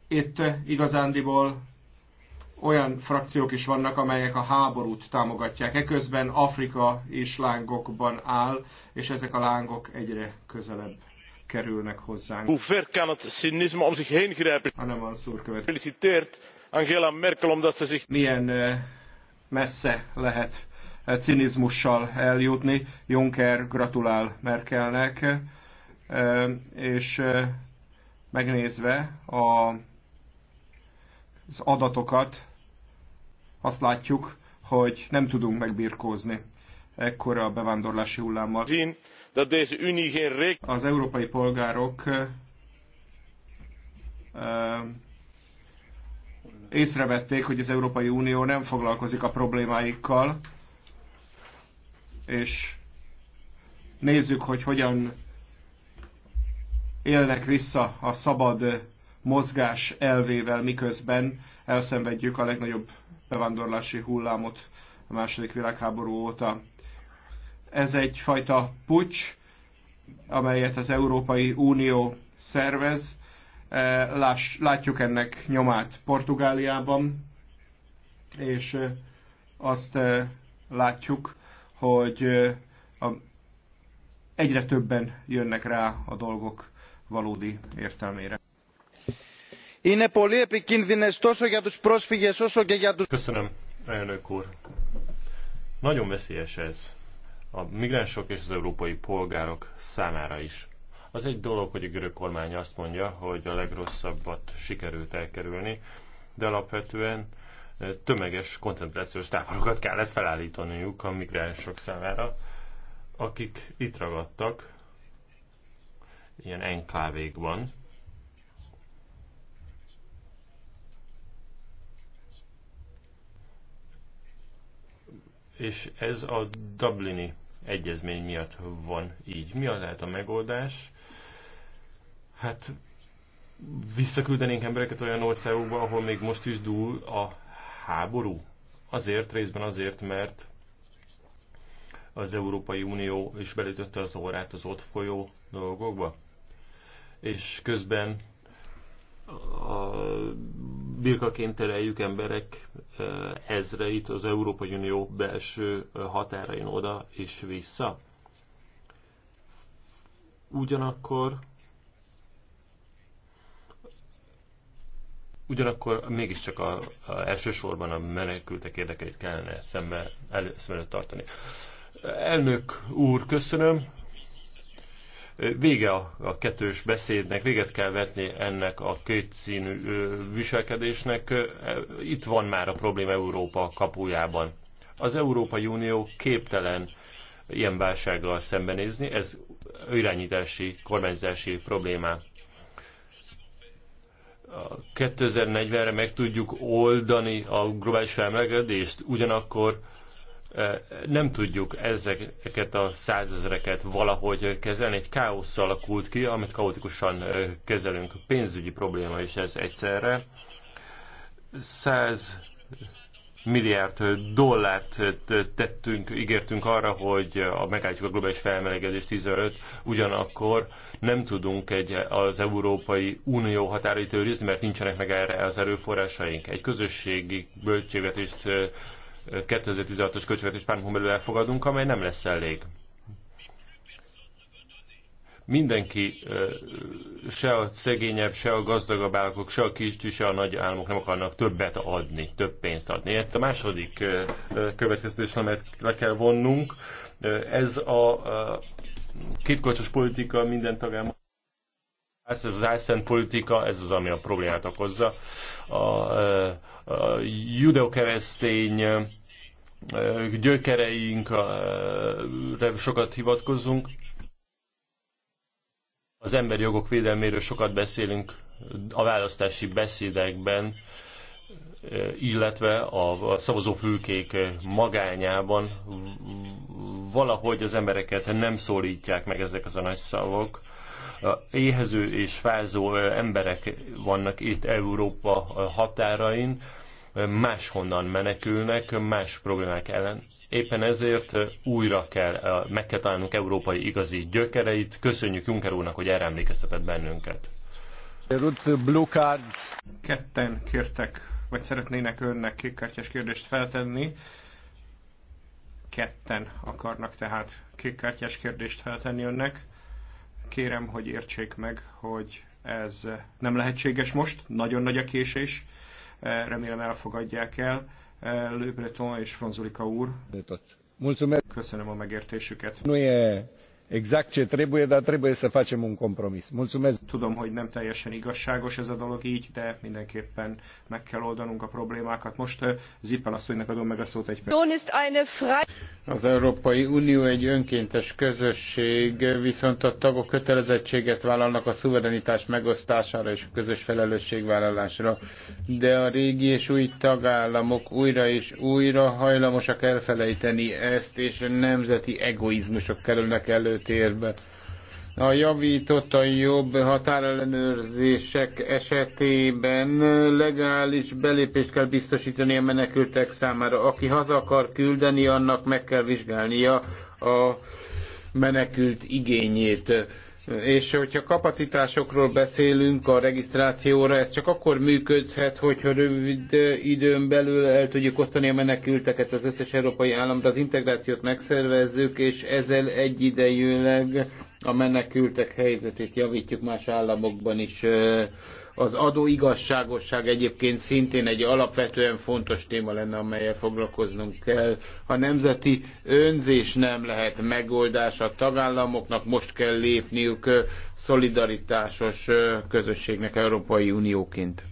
Itt eh, igazándiból olyan frakciók is vannak, amelyek a háborút támogatják. Eközben Afrika is lángokban áll, és ezek a lángok egyre közelebb kerülnek hozzánk. Hoe ver kan het cynisme om zich heen grijpen? Anna Mansour következik. Feliciteert Angela Merkel omdat ze zich... Milyen eh, messze lehet cinizmussal eljutni. Juncker gratulál Merkelnek, e, és e, megnézve a, az adatokat, azt látjuk, hogy nem tudunk megbirkózni ekkora bevándorlási hullámmal. Az európai polgárok e, észrevették, hogy az Európai Unió nem foglalkozik a problémáikkal, és nézzük, hogy hogyan élnek vissza a szabad mozgás elvével, miközben elszenvedjük a legnagyobb bevándorlási hullámot a második világháború óta. Ez egyfajta pucs, amelyet az Európai Unió szervez. E, láss, látjuk ennek nyomát Portugáliában, és e, azt e, látjuk, hogy a, egyre többen jönnek rá a dolgok valódi értelmére. Είναι πολύ επικίνδυνες τόσο για τους πρόσφυγες όσο και για τους... Köszönöm, elnök úr. Nagyon veszélyes ez. A migránsok és az európai polgárok számára is. Az egy dolog, hogy a görög kormány azt mondja, hogy a legrosszabbat sikerült elkerülni, de alapvetően tömeges koncentrációs táborokat kellett felállítaniuk a migránsok számára, akik itt ragadtak, ilyen enklávékban. És ez a Dublini egyezmény miatt van így. Mi az lehet a megoldás? Hát visszaküldenénk embereket olyan országokba, ahol még most is dúl a háború? Azért, részben azért, mert az Európai Unió is belütötte az órát az ott folyó dolgokba, és közben a birkaként tereljük emberek ezreit az Európai Unió belső határain oda és vissza. Ugyanakkor Ugyanakkor mégiscsak a, a elsősorban a menekültek érdekeit kellene szembe elő, szembe előtt tartani. Elnök úr, köszönöm. Vége a, a kettős beszédnek, véget kell vetni ennek a kétszínű viselkedésnek. Itt van már a probléma Európa kapujában. Az Európai Unió képtelen ilyen válsággal szembenézni, ez irányítási, kormányzási problémá. 2040-re meg tudjuk oldani a globális felmelegedést, ugyanakkor e, nem tudjuk ezeket a százezreket valahogy kezelni. Egy káosz alakult ki, amit kaotikusan e, kezelünk. Pénzügyi probléma is ez egyszerre. 100 milliárd dollárt tettünk, ígértünk arra, hogy a megállítjuk a globális felmelegedést 15, ugyanakkor nem tudunk egy, az Európai Unió határait őrizni, mert nincsenek meg erre az erőforrásaink. Egy közösségi böltségvetést 2016-os költségvetés pár belül elfogadunk, amely nem lesz elég mindenki, se a szegényebb, se a gazdagabb állapok, se a kicsi, se a nagy álmok nem akarnak többet adni, több pénzt adni. Ezt a második következtetés, amelyet le kell vonnunk, ez a kétkocsos politika minden tagállam ez az álszent politika, ez az, ami a problémát okozza. A, a, a judeokeresztény gyökereinkre sokat hivatkozunk, az emberi jogok védelméről sokat beszélünk a választási beszédekben, illetve a szavazófülkék magányában valahogy az embereket nem szólítják meg ezek az a nagy szavok. Éhező és fázó emberek vannak itt Európa határain, máshonnan menekülnek, más problémák ellen. Éppen ezért újra kell, meg kell találnunk európai igazi gyökereit. Köszönjük Juncker úrnak, hogy erre emlékeztetett bennünket. Ketten kértek, vagy szeretnének önnek kékkártyás kérdést feltenni. Ketten akarnak tehát kékkártyás kérdést feltenni önnek. Kérem, hogy értsék meg, hogy ez nem lehetséges most, nagyon nagy a késés remélem elfogadják el. Le Breton és Franzulika úr. Köszönöm a megértésüket exact ce trebuie, dar trebuie să facem un compromis. Mulțumesc! Tudom, hogy nem teljesen igazságos ez a dolog így, de mindenképpen meg kell oldanunk a problémákat. Most eh, Zippel asszonynak adom meg a szót egy perc. Az Európai Unió egy önkéntes közösség, viszont a tagok kötelezettséget vállalnak a szuverenitás megosztására és a közös felelősségvállalásra. De a régi és új tagállamok újra és újra hajlamosak elfelejteni ezt, és nemzeti egoizmusok kerülnek elő térbe. A javított a jobb határellenőrzések esetében legális belépést kell biztosítani a menekültek számára. Aki haza akar küldeni, annak meg kell vizsgálnia a menekült igényét és hogyha kapacitásokról beszélünk a regisztrációra, ez csak akkor működhet, hogyha rövid időn belül el tudjuk osztani a menekülteket az összes európai államra, az integrációt megszervezzük, és ezzel egyidejűleg a menekültek helyzetét javítjuk más államokban is az adóigazságosság egyébként szintén egy alapvetően fontos téma lenne, amelyel foglalkoznunk kell. A nemzeti önzés nem lehet megoldás a tagállamoknak, most kell lépniük szolidaritásos közösségnek Európai Unióként.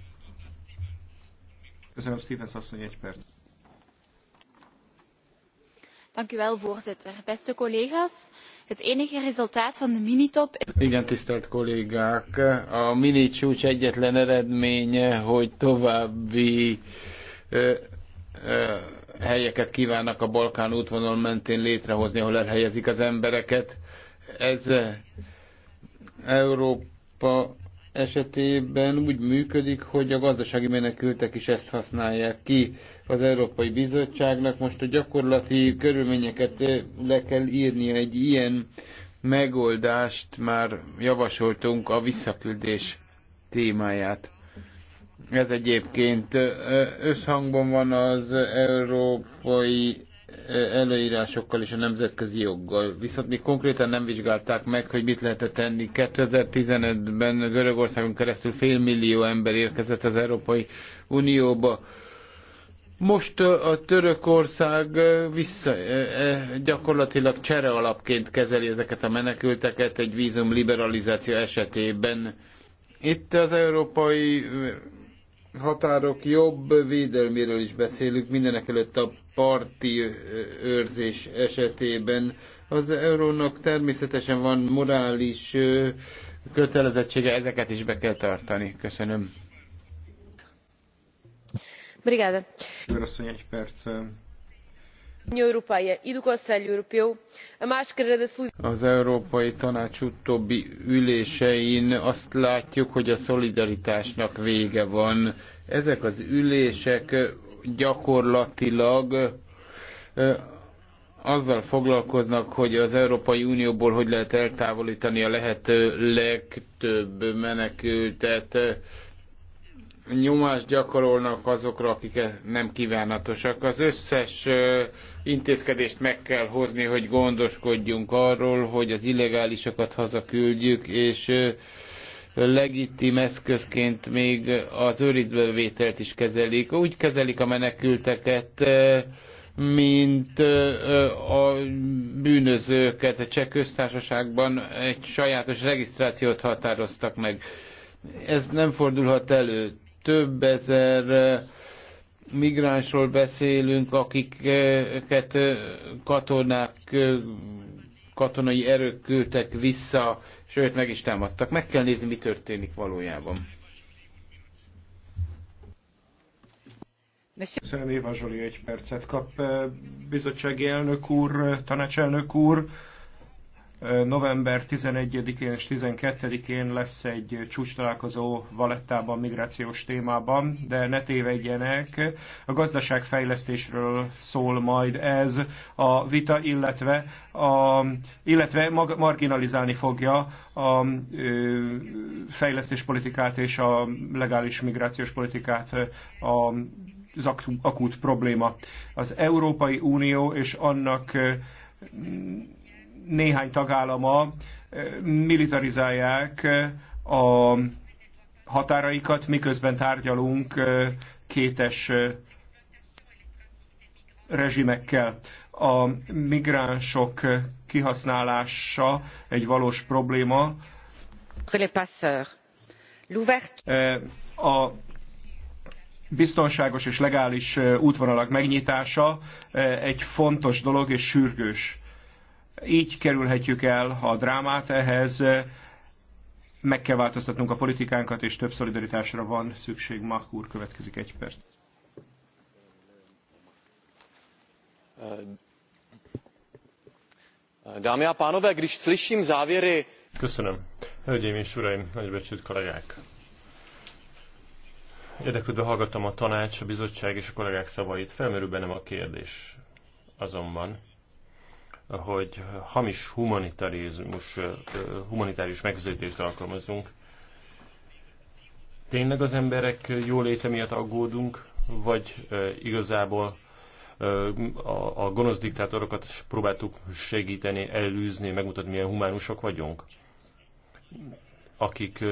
Köszönöm, Stevens asszony, egy perc. Dank u wel, voorzitter. Beste collega's, Het enige resultaat van de minitop... Igen, tisztelt kollégák, a csúcs egyetlen eredménye, hogy további ö, ö, helyeket kívánnak a Balkán útvonal mentén létrehozni, ahol elhelyezik az embereket. Ez Európa esetében úgy működik, hogy a gazdasági menekültek is ezt használják ki az Európai Bizottságnak. Most a gyakorlati körülményeket eh, le kell írnia egy ilyen megoldást, már javasoltunk a visszaküldés témáját. Ez egyébként eh, összhangban van az Európai előírásokkal és a nemzetközi joggal. Viszont még konkrétan nem vizsgálták meg, hogy mit lehetett tenni. 2015-ben Görögországon keresztül félmillió ember érkezett az Európai Unióba. Most a Törökország vissza, gyakorlatilag csere alapként kezeli ezeket a menekülteket egy vízum liberalizáció esetében. Itt az Európai határok jobb védelméről is beszélünk, mindenek előtt a parti őrzés esetében. Az eurónak természetesen van morális kötelezettsége, ezeket is be kell tartani. Köszönöm. Brigáda. Köszönöm, egy perc az európai tanács utóbbi ülésein azt látjuk hogy a szolidaritásnak vége van. ezek az ülések gyakorlatilag azzal foglalkoznak, hogy az Európai Unióból hogy lehet eltávolítani a lehető legtöbb menekültet nyomást gyakorolnak azokra, akik nem kívánatosak. Az összes intézkedést meg kell hozni, hogy gondoskodjunk arról, hogy az illegálisokat hazaküldjük, és legitim eszközként még az őrizbevételt is kezelik. Úgy kezelik a menekülteket, mint a bűnözőket. A cseh köztársaságban egy sajátos regisztrációt határoztak meg. Ez nem fordulhat elő több ezer migránsról beszélünk, akiket katonák, katonai erők küldtek vissza, sőt meg is támadtak. Meg kell nézni, mi történik valójában. Köszönöm, Éva Zsoli egy percet kap. Bizottsági elnök úr, tanácselnök úr, November 11-én és 12-én lesz egy csúcstalálkozó Valettában migrációs témában, de ne tévedjenek, a gazdaságfejlesztésről szól majd ez a vita, illetve, a, illetve mag, marginalizálni fogja a ö, fejlesztéspolitikát és a legális migrációs politikát a az akut probléma. Az Európai Unió és annak néhány tagállama eh, militarizálják eh, a határaikat, miközben tárgyalunk eh, kétes rezsimekkel. A migránsok kihasználása egy valós probléma. A biztonságos és legális útvonalak megnyitása egy fontos dolog és sürgős így kerülhetjük el a drámát ehhez, eh, meg kell változtatnunk a politikánkat, és több szolidaritásra van szükség. Ma úr, következik egy perc. Eh, dámy a pánové, když slyším závěry... Köszönöm. Hölgyeim és uraim, nagybecsült kollégák! Érdeklődve hallgattam a tanács, a bizottság és a kollégák szavait. Felmerül bennem a kérdés azonban, hogy hamis humanitarizmus, humanitárius megközelítést alkalmazunk. Tényleg az emberek jóléte miatt aggódunk, vagy igazából a, gonosz diktátorokat próbáltuk segíteni, elűzni, megmutatni, milyen humánusok vagyunk? akik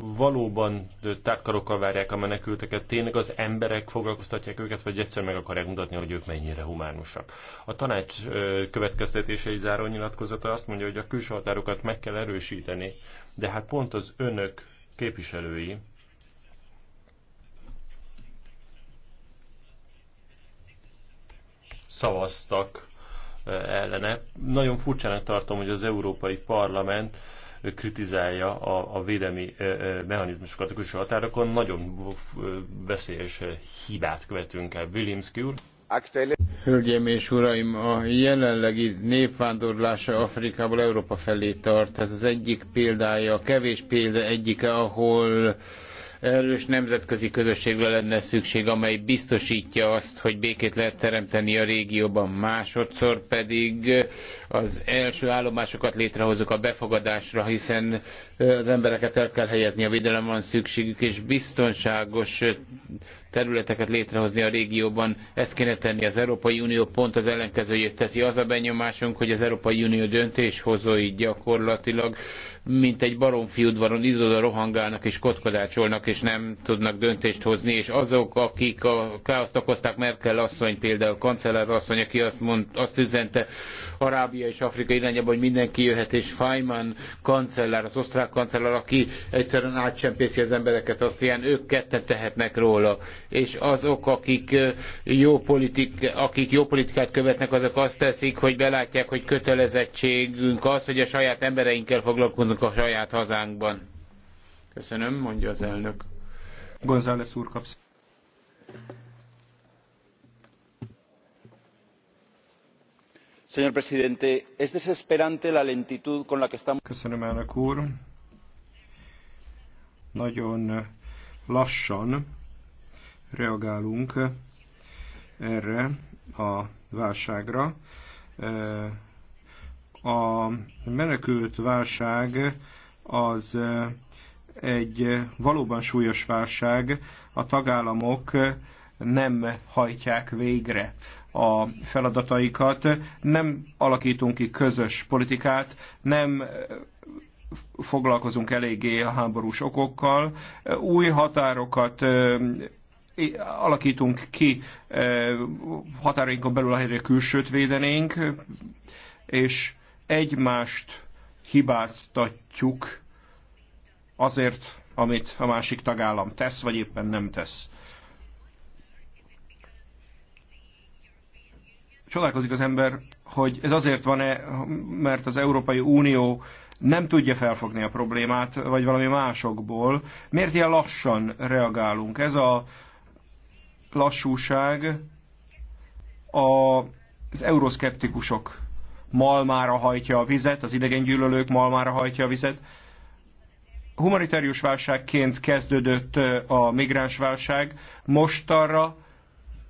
valóban tártkarokkal várják a menekülteket, tényleg az emberek foglalkoztatják őket, vagy egyszer meg akarják mutatni, hogy ők mennyire humánusak. A tanács következtetései záró nyilatkozata azt mondja, hogy a külső határokat meg kell erősíteni, de hát pont az önök képviselői, szavaztak ellene. Nagyon furcsának tartom, hogy az Európai Parlament kritizálja a, a védelmi mechanizmusokat a külső határokon, nagyon veszélyes hibát követünk el. Vilimszki úr. Hölgyeim és uraim, a jelenlegi népvándorlása Afrikából Európa felé tart. Ez az egyik példája, a kevés példa egyike, ahol erős nemzetközi közösségre lenne szükség, amely biztosítja azt, hogy békét lehet teremteni a régióban. Másodszor pedig az első állomásokat létrehozzuk a befogadásra, hiszen az embereket el kell helyezni, a védelem van szükségük, és biztonságos területeket létrehozni a régióban. Ezt kéne tenni az Európai Unió, pont az ellenkezőjét teszi. Az a benyomásunk, hogy az Európai Unió döntéshozói gyakorlatilag mint egy baromfi udvaron rohangálnak és kotkodácsolnak, és nem tudnak döntést hozni, és azok, akik a káoszt okozták, Merkel asszony például, kancellár asszony, aki azt, mond, azt üzente, Arábia arábia és Afrika irányába, hogy mindenki jöhet, és Feynman kancellár, az osztrák kancellár, aki egyszerűen átsempészi az embereket, azt ilyen ők ketten tehetnek róla. És azok, akik jó, politik, akik jó politikát követnek, azok azt teszik, hogy belátják, hogy kötelezettségünk az, hogy a saját embereinkkel foglalkozunk a saját hazánkban. Köszönöm, mondja az elnök. González úr kapsz. señor presidente es desesperante la lentitud con la que estamos. nagyon lassan reagálunk erre a válságra. A menekült válság az egy valóban súlyos válság, a tagállamok nem hajtják végre a feladataikat, nem alakítunk ki közös politikát, nem foglalkozunk eléggé a háborús okokkal, új határokat alakítunk ki, határainkon belül a helyre külsőt védenénk, és egymást hibáztatjuk azért, amit a másik tagállam tesz, vagy éppen nem tesz. csodálkozik az ember, hogy ez azért van-e, mert az Európai Unió nem tudja felfogni a problémát, vagy valami másokból. Miért ilyen lassan reagálunk? Ez a lassúság a, az euroszkeptikusok malmára hajtja a vizet, az idegengyűlölők malmára hajtja a vizet. Humanitárius válságként kezdődött a migráns válság, most arra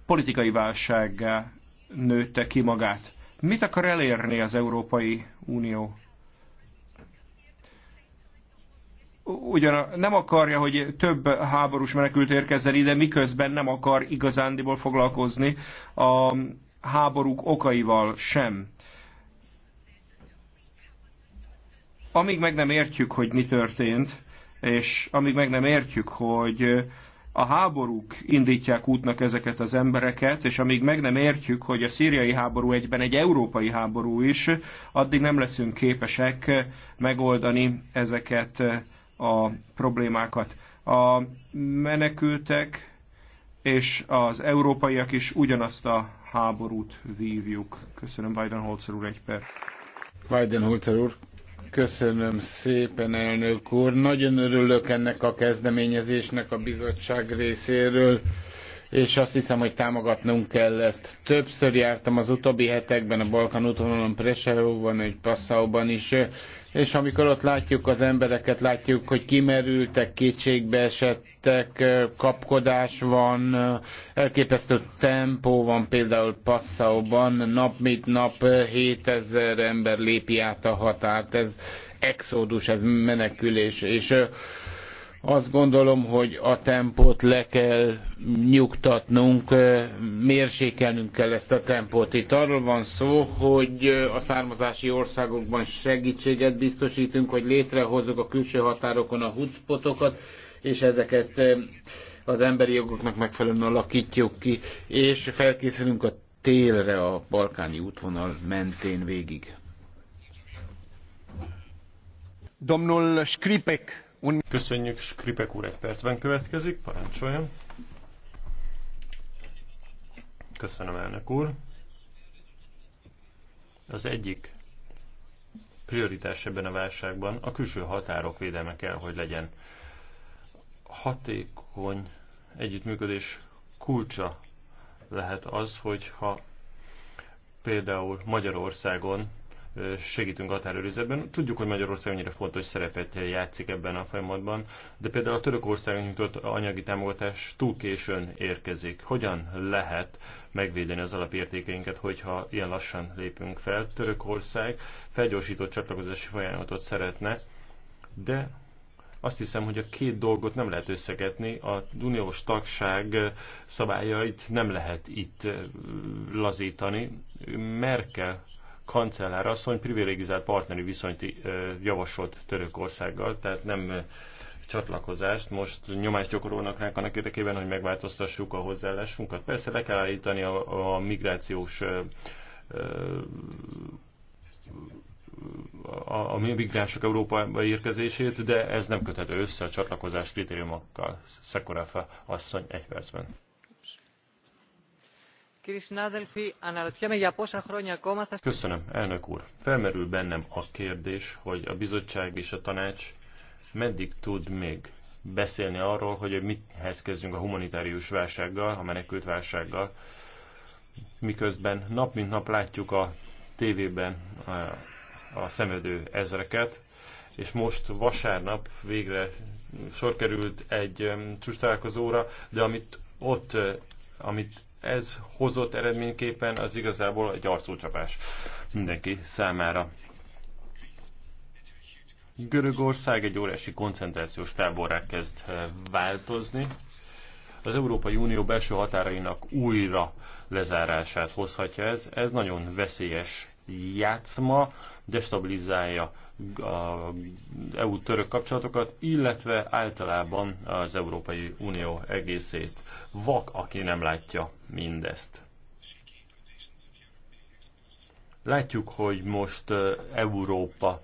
politikai válsággá nőtte ki magát. Mit akar elérni az Európai Unió? Ugyan nem akarja, hogy több háborús menekült érkezzen ide, miközben nem akar igazándiból foglalkozni a háborúk okaival sem. Amíg meg nem értjük, hogy mi történt, és amíg meg nem értjük, hogy a háborúk indítják útnak ezeket az embereket, és amíg meg nem értjük, hogy a szíriai háború egyben egy európai háború is, addig nem leszünk képesek megoldani ezeket a problémákat. A menekültek és az európaiak is ugyanazt a háborút vívjuk. Köszönöm, Biden Holzer úr, egy perc. Biden Holzer úr, Köszönöm szépen, elnök úr. Nagyon örülök ennek a kezdeményezésnek a bizottság részéről és azt hiszem, hogy támogatnunk kell ezt. Többször jártam az utóbbi hetekben a Balkan útvonalon, Preseóban, egy Passauban is, és amikor ott látjuk az embereket, látjuk, hogy kimerültek, kétségbe esettek, kapkodás van, elképesztő tempó van például Passauban, nap mint nap 7000 ember lépi át a határt, ez exódus, ez menekülés, és azt gondolom, hogy a tempót le kell nyugtatnunk, mérsékelnünk kell ezt a tempót. Itt arról van szó, hogy a származási országokban segítséget biztosítunk, hogy létrehozzuk a külső határokon a hotspotokat, és ezeket az emberi jogoknak megfelelően alakítjuk ki, és felkészülünk a télre a balkáni útvonal mentén végig. Domnul Skripek Un... Köszönjük, Skripek úr egy percben következik, parancsoljon. Köszönöm, elnök úr. Az egyik prioritás ebben a válságban a külső határok védelme kell, hogy legyen. Hatékony együttműködés kulcsa lehet az, hogyha például Magyarországon segítünk határőrizetben. Tudjuk, hogy Magyarország annyira fontos szerepet játszik ebben a folyamatban, de például a Törökország nyújtott anyagi támogatás túl későn érkezik. Hogyan lehet megvédeni az alapértékeinket, hogyha ilyen lassan lépünk fel? Törökország felgyorsított csatlakozási folyamatot szeretne, de azt hiszem, hogy a két dolgot nem lehet összegetni, a uniós tagság szabályait nem lehet itt lazítani. Merkel kancellár asszony privilegizált partneri viszonyt javasolt Törökországgal, tehát nem csatlakozást. Most nyomást gyakorolnak ránk annak érdekében, hogy megváltoztassuk a hozzáállásunkat. Persze le kell állítani a, a migrációs a, a migránsok Európába érkezését, de ez nem köthető össze a csatlakozás kritériumokkal. Szekorafa asszony egy percben. Köszönöm, elnök úr. Felmerül bennem a kérdés, hogy a bizottság és a tanács meddig tud még beszélni arról, hogy mihez kezdjünk a humanitárius válsággal, a menekült válsággal, miközben nap mint nap látjuk a tévében a szemedő ezreket, és most vasárnap végre sor került egy csúcs találkozóra, de amit ott, amit ez hozott eredményképpen, az igazából egy arcúcsapás mindenki számára. Görögország egy óriási koncentrációs táborrá kezd eh, változni. Az Európai Unió belső határainak újra lezárását hozhatja ez. Ez nagyon veszélyes játszma destabilizálja az EU-török kapcsolatokat, illetve általában az Európai Unió egészét. Vak, aki nem látja mindezt. Látjuk, hogy most Európa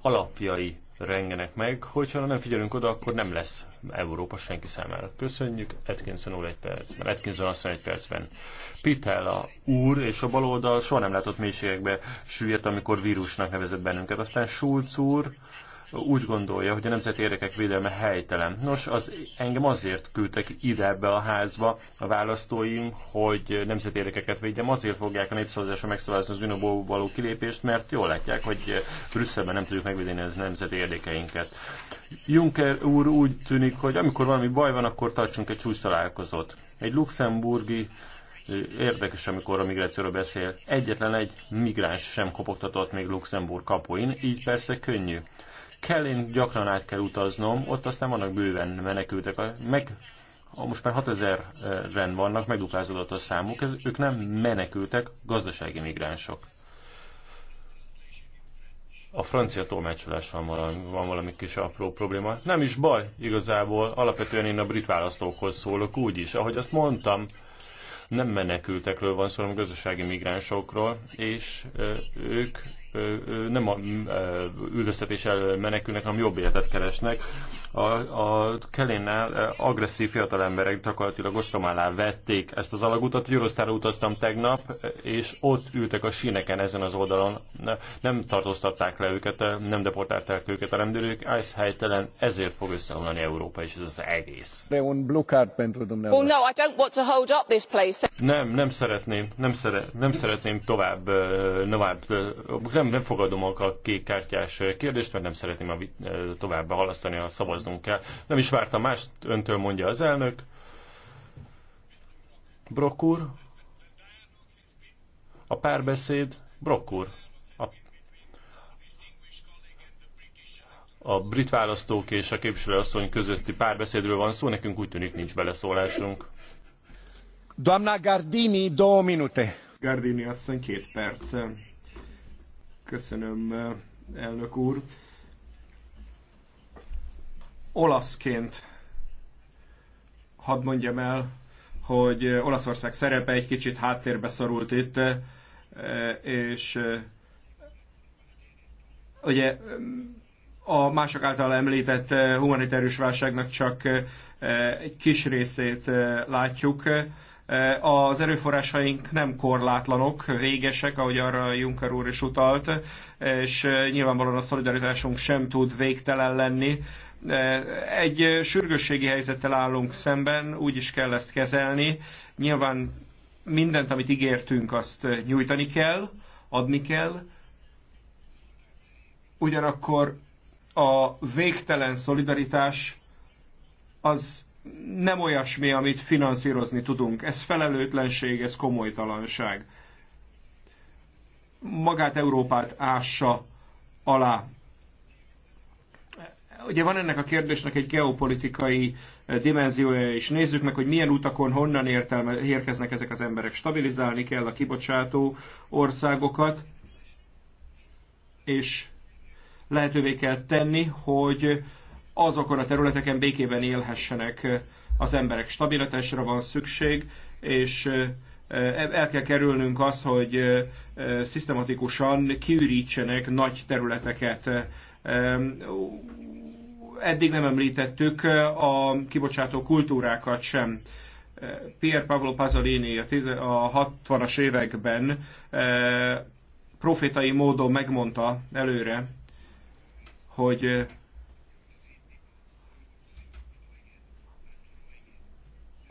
alapjai rengenek meg. Hogyha nem figyelünk oda, akkor nem lesz Európa senki számára. Köszönjük, Atkinson úr egy percben, Atkinson asszony egy percben. Pitella úr és a baloldal soha nem látott mélységekbe süllyedt, amikor vírusnak nevezett bennünket. Aztán Schulz úr, úgy gondolja, hogy a nemzeti érdekek védelme helytelen. Nos, az, engem azért küldtek ide ebbe a házba a választóim, hogy nemzeti érdekeket védjem, azért fogják a népszavazásra megszavazni az unióból való kilépést, mert jól látják, hogy Brüsszelben nem tudjuk megvédeni az nemzeti érdekeinket. Juncker úr úgy tűnik, hogy amikor valami baj van, akkor tartsunk egy csúcs találkozót. Egy luxemburgi Érdekes, amikor a migrációról beszél. Egyetlen egy migráns sem kopogtatott még Luxemburg kapuin, így persze könnyű Kellén gyakran át kell utaznom, ott aztán vannak bőven menekültek. Meg, most már 6000-en vannak, megduplázódott a számuk, ez, ők nem menekültek, gazdasági migránsok. A francia tolmácsolással van, van valami kis apró probléma. Nem is baj, igazából alapvetően én a brit választókhoz szólok úgy is. Ahogy azt mondtam, nem menekültekről van szó, hanem gazdasági migránsokról, és ők nem a üldöztetés elől menekülnek, hanem jobb életet keresnek. A, a Kelénnál agresszív fiatal emberek gyakorlatilag ostrom alá vették ezt az alagutat. Eurosztára utaztam tegnap, és ott ültek a síneken ezen az oldalon. Nem tartóztatták le őket, nem deportálták őket a rendőrök. Ez helytelen, ezért fog összeomlani Európa, és ez az egész. De un Well, no, I don't want to hold up this place. Nem, nem szeretném, nem, szere, nem szeretném tovább, tovább, nem nem, nem fogadom a kártyás kérdést, mert nem szeretném a eh, tovább halasztani, a szavaznunk kell. Nem is vártam mást, öntől mondja az elnök. Brokkur. a párbeszéd, Brokkur. a, a brit választók és a képviselőasszony közötti párbeszédről van szó, nekünk úgy tűnik nincs beleszólásunk. Doamna Gardini, do minute. Gardini asszony két percen. Köszönöm, elnök úr. Olaszként hadd mondjam el, hogy Olaszország szerepe egy kicsit háttérbe szorult itt, és ugye a mások által említett humanitárius válságnak csak egy kis részét látjuk. Eh, az erőforrásaink nem korlátlanok, végesek, ahogy arra Juncker úr is utalt, és eh, nyilvánvalóan a szolidaritásunk sem tud végtelen lenni. Eh, egy sürgősségi helyzettel állunk szemben, úgy is kell ezt kezelni. Nyilván mindent, amit ígértünk, azt nyújtani kell, adni kell. Ugyanakkor a végtelen szolidaritás az nem olyasmi, amit finanszírozni tudunk. Ez felelőtlenség, ez komolytalanság. Magát Európát ássa alá. Ugye van ennek a kérdésnek egy geopolitikai eh, dimenziója is. Nézzük meg, hogy milyen utakon, honnan értelme, érkeznek ezek az emberek. Stabilizálni kell a kibocsátó országokat, és lehetővé kell tenni, hogy azokon a területeken békében élhessenek az emberek. Stabilitásra van szükség, és el kell kerülnünk azt, hogy szisztematikusan kiürítsenek nagy területeket. Eddig nem említettük a kibocsátó kultúrákat sem. Pier Pablo Pasolini a 60-as években profétai módon megmondta előre, hogy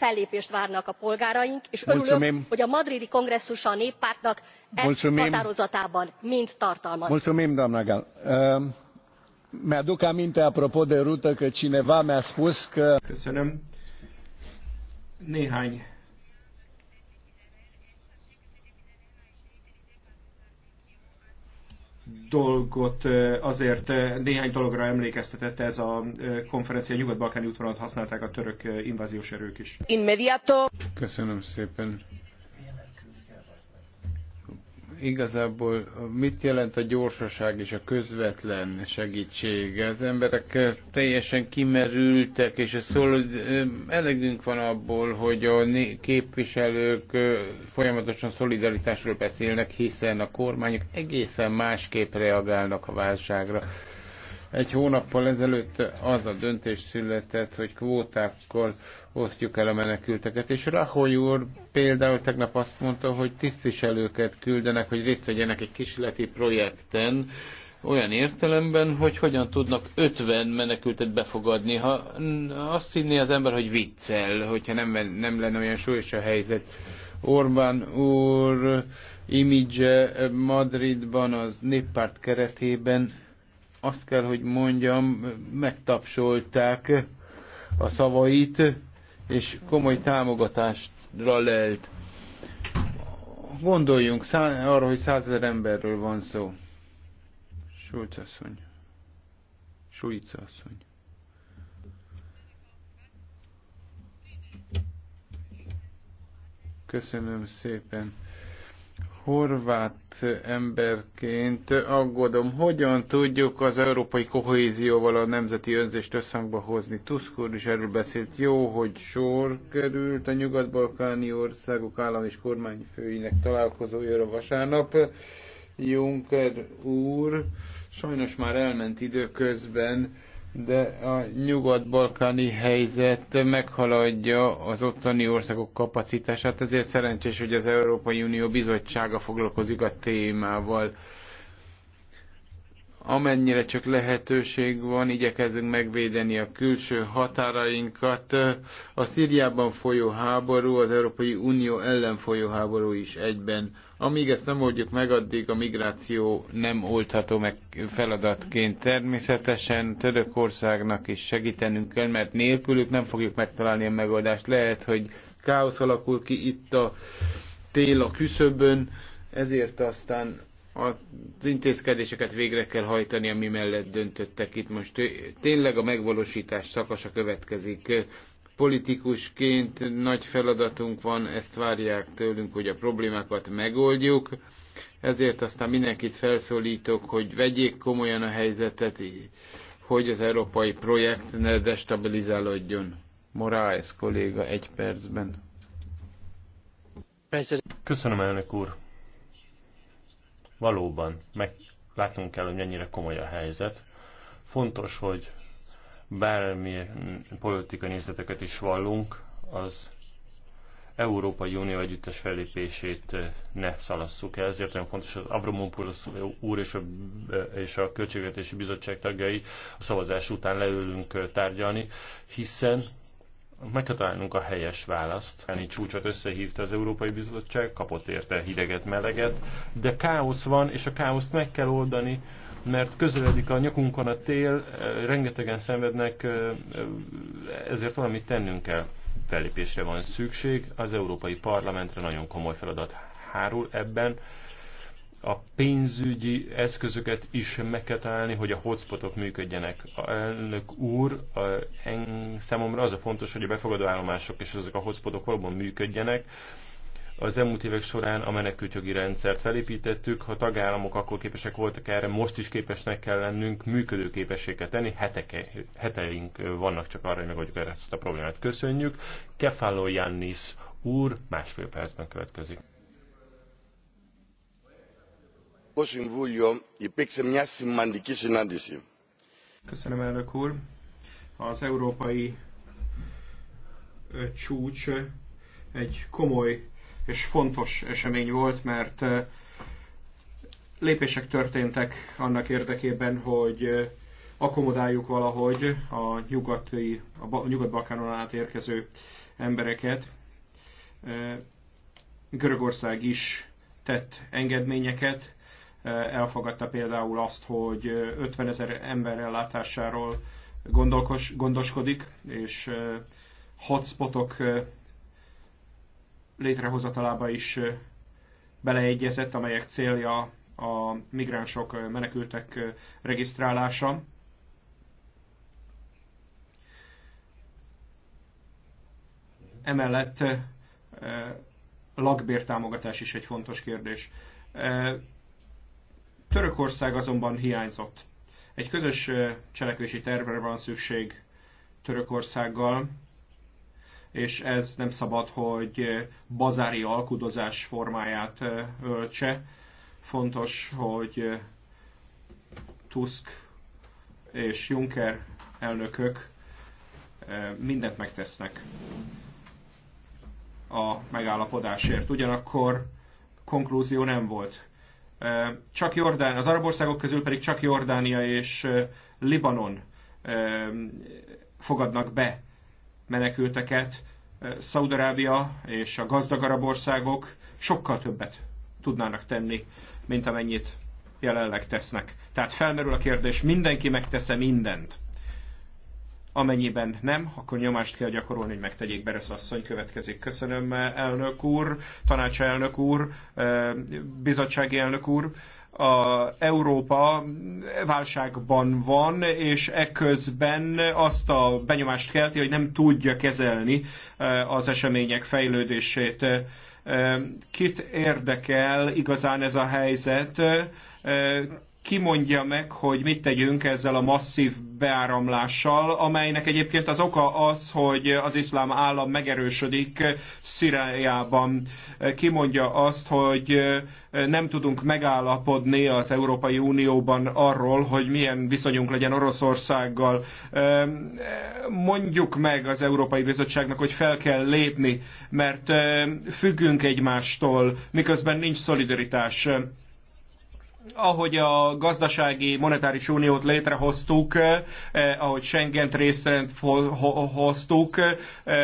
fellépést várnak a polgáraink és örülök hogy a madridi kongresszusa a néppártnak ezt határozatában mind tartalmazza. Ehm, néhány dolgot azért néhány dologra emlékeztetett ez a konferencia. Nyugat-Balkáni útvonalat használták a török inváziós erők is. Inmediato. Köszönöm szépen. Igazából mit jelent a gyorsaság és a közvetlen segítség? Az emberek teljesen kimerültek, és ez szól, hogy elegünk van abból, hogy a képviselők folyamatosan szolidaritásról beszélnek, hiszen a kormányok egészen másképp reagálnak a válságra. Egy hónappal ezelőtt az a döntés született, hogy kvótákkal osztjuk el a menekülteket, és Rahoy úr például tegnap azt mondta, hogy tisztviselőket küldenek, hogy részt vegyenek egy kísérleti projekten, olyan értelemben, hogy hogyan tudnak 50 menekültet befogadni. Ha azt hinné az ember, hogy viccel, hogyha nem, nem lenne olyan súlyos a helyzet. Orbán úr imidzse Madridban az néppárt keretében azt kell, hogy mondjam, megtapsolták a szavait, és komoly támogatásra lelt. Gondoljunk arra, hogy százezer emberről van szó. Schulz asszony. Schulz asszony. Köszönöm szépen horvát emberként aggódom, hogyan tudjuk az európai kohézióval a nemzeti önzést összhangba hozni. Tusk úr is erről beszélt. Jó, hogy sor került a nyugat-balkáni országok állam és kormányfőinek találkozójára vasárnap. Juncker úr sajnos már elment időközben de a nyugat-balkáni helyzet meghaladja az ottani országok kapacitását, ezért szerencsés, hogy az Európai Unió Bizottsága foglalkozik a témával. Amennyire csak lehetőség van, igyekezünk megvédeni a külső határainkat. A Szíriában folyó háború, az Európai Unió ellen folyó háború is egyben amíg ezt nem oldjuk meg, addig a migráció nem oldható meg feladatként. Természetesen Törökországnak is segítenünk kell, mert nélkülük nem fogjuk megtalálni a megoldást. Lehet, hogy káosz alakul ki itt a tél a küszöbön, ezért aztán az intézkedéseket végre kell hajtani, ami mellett döntöttek itt most. Tényleg a megvalósítás szakasza következik politikusként nagy feladatunk van, ezt várják tőlünk, hogy a problémákat megoldjuk. Ezért aztán mindenkit felszólítok, hogy vegyék komolyan a helyzetet, hogy az európai projekt ne destabilizálódjon. Moraes kolléga egy percben. Köszönöm, elnök úr. Valóban, meg látnunk kell, hogy mennyire komoly a helyzet. Fontos, hogy bármilyen politikai nézeteket is vallunk, az Európai Unió együttes fellépését eh, ne szalasszuk el. Ezért nagyon fontos, hogy Avramopoulos úr és a, eh, és a Költségvetési Bizottság tagjai a szavazás után leülünk eh, tárgyalni, hiszen meg kell a helyes választ. Ennyi csúcsot összehívta az Európai Bizottság, kapott érte hideget, meleget, de káosz van, és a káoszt meg kell oldani, mert közeledik a nyakunkon a tél, eh, rengetegen szenvednek, eh, eh, ezért valamit tennünk kell. Fellépésre van szükség, az Európai Parlamentre nagyon komoly feladat hárul ebben. A pénzügyi eszközöket is meg kell találni, hogy a hotspotok működjenek. A elnök úr, a, en, számomra az a fontos, hogy a befogadó állomások és ezek a hotspotok valóban működjenek, az elmúlt évek során a menekültjogi rendszert felépítettük, ha tagállamok akkor képesek voltak erre, most is képesnek kell lennünk működőképességet tenni, Heteke, heteink vannak csak arra, hogy megoldjuk ezt a problémát. Köszönjük. Kefalo Jannis úr másfél percben következik. Köszönöm, elnök úr. Az európai csúcs egy komoly és fontos esemény volt, mert lépések történtek annak érdekében, hogy akkomodáljuk valahogy a, nyugati, a nyugat-balkánon át érkező embereket. Görögország is tett engedményeket, elfogadta például azt, hogy 50 ezer ember ellátásáról gondoskodik és hotspotok létrehozatalába is beleegyezett, amelyek célja a migránsok, menekültek regisztrálása. Emellett lakbértámogatás is egy fontos kérdés. Törökország azonban hiányzott. Egy közös cselekvési tervre van szükség Törökországgal, és ez nem szabad, hogy eh, bazári alkudozás formáját eh, öltse. Fontos, hogy eh, Tusk és Juncker elnökök mindent megtesznek a megállapodásért. Ugyanakkor konklúzió nem volt. Csak Jordán, az arab országok közül pedig csak Jordánia és Libanon fogadnak be menekülteket, Szaudarábia és a gazdag arab országok sokkal többet tudnának tenni, mint amennyit jelenleg tesznek. Tehát felmerül a kérdés, mindenki megtesze mindent. Amennyiben nem, akkor nyomást kell gyakorolni, hogy megtegyék. Beresz asszony következik. Köszönöm, elnök úr, tanácselnök úr, bizottsági elnök úr a Európa válságban van, és ekközben azt a benyomást kelti, hogy nem tudja kezelni e, az események fejlődését. E, kit érdekel igazán ez a helyzet? E, kimondja meg, hogy mit tegyünk ezzel a masszív beáramlással, amelynek egyébként az oka az, hogy az iszlám állam megerősödik Ki Kimondja azt, hogy nem tudunk megállapodni az Európai Unióban arról, hogy milyen viszonyunk legyen Oroszországgal. Mondjuk meg az Európai Bizottságnak, hogy fel kell lépni, mert függünk egymástól, miközben nincs szolidaritás ahogy a gazdasági monetáris uniót létrehoztuk, eh, eh ahogy Schengent részrend hoztuk, eh,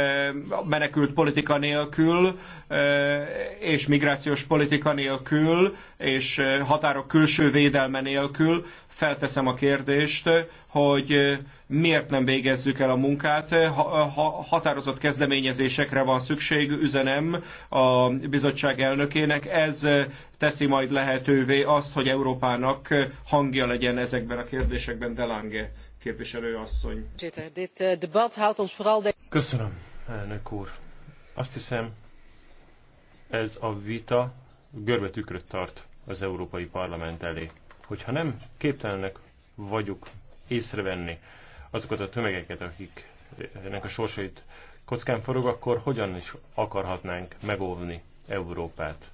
menekült politika nélkül, eh, és migrációs politika nélkül, és eh, határok külső védelme nélkül, felteszem a kérdést, hogy miért nem végezzük el a munkát. Ha, határozott kezdeményezésekre van szükség, üzenem a bizottság elnökének. Ez teszi majd lehetővé azt, hogy Európának hangja legyen ezekben a kérdésekben Delange képviselőasszony. Köszönöm, elnök úr. Azt hiszem, ez a vita görbetükröt tart az Európai Parlament elé. Hogyha nem képtelenek vagyunk észrevenni azokat a tömegeket, akiknek a sorsait kockán forog, akkor hogyan is akarhatnánk megóvni Európát?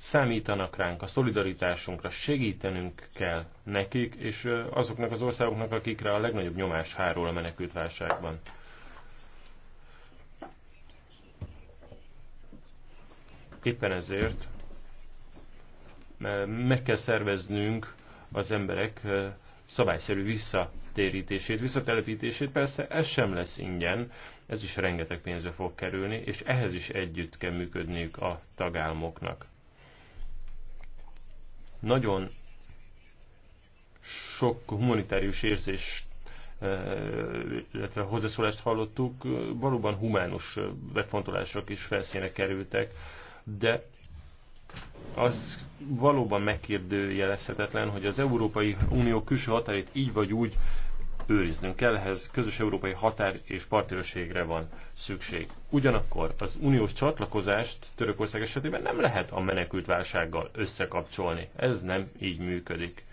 Számítanak ránk, a szolidaritásunkra segítenünk kell nekik, és azoknak az országoknak, akikre a legnagyobb nyomás hárul a menekült válságban. Éppen ezért meg kell szerveznünk az emberek szabályszerű visszatérítését, visszatelepítését. Persze ez sem lesz ingyen, ez is rengeteg pénzbe fog kerülni, és ehhez is együtt kell működniük a tagállamoknak. Nagyon sok humanitárius érzés illetve hozzászólást hallottuk, valóban humánus megfontolások is felszíne kerültek, de az valóban megkérdőjelezhetetlen, hogy az Európai Unió külső határét így vagy úgy őriznünk kell, ehhez közös európai határ és partnerségre van szükség. Ugyanakkor az uniós csatlakozást Törökország esetében nem lehet a menekült válsággal összekapcsolni. Ez nem így működik.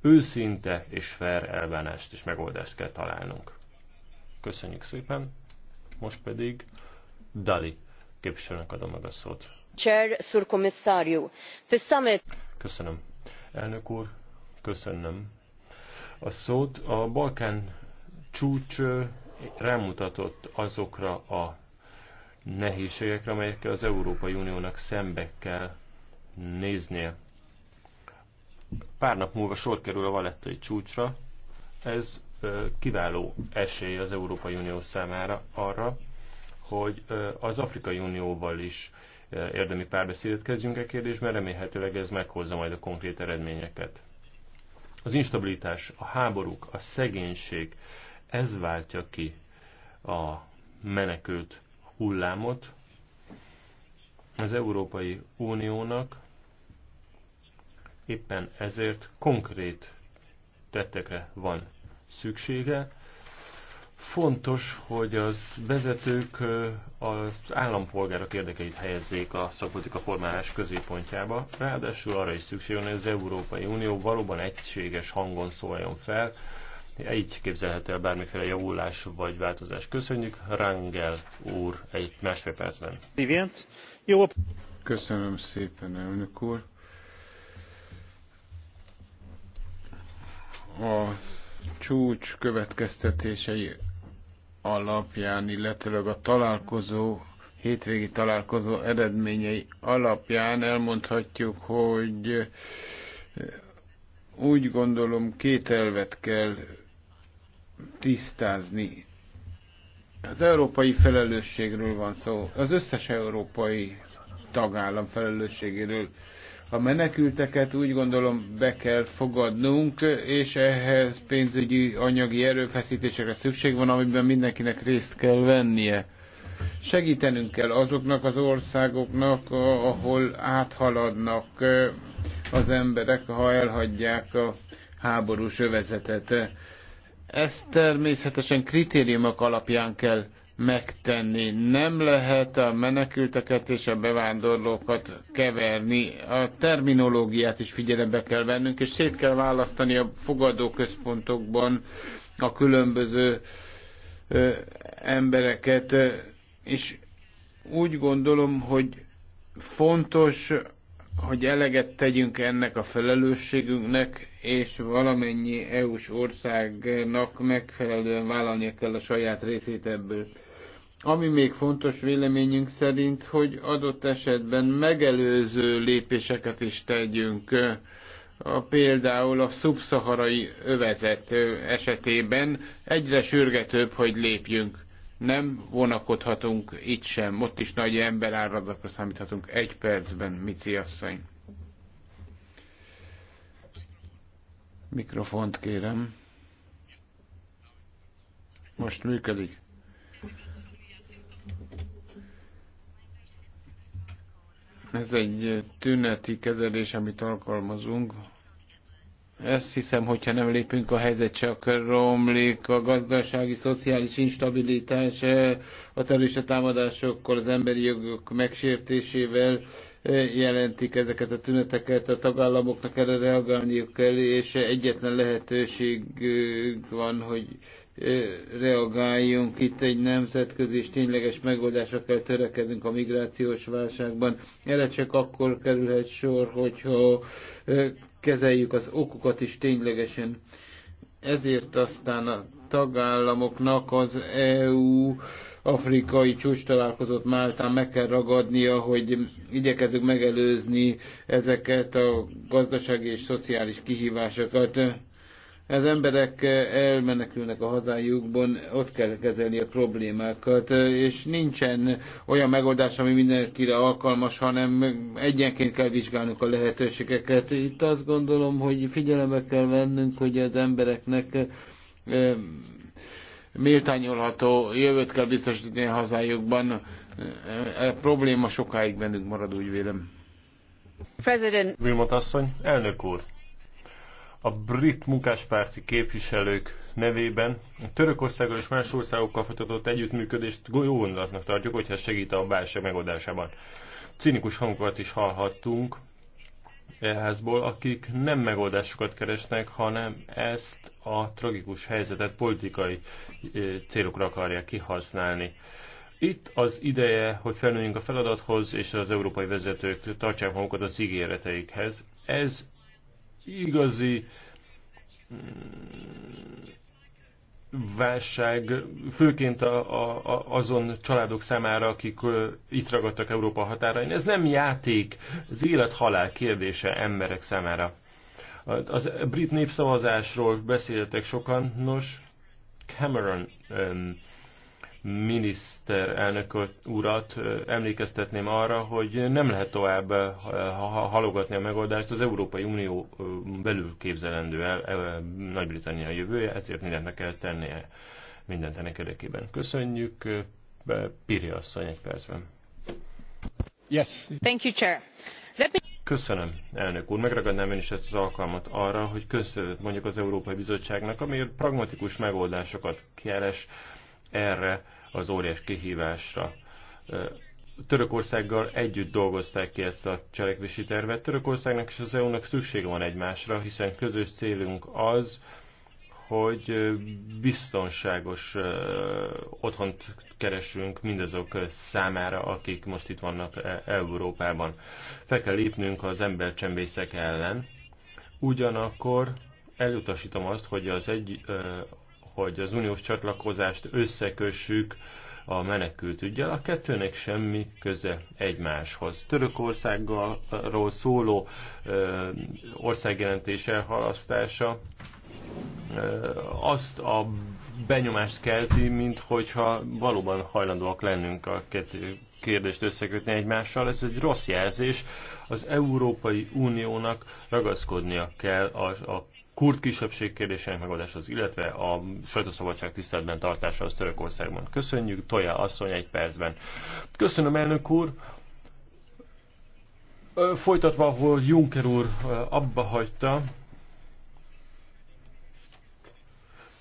Őszinte és fair elvánást és megoldást kell találnunk. Köszönjük szépen. Most pedig Dali képviselőnek adom meg a szót. Köszönöm. Elnök úr, köszönöm a szót. A Balkán csúcs rámutatott azokra a nehézségekre, amelyekkel az Európai Uniónak szembe kell néznie. Pár nap múlva sor kerül a valettai csúcsra. Ez kiváló esély az Európai Unió számára arra, hogy az Afrikai Unióval is érdemi párbeszédet kezdjünk e kérdésben, remélhetőleg ez meghozza majd a konkrét eredményeket. Az instabilitás, a háborúk, a szegénység, ez váltja ki a menekült hullámot. Az Európai Uniónak éppen ezért konkrét tettekre van szüksége, Fontos, hogy az vezetők az állampolgárok érdekeit helyezzék a szakpolitika formálás középpontjába, ráadásul arra is szükség van, hogy az Európai Unió valóban egységes hangon szóljon fel, így képzelhető el bármiféle javulás vagy változás. Köszönjük, Rangel úr, egy másfél percben. Jó. Köszönöm szépen, elnök úr. A csúcs következtetései alapján, illetőleg a találkozó, hétvégi találkozó eredményei alapján elmondhatjuk, hogy úgy gondolom két elvet kell tisztázni. Az európai felelősségről van szó, az összes európai tagállam felelősségéről. A menekülteket úgy gondolom be kell fogadnunk, és ehhez pénzügyi, anyagi erőfeszítésekre szükség van, amiben mindenkinek részt kell vennie. Segítenünk kell azoknak az országoknak, ahol áthaladnak az emberek, ha elhagyják a háborús övezetet. Ezt természetesen kritériumok alapján kell megtenni. Nem lehet a menekülteket és a bevándorlókat keverni. A terminológiát is figyelembe kell vennünk, és szét kell választani a fogadóközpontokban a különböző ö, embereket. És úgy gondolom, hogy fontos hogy eleget tegyünk ennek a felelősségünknek, és valamennyi EU-s országnak megfelelően vállalnia kell a saját részét ebből. Ami még fontos véleményünk szerint, hogy adott esetben megelőző lépéseket is tegyünk. A, például a szubszaharai övezet esetében egyre sürgetőbb, hogy lépjünk. Nem vonakodhatunk itt sem, ott is nagy áradatra számíthatunk. Egy percben, Mici asszony. Mikrofont kérem. Most működik. Ez egy tüneti kezelés, amit alkalmazunk. Ezt hiszem, hogyha nem lépünk a helyzet, csak romlik a gazdasági, szociális instabilitás, eh, a terrorista támadásokkal, az emberi jogok megsértésével eh, jelentik ezeket a tüneteket, a tagállamoknak erre reagálniuk kell, és egyetlen lehetőség van, hogy eh, reagáljunk. Itt egy nemzetközi és tényleges megoldásra kell törekednünk a migrációs válságban. Erre csak akkor kerülhet sor, hogyha kezeljük az okokat is ténylegesen. Ezért aztán a tagállamoknak az EU afrikai csúcs találkozott Máltán meg kell ragadnia, hogy igyekezzük megelőzni ezeket a gazdasági és szociális kihívásokat az emberek eh, elmenekülnek a hazájukban, ott kell kezelni a problémákat, eh, és nincsen olyan megoldás, ami mindenkire alkalmas, hanem egyenként kell vizsgálnunk a lehetőségeket. Itt azt gondolom, hogy figyelembe kell vennünk, hogy az embereknek eh, méltányolható jövőt kell biztosítani a hazájukban. A probléma sokáig bennünk marad, úgy vélem. President. Vilmot asszony, elnök úr a brit munkáspárti képviselők nevében a Törökországgal és más országokkal folytatott együttműködést jó gondolatnak tartjuk, hogyha segít a válság megoldásában. Cinikus hangokat is hallhattunk ehhezból, akik nem megoldásokat keresnek, hanem ezt a tragikus helyzetet politikai e, célokra akarják kihasználni. Itt az ideje, hogy felnőjünk a feladathoz, és az európai vezetők tartsák magukat az ígéreteikhez. Ez igazi mm, válság, főként a, a, azon családok számára, akik itt ragadtak Európa határain. Ez nem játék, az élet-halál kérdése emberek számára. Az brit népszavazásról beszéltek sokan, nos, Cameron Ö, miniszterelnök urat emlékeztetném arra, hogy nem lehet tovább halogatni a megoldást, az Európai Unió belül képzelendő el Nagy-Britannia jövője, ezért mindent kell tennie mindent ennek érdekében. Köszönjük, Piri asszony egy percben. Yes. Thank you, Chair. Let me... Köszönöm, elnök úr. Megragadnám én is ezt az alkalmat arra, hogy köszönet mondjuk az Európai Bizottságnak, ami pragmatikus megoldásokat keres erre az óriás kihívásra. Törökországgal együtt dolgozták ki ezt a cselekvési tervet. Törökországnak és az EU-nak szüksége van egymásra, hiszen közös célunk az, hogy biztonságos otthont keresünk mindazok számára, akik most itt vannak e-, Európában. Fel kell lépnünk az embercsembészek ellen. Ugyanakkor elutasítom azt, hogy az egy, hogy az uniós csatlakozást összekössük a menekült ügyel, a kettőnek semmi köze egymáshoz. Törökországról szóló ö, országjelentés elhalasztása ö, azt a benyomást kelti, mint hogyha valóban hajlandóak lennünk a kettő kérdést összekötni egymással. Ez egy rossz jelzés. Az Európai Uniónak ragaszkodnia kell a, a kurd kisebbség kérdésének megoldásához, illetve a sajtószabadság tiszteletben az Törökországban. Köszönjük, Toja asszony egy percben. Köszönöm, elnök úr! Folytatva, ahol Juncker úr abba hagyta,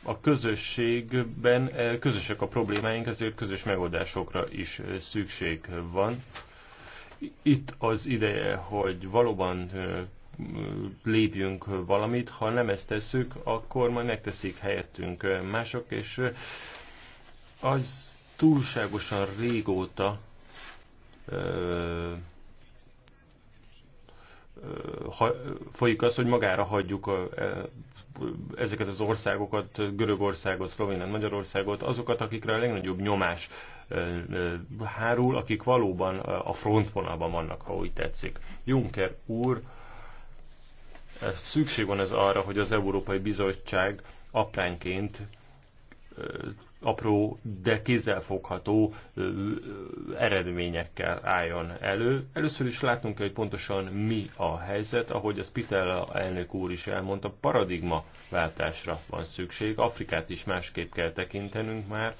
a közösségben közösek a problémáink, ezért közös megoldásokra is szükség van. Itt az ideje, hogy valóban lépjünk valamit, ha nem ezt tesszük, akkor majd megteszik helyettünk mások, és az túlságosan régóta folyik az, hogy magára hagyjuk a, ezeket az országokat, Görögországot, Szlovéniát, Magyarországot, azokat, akikre a legnagyobb nyomás hárul, akik valóban a frontvonalban vannak, ha úgy tetszik. Juncker úr Szükség van ez arra, hogy az Európai Bizottság apránként apró, de kézzelfogható eredményekkel álljon elő. Először is látnunk kell, hogy pontosan mi a helyzet, ahogy az Pitella elnök úr is elmondta, paradigmaváltásra van szükség. Afrikát is másképp kell tekintenünk már.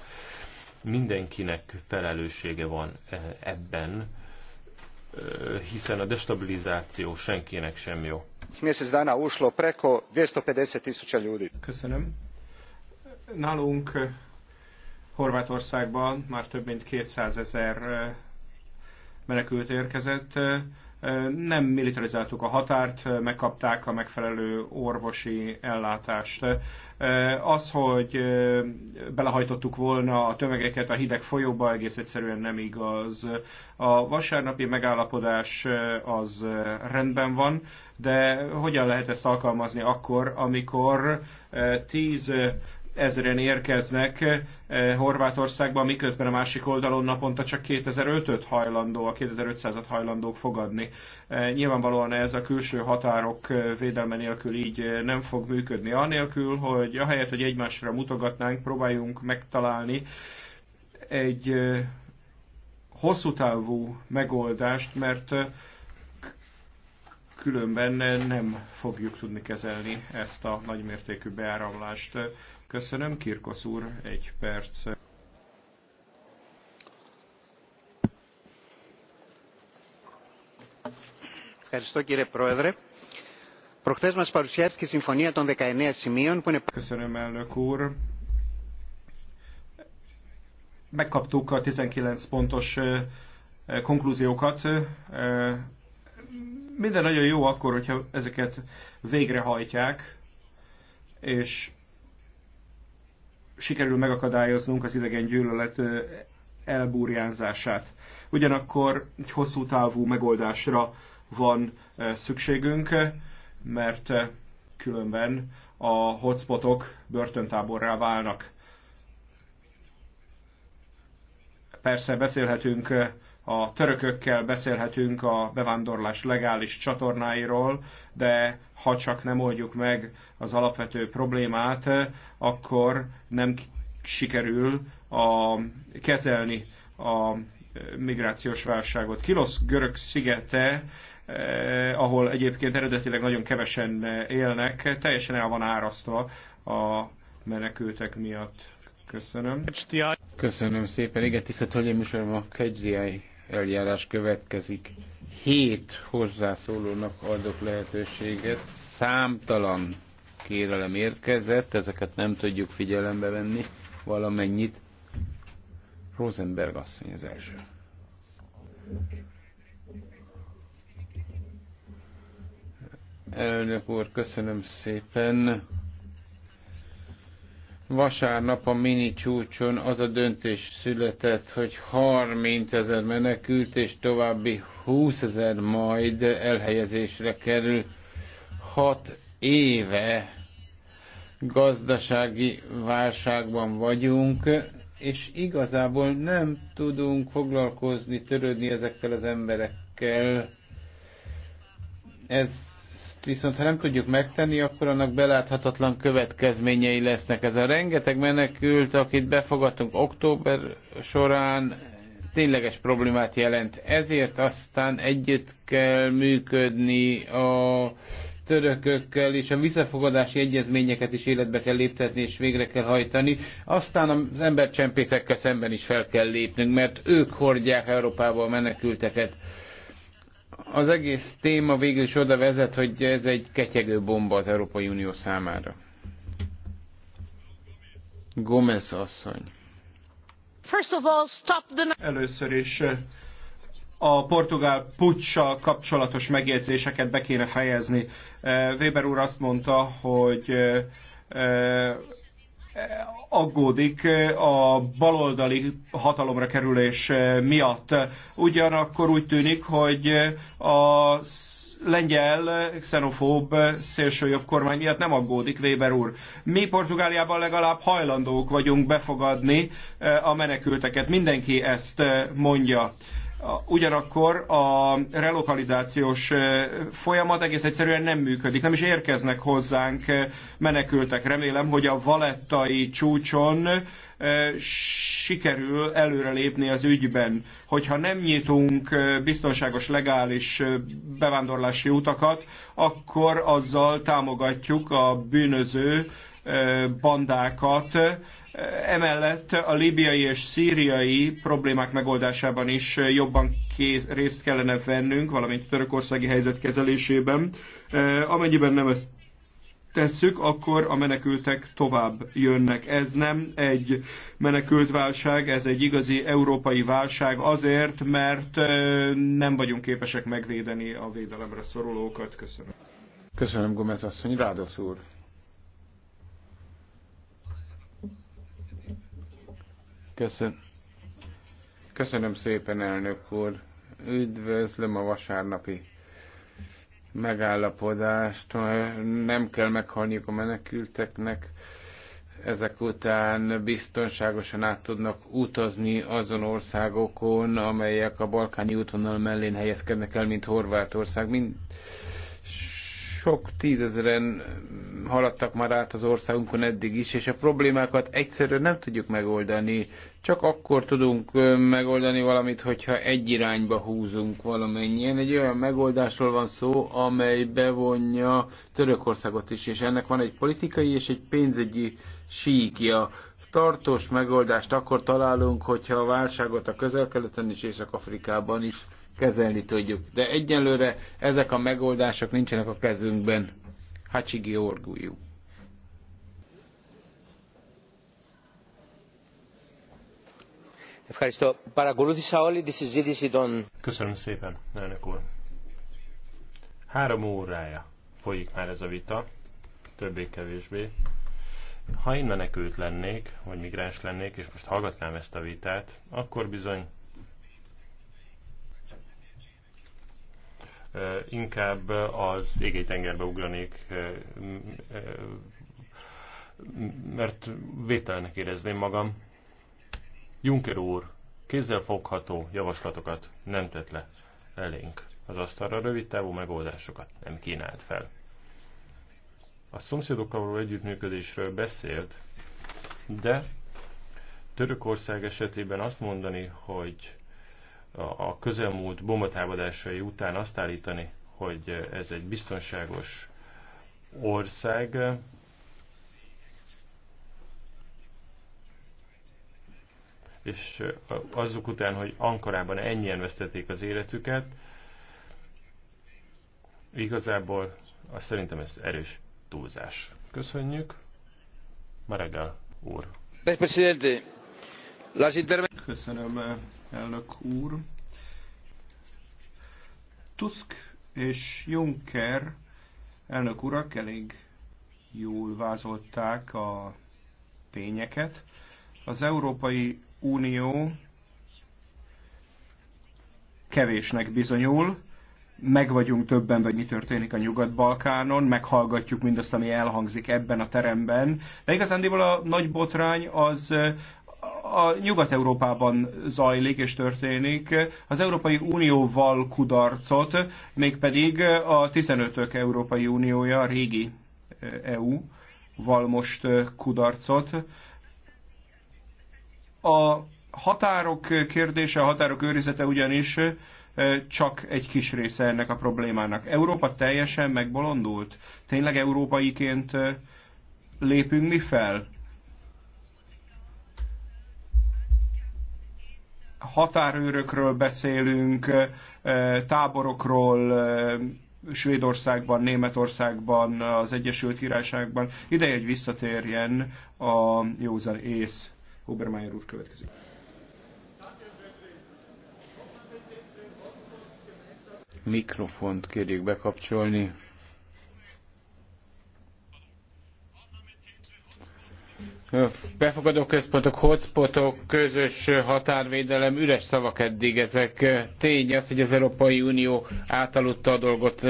Mindenkinek felelőssége van ebben, hiszen a destabilizáció senkinek sem jó mjesec dana ušlo preko 250 tisuća ljudi. Köszönöm. Nálunk eh, Horvátországban már több mint 200 eh, menekült érkezett. Eh, nem militarizáltuk a határt, megkapták a megfelelő orvosi ellátást. Az, hogy belehajtottuk volna a tömegeket a hideg folyóba, egész egyszerűen nem igaz. A vasárnapi megállapodás az rendben van, de hogyan lehet ezt alkalmazni akkor, amikor tíz ezeren érkeznek eh, Horvátországba, miközben a másik oldalon naponta csak 2500 hajlandó, a 2500-at hajlandók fogadni. Eh, nyilvánvalóan ez a külső határok eh, védelme nélkül így nem fog működni. Anélkül, hogy ahelyett, hogy egymásra mutogatnánk, próbáljunk megtalálni egy hosszú távú megoldást, mert különben nem fogjuk tudni kezelni ezt a nagymértékű beáramlást. Köszönöm, Kirkosz úr, egy perc. Ευχαριστώ κύριε Πρόεδρε. Προχθές μας παρουσιάστηκε η Συμφωνία των 19 σημείων που είναι... Köszönöm, elnök úr. Megkaptuk a 19 pontos konklúziókat. Minden nagyon jó akkor, hogyha ezeket végrehajtják, és sikerül megakadályoznunk az idegen gyűlölet elbúrjánzását. Ugyanakkor egy hosszú távú megoldásra van szükségünk, mert különben a hotspotok börtöntáborrá válnak. Persze beszélhetünk a törökökkel beszélhetünk a bevándorlás legális csatornáiról, de ha csak nem oldjuk meg az alapvető problémát, akkor nem sikerül a, kezelni a migrációs válságot. Kilosz görög szigete, eh, ahol egyébként eredetileg nagyon kevesen élnek, teljesen el van árasztva a menekültek miatt. Köszönöm. Köszönöm szépen. Igen, tisztelt Hölgyeim és a KGI eljárás következik. Hét hozzászólónak adok lehetőséget. Számtalan kérelem érkezett, ezeket nem tudjuk figyelembe venni valamennyit. Rosenberg asszony az első. Elnök úr, köszönöm szépen. Vasárnap a mini csúcson az a döntés született, hogy 30 ezer menekült és további 20 ezer majd elhelyezésre kerül. Hat éve gazdasági válságban vagyunk, és igazából nem tudunk foglalkozni, törődni ezekkel az emberekkel. Ez Viszont ha nem tudjuk megtenni, akkor annak beláthatatlan következményei lesznek. Ez a rengeteg menekült, akit befogadtunk október során, tényleges problémát jelent. Ezért aztán együtt kell működni a törökökkel, és a visszafogadási egyezményeket is életbe kell léptetni, és végre kell hajtani. Aztán az embercsempészekkel szemben is fel kell lépnünk, mert ők hordják Európába a menekülteket. Az egész téma végül is oda vezet, hogy ez egy ketyegő bomba az Európai Unió számára. Gomez asszony. First of all, stop the... Először is eh, a portugál puccsal kapcsolatos megjegyzéseket be kéne fejezni. Eh, Weber úr azt mondta, hogy eh, aggódik eh, a baloldali hatalomra kerülés eh, miatt. Ugyanakkor úgy tűnik, hogy eh, a lengyel xenofób szélsőjobb kormány miatt nem aggódik, Weber úr. Mi Portugáliában legalább hajlandók vagyunk befogadni a menekülteket. Mindenki ezt mondja ugyanakkor a relokalizációs folyamat egész egyszerűen nem működik. Nem is érkeznek hozzánk menekültek. Remélem, hogy a valettai csúcson sikerül előrelépni az ügyben. Hogyha nem nyitunk biztonságos, legális bevándorlási utakat, akkor azzal támogatjuk a bűnöző bandákat, Emellett a libiai és szíriai problémák megoldásában is jobban részt kellene vennünk, valamint törökországi helyzet kezelésében. E, amennyiben nem ezt tesszük, akkor a menekültek tovább jönnek. Ez nem egy menekültválság, ez egy igazi európai válság azért, mert e, nem vagyunk képesek megvédeni a védelemre szorulókat. Köszönöm. Köszönöm, Gomez asszony. úr. Köszön. Köszönöm szépen, elnök úr. Üdvözlöm a vasárnapi megállapodást. Nem kell meghalniuk a menekülteknek. Ezek után biztonságosan át tudnak utazni azon országokon, amelyek a balkáni útvonal mellén helyezkednek el, mint Horvátország. Mind, sok tízezeren haladtak már át az országunkon eddig is, és a problémákat egyszerűen nem tudjuk megoldani. Csak akkor tudunk megoldani valamit, hogyha egy irányba húzunk valamennyien. Egy olyan megoldásról van szó, amely bevonja Törökországot is, és ennek van egy politikai és egy pénzügyi síkja tartós megoldást akkor találunk, hogyha a válságot a közel-keleten és Észak-Afrikában is kezelni tudjuk. De egyelőre ezek a megoldások nincsenek a kezünkben. Hacsigi orgújú. Köszönöm szépen, elnök úr. Három órája folyik már ez a vita, többé-kevésbé. Ha én menekült lennék, vagy migráns lennék, és most hallgatnám ezt a vitát, akkor bizony Eh, inkább az tengerbe ugranék, eh, eh, mert vételnek érezném magam. Juncker úr kézzelfogható javaslatokat nem tett le elénk. Az asztalra rövid távú megoldásokat nem kínált fel. A szomszédokkal való együttműködésről beszélt, de Törökország esetében azt mondani, hogy a közelmúlt bombatámadásai után azt állítani, hogy ez egy biztonságos ország, és azok után, hogy Ankarában ennyien vesztették az életüket, igazából azt szerintem ez erős túlzás. Köszönjük. Maragal úr. Köszönöm elnök úr. Tusk és Juncker elnök urak elég jól vázolták a tényeket. Az Európai Unió kevésnek bizonyul, meg vagyunk többen, vagy mi történik a Nyugat-Balkánon, meghallgatjuk mindazt, ami elhangzik ebben a teremben. De igazándiból a nagy botrány az a Nyugat-Európában zajlik és történik, az Európai Unióval kudarcot, mégpedig a 15-ök Európai Uniója, a régi e, EU-val most e, kudarcot. A határok kérdése, a határok őrizete ugyanis e, csak egy kis része ennek a problémának. Európa teljesen megbolondult? Tényleg európaiként lépünk mi fel? határőrökről beszélünk, táborokról, Svédországban, Németországban, az Egyesült Királyságban. Ideje, hogy visszatérjen a józan ész. Obermeyer úr következik. Mikrofont kérjük bekapcsolni. befogadó központok, hotspotok, közös határvédelem, üres szavak eddig ezek. Tény az, hogy az Európai Unió átaludta a dolgot.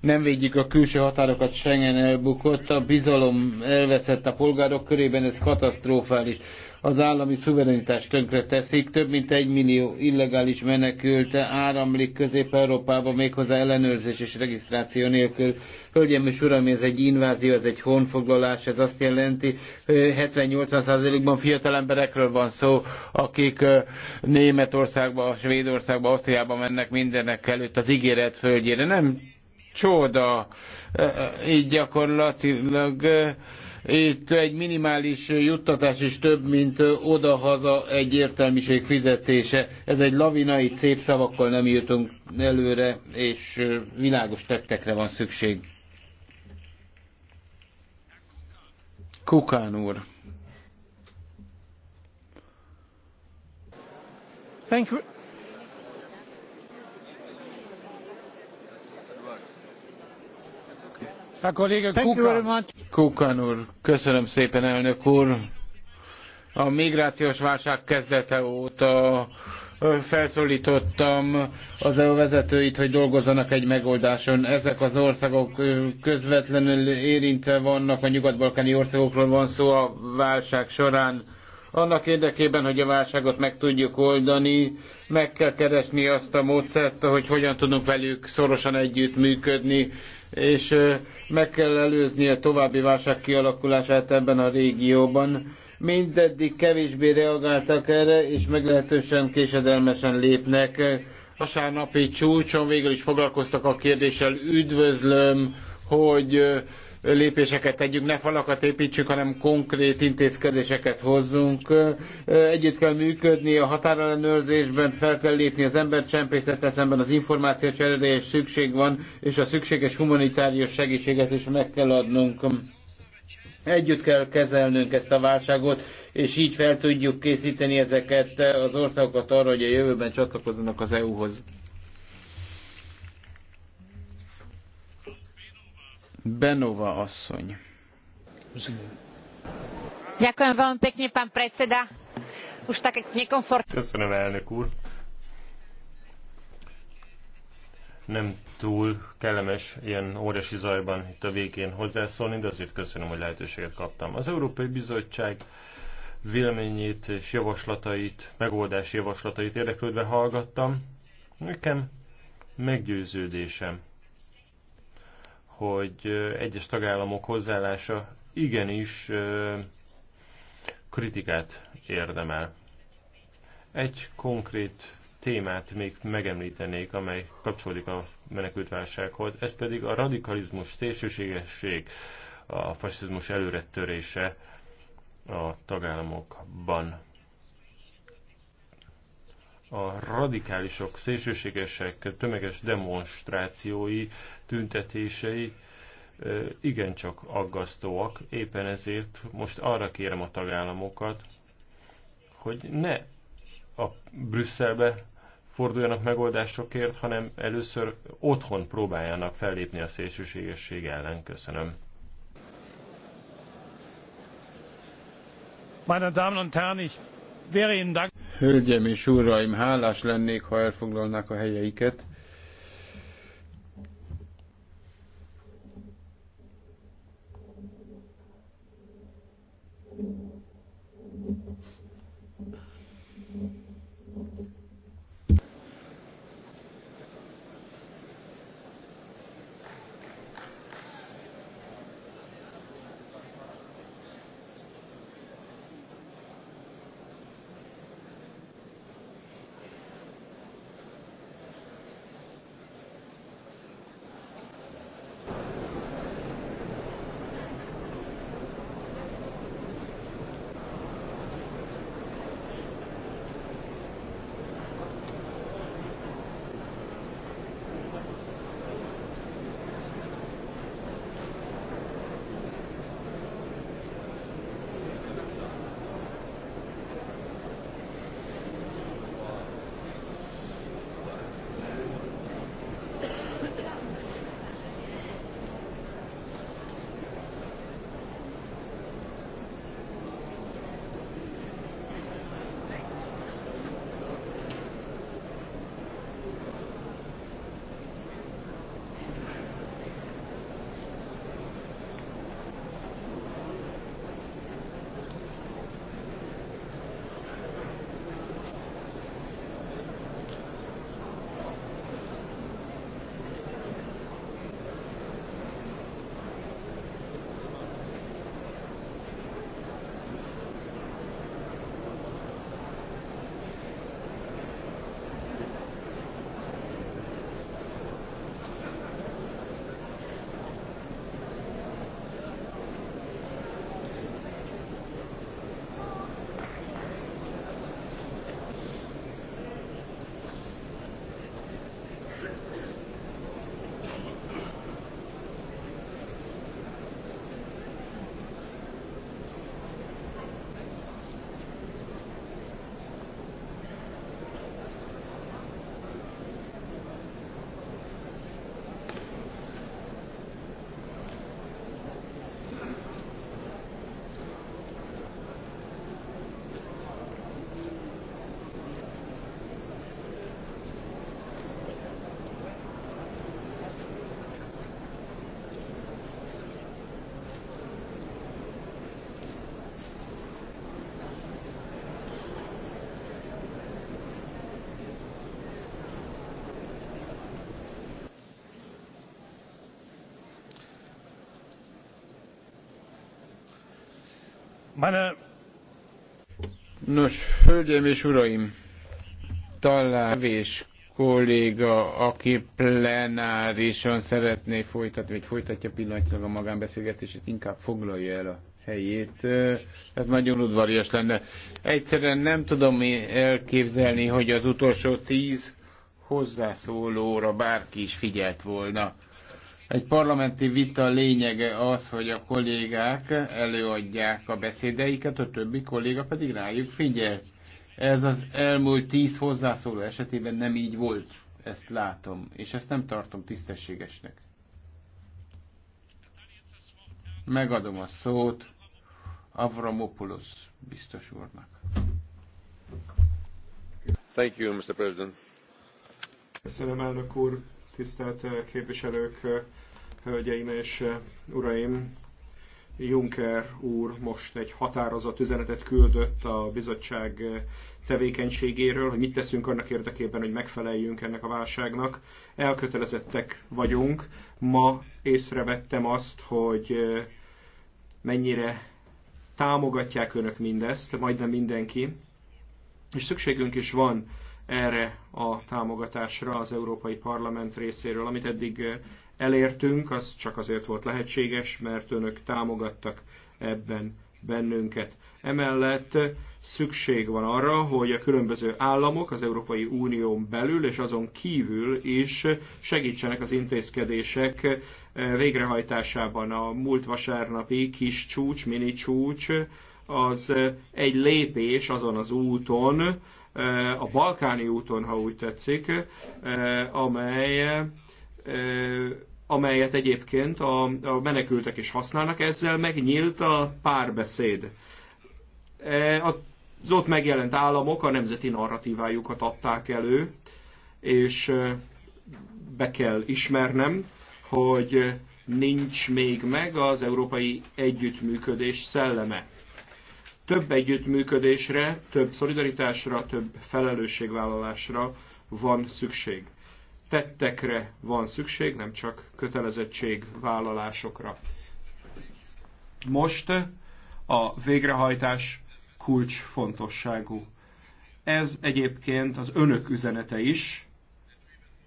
Nem védjük a külső határokat, Schengen elbukott, a bizalom elveszett a polgárok körében, ez katasztrofális az állami szuverenitást tönkre teszik. Több mint egy millió illegális menekülte áramlik Közép-Európába méghozzá ellenőrzés és regisztráció nélkül. Hölgyeim és Uram, ez egy invázió, ez egy honfoglalás, ez azt jelenti, 70-80%-ban fiatal emberekről van szó, akik Németországba, Svédországba, Ausztriába mennek mindenek előtt az ígéret földjére. Nem csoda, így gyakorlatilag itt egy minimális juttatás is több, mint oda-haza egy értelmiség fizetése. Ez egy lavina, itt szép szavakkal nem jutunk előre, és világos tettekre van szükség. Kukán úr. Thank you. Kukan úr, köszönöm szépen elnök úr. A migrációs válság kezdete óta felszólítottam az EU vezetőit, hogy dolgozzanak egy megoldáson. Ezek az országok közvetlenül érintve vannak, a nyugat-balkáni országokról van szó a válság során. Annak érdekében, hogy a válságot meg tudjuk oldani, meg kell keresni azt a módszert, hogy hogyan tudunk velük szorosan együttműködni és meg kell előzni a további válság kialakulását ebben a régióban. Mindeddig kevésbé reagáltak erre, és meglehetősen késedelmesen lépnek. Vasárnapi csúcson végül is foglalkoztak a kérdéssel. Üdvözlöm, hogy lépéseket tegyünk, ne falakat építsünk, hanem konkrét intézkedéseket hozzunk. Együtt kell működni a határellenőrzésben, fel kell lépni az embercsempészettel szemben, az információ cserére is szükség van, és a szükséges humanitárius segítséget is meg kell adnunk. Együtt kell kezelnünk ezt a válságot, és így fel tudjuk készíteni ezeket az országokat arra, hogy a jövőben csatlakozzanak az EU-hoz. Benova asszony. pán Köszönöm, elnök úr. Nem túl kellemes ilyen óriási zajban itt a végén hozzászólni, de azért köszönöm, hogy lehetőséget kaptam. Az Európai Bizottság véleményét és javaslatait, megoldási javaslatait érdeklődve hallgattam. Nekem meggyőződésem, hogy egyes tagállamok hozzáállása igenis kritikát érdemel. Egy konkrét témát még megemlítenék, amely kapcsolódik a menekültválsághoz, ez pedig a radikalizmus, szélsőségesség, a fasizmus előretörése a tagállamokban a radikálisok, szélsőségesek tömeges demonstrációi, tüntetései igencsak aggasztóak. Éppen ezért most arra kérem a tagállamokat, hogy ne a Brüsszelbe forduljanak megoldásokért, hanem először otthon próbáljanak fellépni a szélsőségesség ellen. Köszönöm. Meine Damen und Herren, ich Hölgyeim és uraim, hálás lennék, ha elfoglalnák a helyeiket. Nos, hölgyeim és uraim, talán kevés kolléga, aki plenárison szeretné folytatni, vagy folytatja pillanatnyilag a magánbeszélgetését, inkább foglalja el a helyét. Ez nagyon udvarias lenne. Egyszerűen nem tudom elképzelni, hogy az utolsó tíz hozzászólóra bárki is figyelt volna. Egy parlamenti vita lényege az, hogy a kollégák előadják a beszédeiket, a többi kolléga pedig rájuk figyel. Ez az elmúlt tíz hozzászóló esetében nem így volt. Ezt látom, és ezt nem tartom tisztességesnek. Megadom a szót Avramopoulos biztos úrnak. Thank you, Mr. President. Köszönöm, elnök úr tisztelt eh, képviselők, eh, hölgyeim és eh, uraim! Juncker úr most egy határozott üzenetet küldött a bizottság tevékenységéről, hogy mit teszünk annak érdekében, hogy megfeleljünk ennek a válságnak. Elkötelezettek vagyunk. Ma észrevettem azt, hogy mennyire támogatják önök mindezt, majdnem mindenki, és szükségünk is van erre a támogatásra az Európai Parlament részéről. Amit eddig eh, elértünk, az csak azért volt lehetséges, mert önök támogattak ebben bennünket. Emellett szükség van arra, hogy a különböző államok az Európai Unión belül és azon kívül is segítsenek az intézkedések eh, végrehajtásában. A múlt vasárnapi kis csúcs, mini csúcs az eh, egy lépés azon az úton, a balkáni úton, ha úgy tetszik, eh, amely eh, amelyet egyébként a, a menekültek is használnak, ezzel megnyílt a párbeszéd. Eh, az ott megjelent államok a nemzeti narratívájukat adták elő, és be kell ismernem, hogy nincs még meg az európai együttműködés szelleme. Több együttműködésre, több szolidaritásra, több felelősségvállalásra van szükség. Tettekre van szükség, nem csak kötelezettségvállalásokra. Most a végrehajtás kulcsfontosságú. Ez egyébként az önök üzenete is,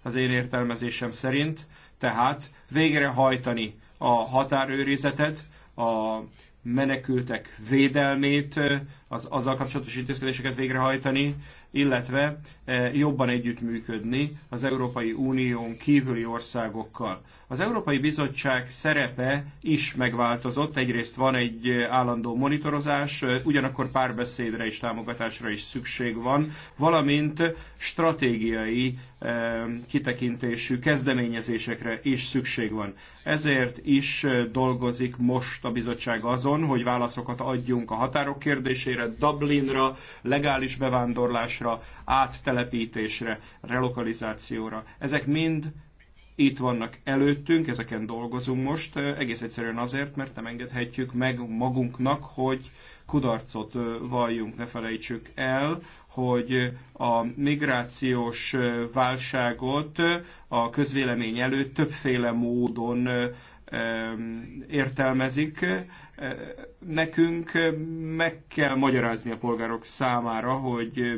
az én értelmezésem szerint, tehát végrehajtani a határőrizetet, a menekültek védelmét, az azzal kapcsolatos intézkedéseket végrehajtani, illetve e, jobban együttműködni az Európai Unión kívüli országokkal. Az Európai Bizottság szerepe is megváltozott, egyrészt van egy állandó monitorozás, e, ugyanakkor párbeszédre és támogatásra is szükség van, valamint stratégiai e, kitekintésű kezdeményezésekre is szükség van. Ezért is dolgozik most a bizottság azon, hogy válaszokat adjunk a határok kérdésére, Dublinra, legális bevándorlásra, kiirtásra, áttelepítésre, relokalizációra. Ezek mind itt vannak előttünk, ezeken dolgozunk most, eh, egész egyszerűen azért, mert nem engedhetjük meg magunknak, hogy kudarcot eh, valljunk, ne felejtsük el, hogy a migrációs eh, válságot a közvélemény előtt többféle módon értelmezik. Nekünk meg kell magyarázni a polgárok számára, hogy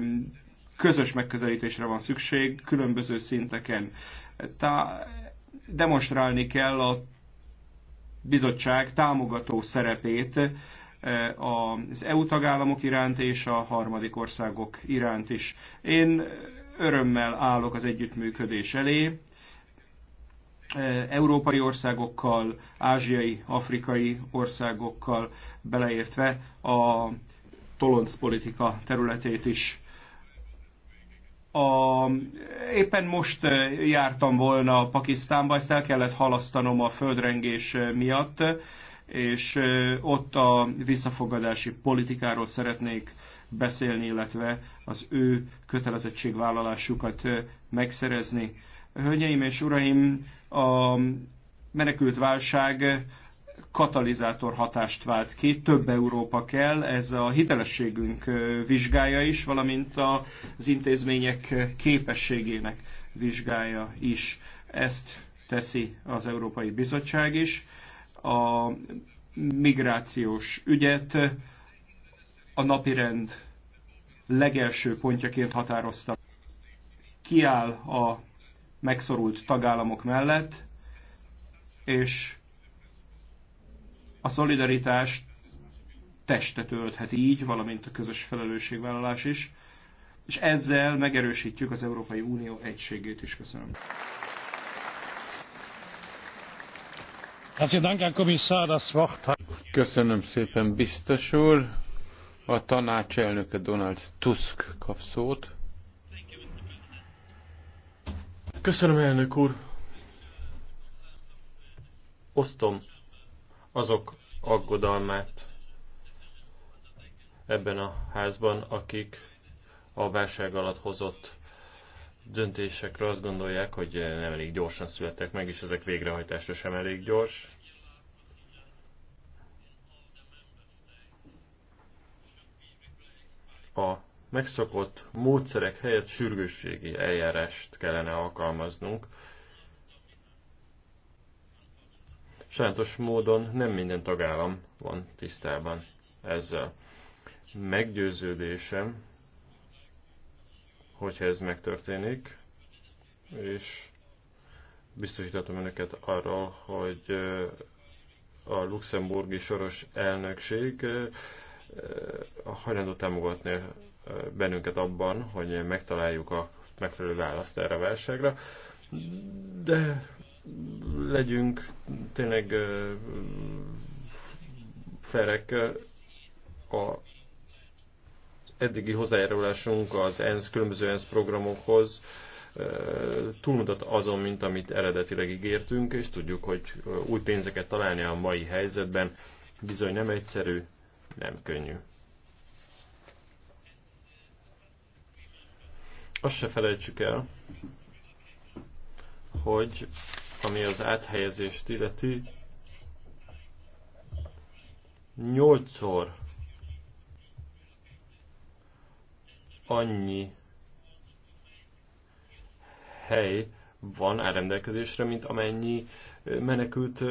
közös megközelítésre van szükség különböző szinteken. Tá demonstrálni kell a bizottság támogató szerepét eh, az EU tagállamok iránt és a harmadik országok iránt is. Én örömmel állok az együttműködés elé, európai országokkal, ázsiai, afrikai országokkal beleértve a tolonc politika területét is. A, éppen most jártam volna Pakisztánba, ezt el kellett halasztanom a földrengés miatt, és ott a visszafogadási politikáról szeretnék beszélni, illetve az ő kötelezettségvállalásukat megszerezni. Hölgyeim és uraim, a menekült válság katalizátor hatást vált ki, több Európa kell, ez a hitelességünk vizsgája is, valamint az intézmények képességének vizsgája is. Ezt teszi az Európai Bizottság is. A migrációs ügyet a napirend legelső pontjaként határozta. Kiáll a megszorult tagállamok mellett, és a szolidaritás testet öltheti így, valamint a közös felelősségvállalás is, és ezzel megerősítjük az Európai Unió egységét is. Köszönöm. Köszönöm szépen, biztos úr. A tanácselnöke Donald Tusk kap szót. Köszönöm, elnök úr. Osztom azok aggodalmát ebben a házban, akik a válság alatt hozott döntésekre azt gondolják, hogy nem elég gyorsan születtek meg, és ezek végrehajtása sem elég gyors. A megszokott módszerek helyett sürgősségi eljárást kellene alkalmaznunk. Sajnos módon nem minden tagállam van tisztában ezzel. Meggyőződésem, hogyha ez megtörténik, és biztosítatom önöket arról, hogy a luxemburgi soros elnökség hajlandó támogatni bennünket abban, hogy megtaláljuk a megfelelő választ erre a válságra, de legyünk tényleg ferek a eddigi hozzájárulásunk az ENSZ, különböző ENSZ programokhoz túlmutat azon, mint amit eredetileg ígértünk, és tudjuk, hogy új pénzeket találni a mai helyzetben bizony nem egyszerű, nem könnyű. azt se felejtsük el, hogy ami az áthelyezést illeti, 8-szor annyi hely van rendelkezésre, mint amennyi menekült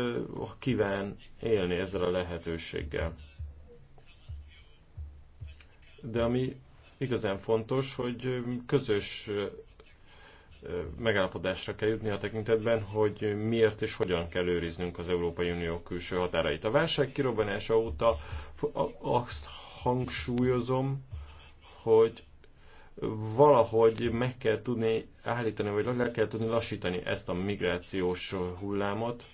kíván élni ezzel a lehetőséggel. De ami igazán fontos, hogy közös megállapodásra kell jutni a tekintetben, hogy miért és hogyan kell őriznünk az Európai Unió külső határait. A válság kirobbanása óta azt hangsúlyozom, hogy valahogy meg kell tudni állítani, vagy le kell tudni lassítani ezt a migrációs hullámot,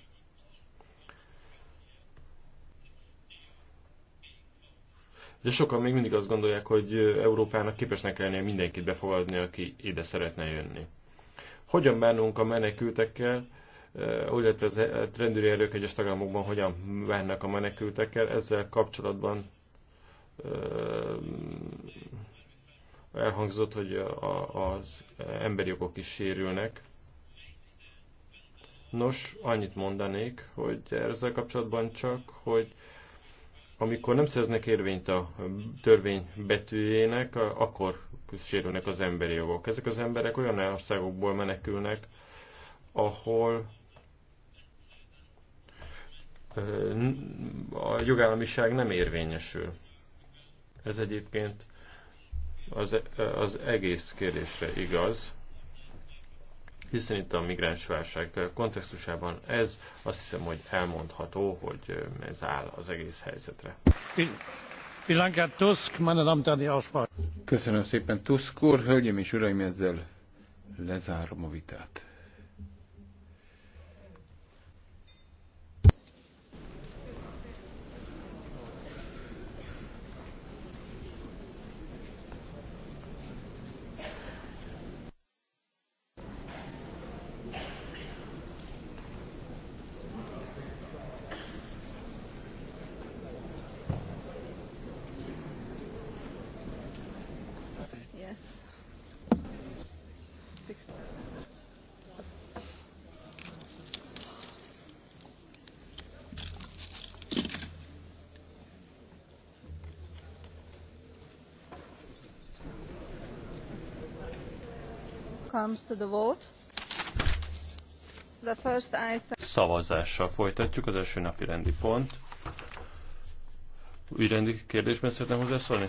De sokan még mindig azt gondolják, hogy Európának képesnek lennie mindenkit befogadni, aki ide szeretne jönni. Hogyan bánunk a menekültekkel, hogy az hát rendőri erők egyes tagállamokban hogyan bánnak a menekültekkel, ezzel kapcsolatban elhangzott, hogy az emberi jogok is sérülnek. Nos, annyit mondanék, hogy ezzel kapcsolatban csak, hogy amikor nem szereznek érvényt a törvény betűjének, akkor sérülnek az emberi jogok. Ezek az emberek olyan országokból menekülnek, ahol a jogállamiság nem érvényesül. Ez egyébként az, e- az egész kérdésre igaz hiszen itt a migránsválság kontextusában ez azt hiszem, hogy elmondható, hogy ez áll az egész helyzetre. Köszönöm szépen Tusk úr, hölgyeim és uraim, ezzel lezárom a vitát. Szavazással folytatjuk az első napi rendi pont. Ügyrendi kérdésben szeretném hozzászólni?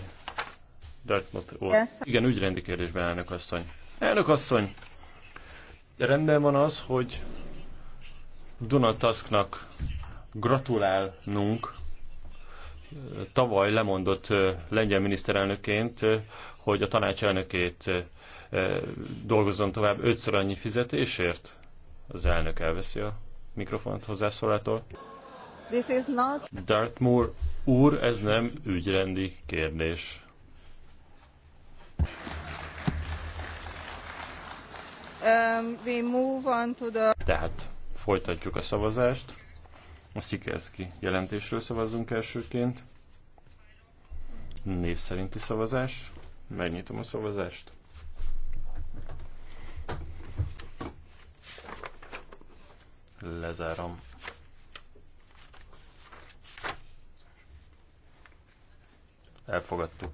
Igen, ügyrendi kérdésben, elnök asszony. Elnök asszony, rendben van az, hogy Dunataszknak gratulálnunk tavaly lemondott lengyel miniszterelnöként, hogy a tanács elnökét dolgozzon tovább ötször annyi fizetésért? Az elnök elveszi a mikrofont hozzászólától. This is not... Dartmoor úr, ez nem ügyrendi kérdés. Um, we move on to the... Tehát folytatjuk a szavazást. A Szikerszki jelentésről szavazunk elsőként. Név szerinti szavazás. Megnyitom a szavazást. Lezárom. Elfogadtuk.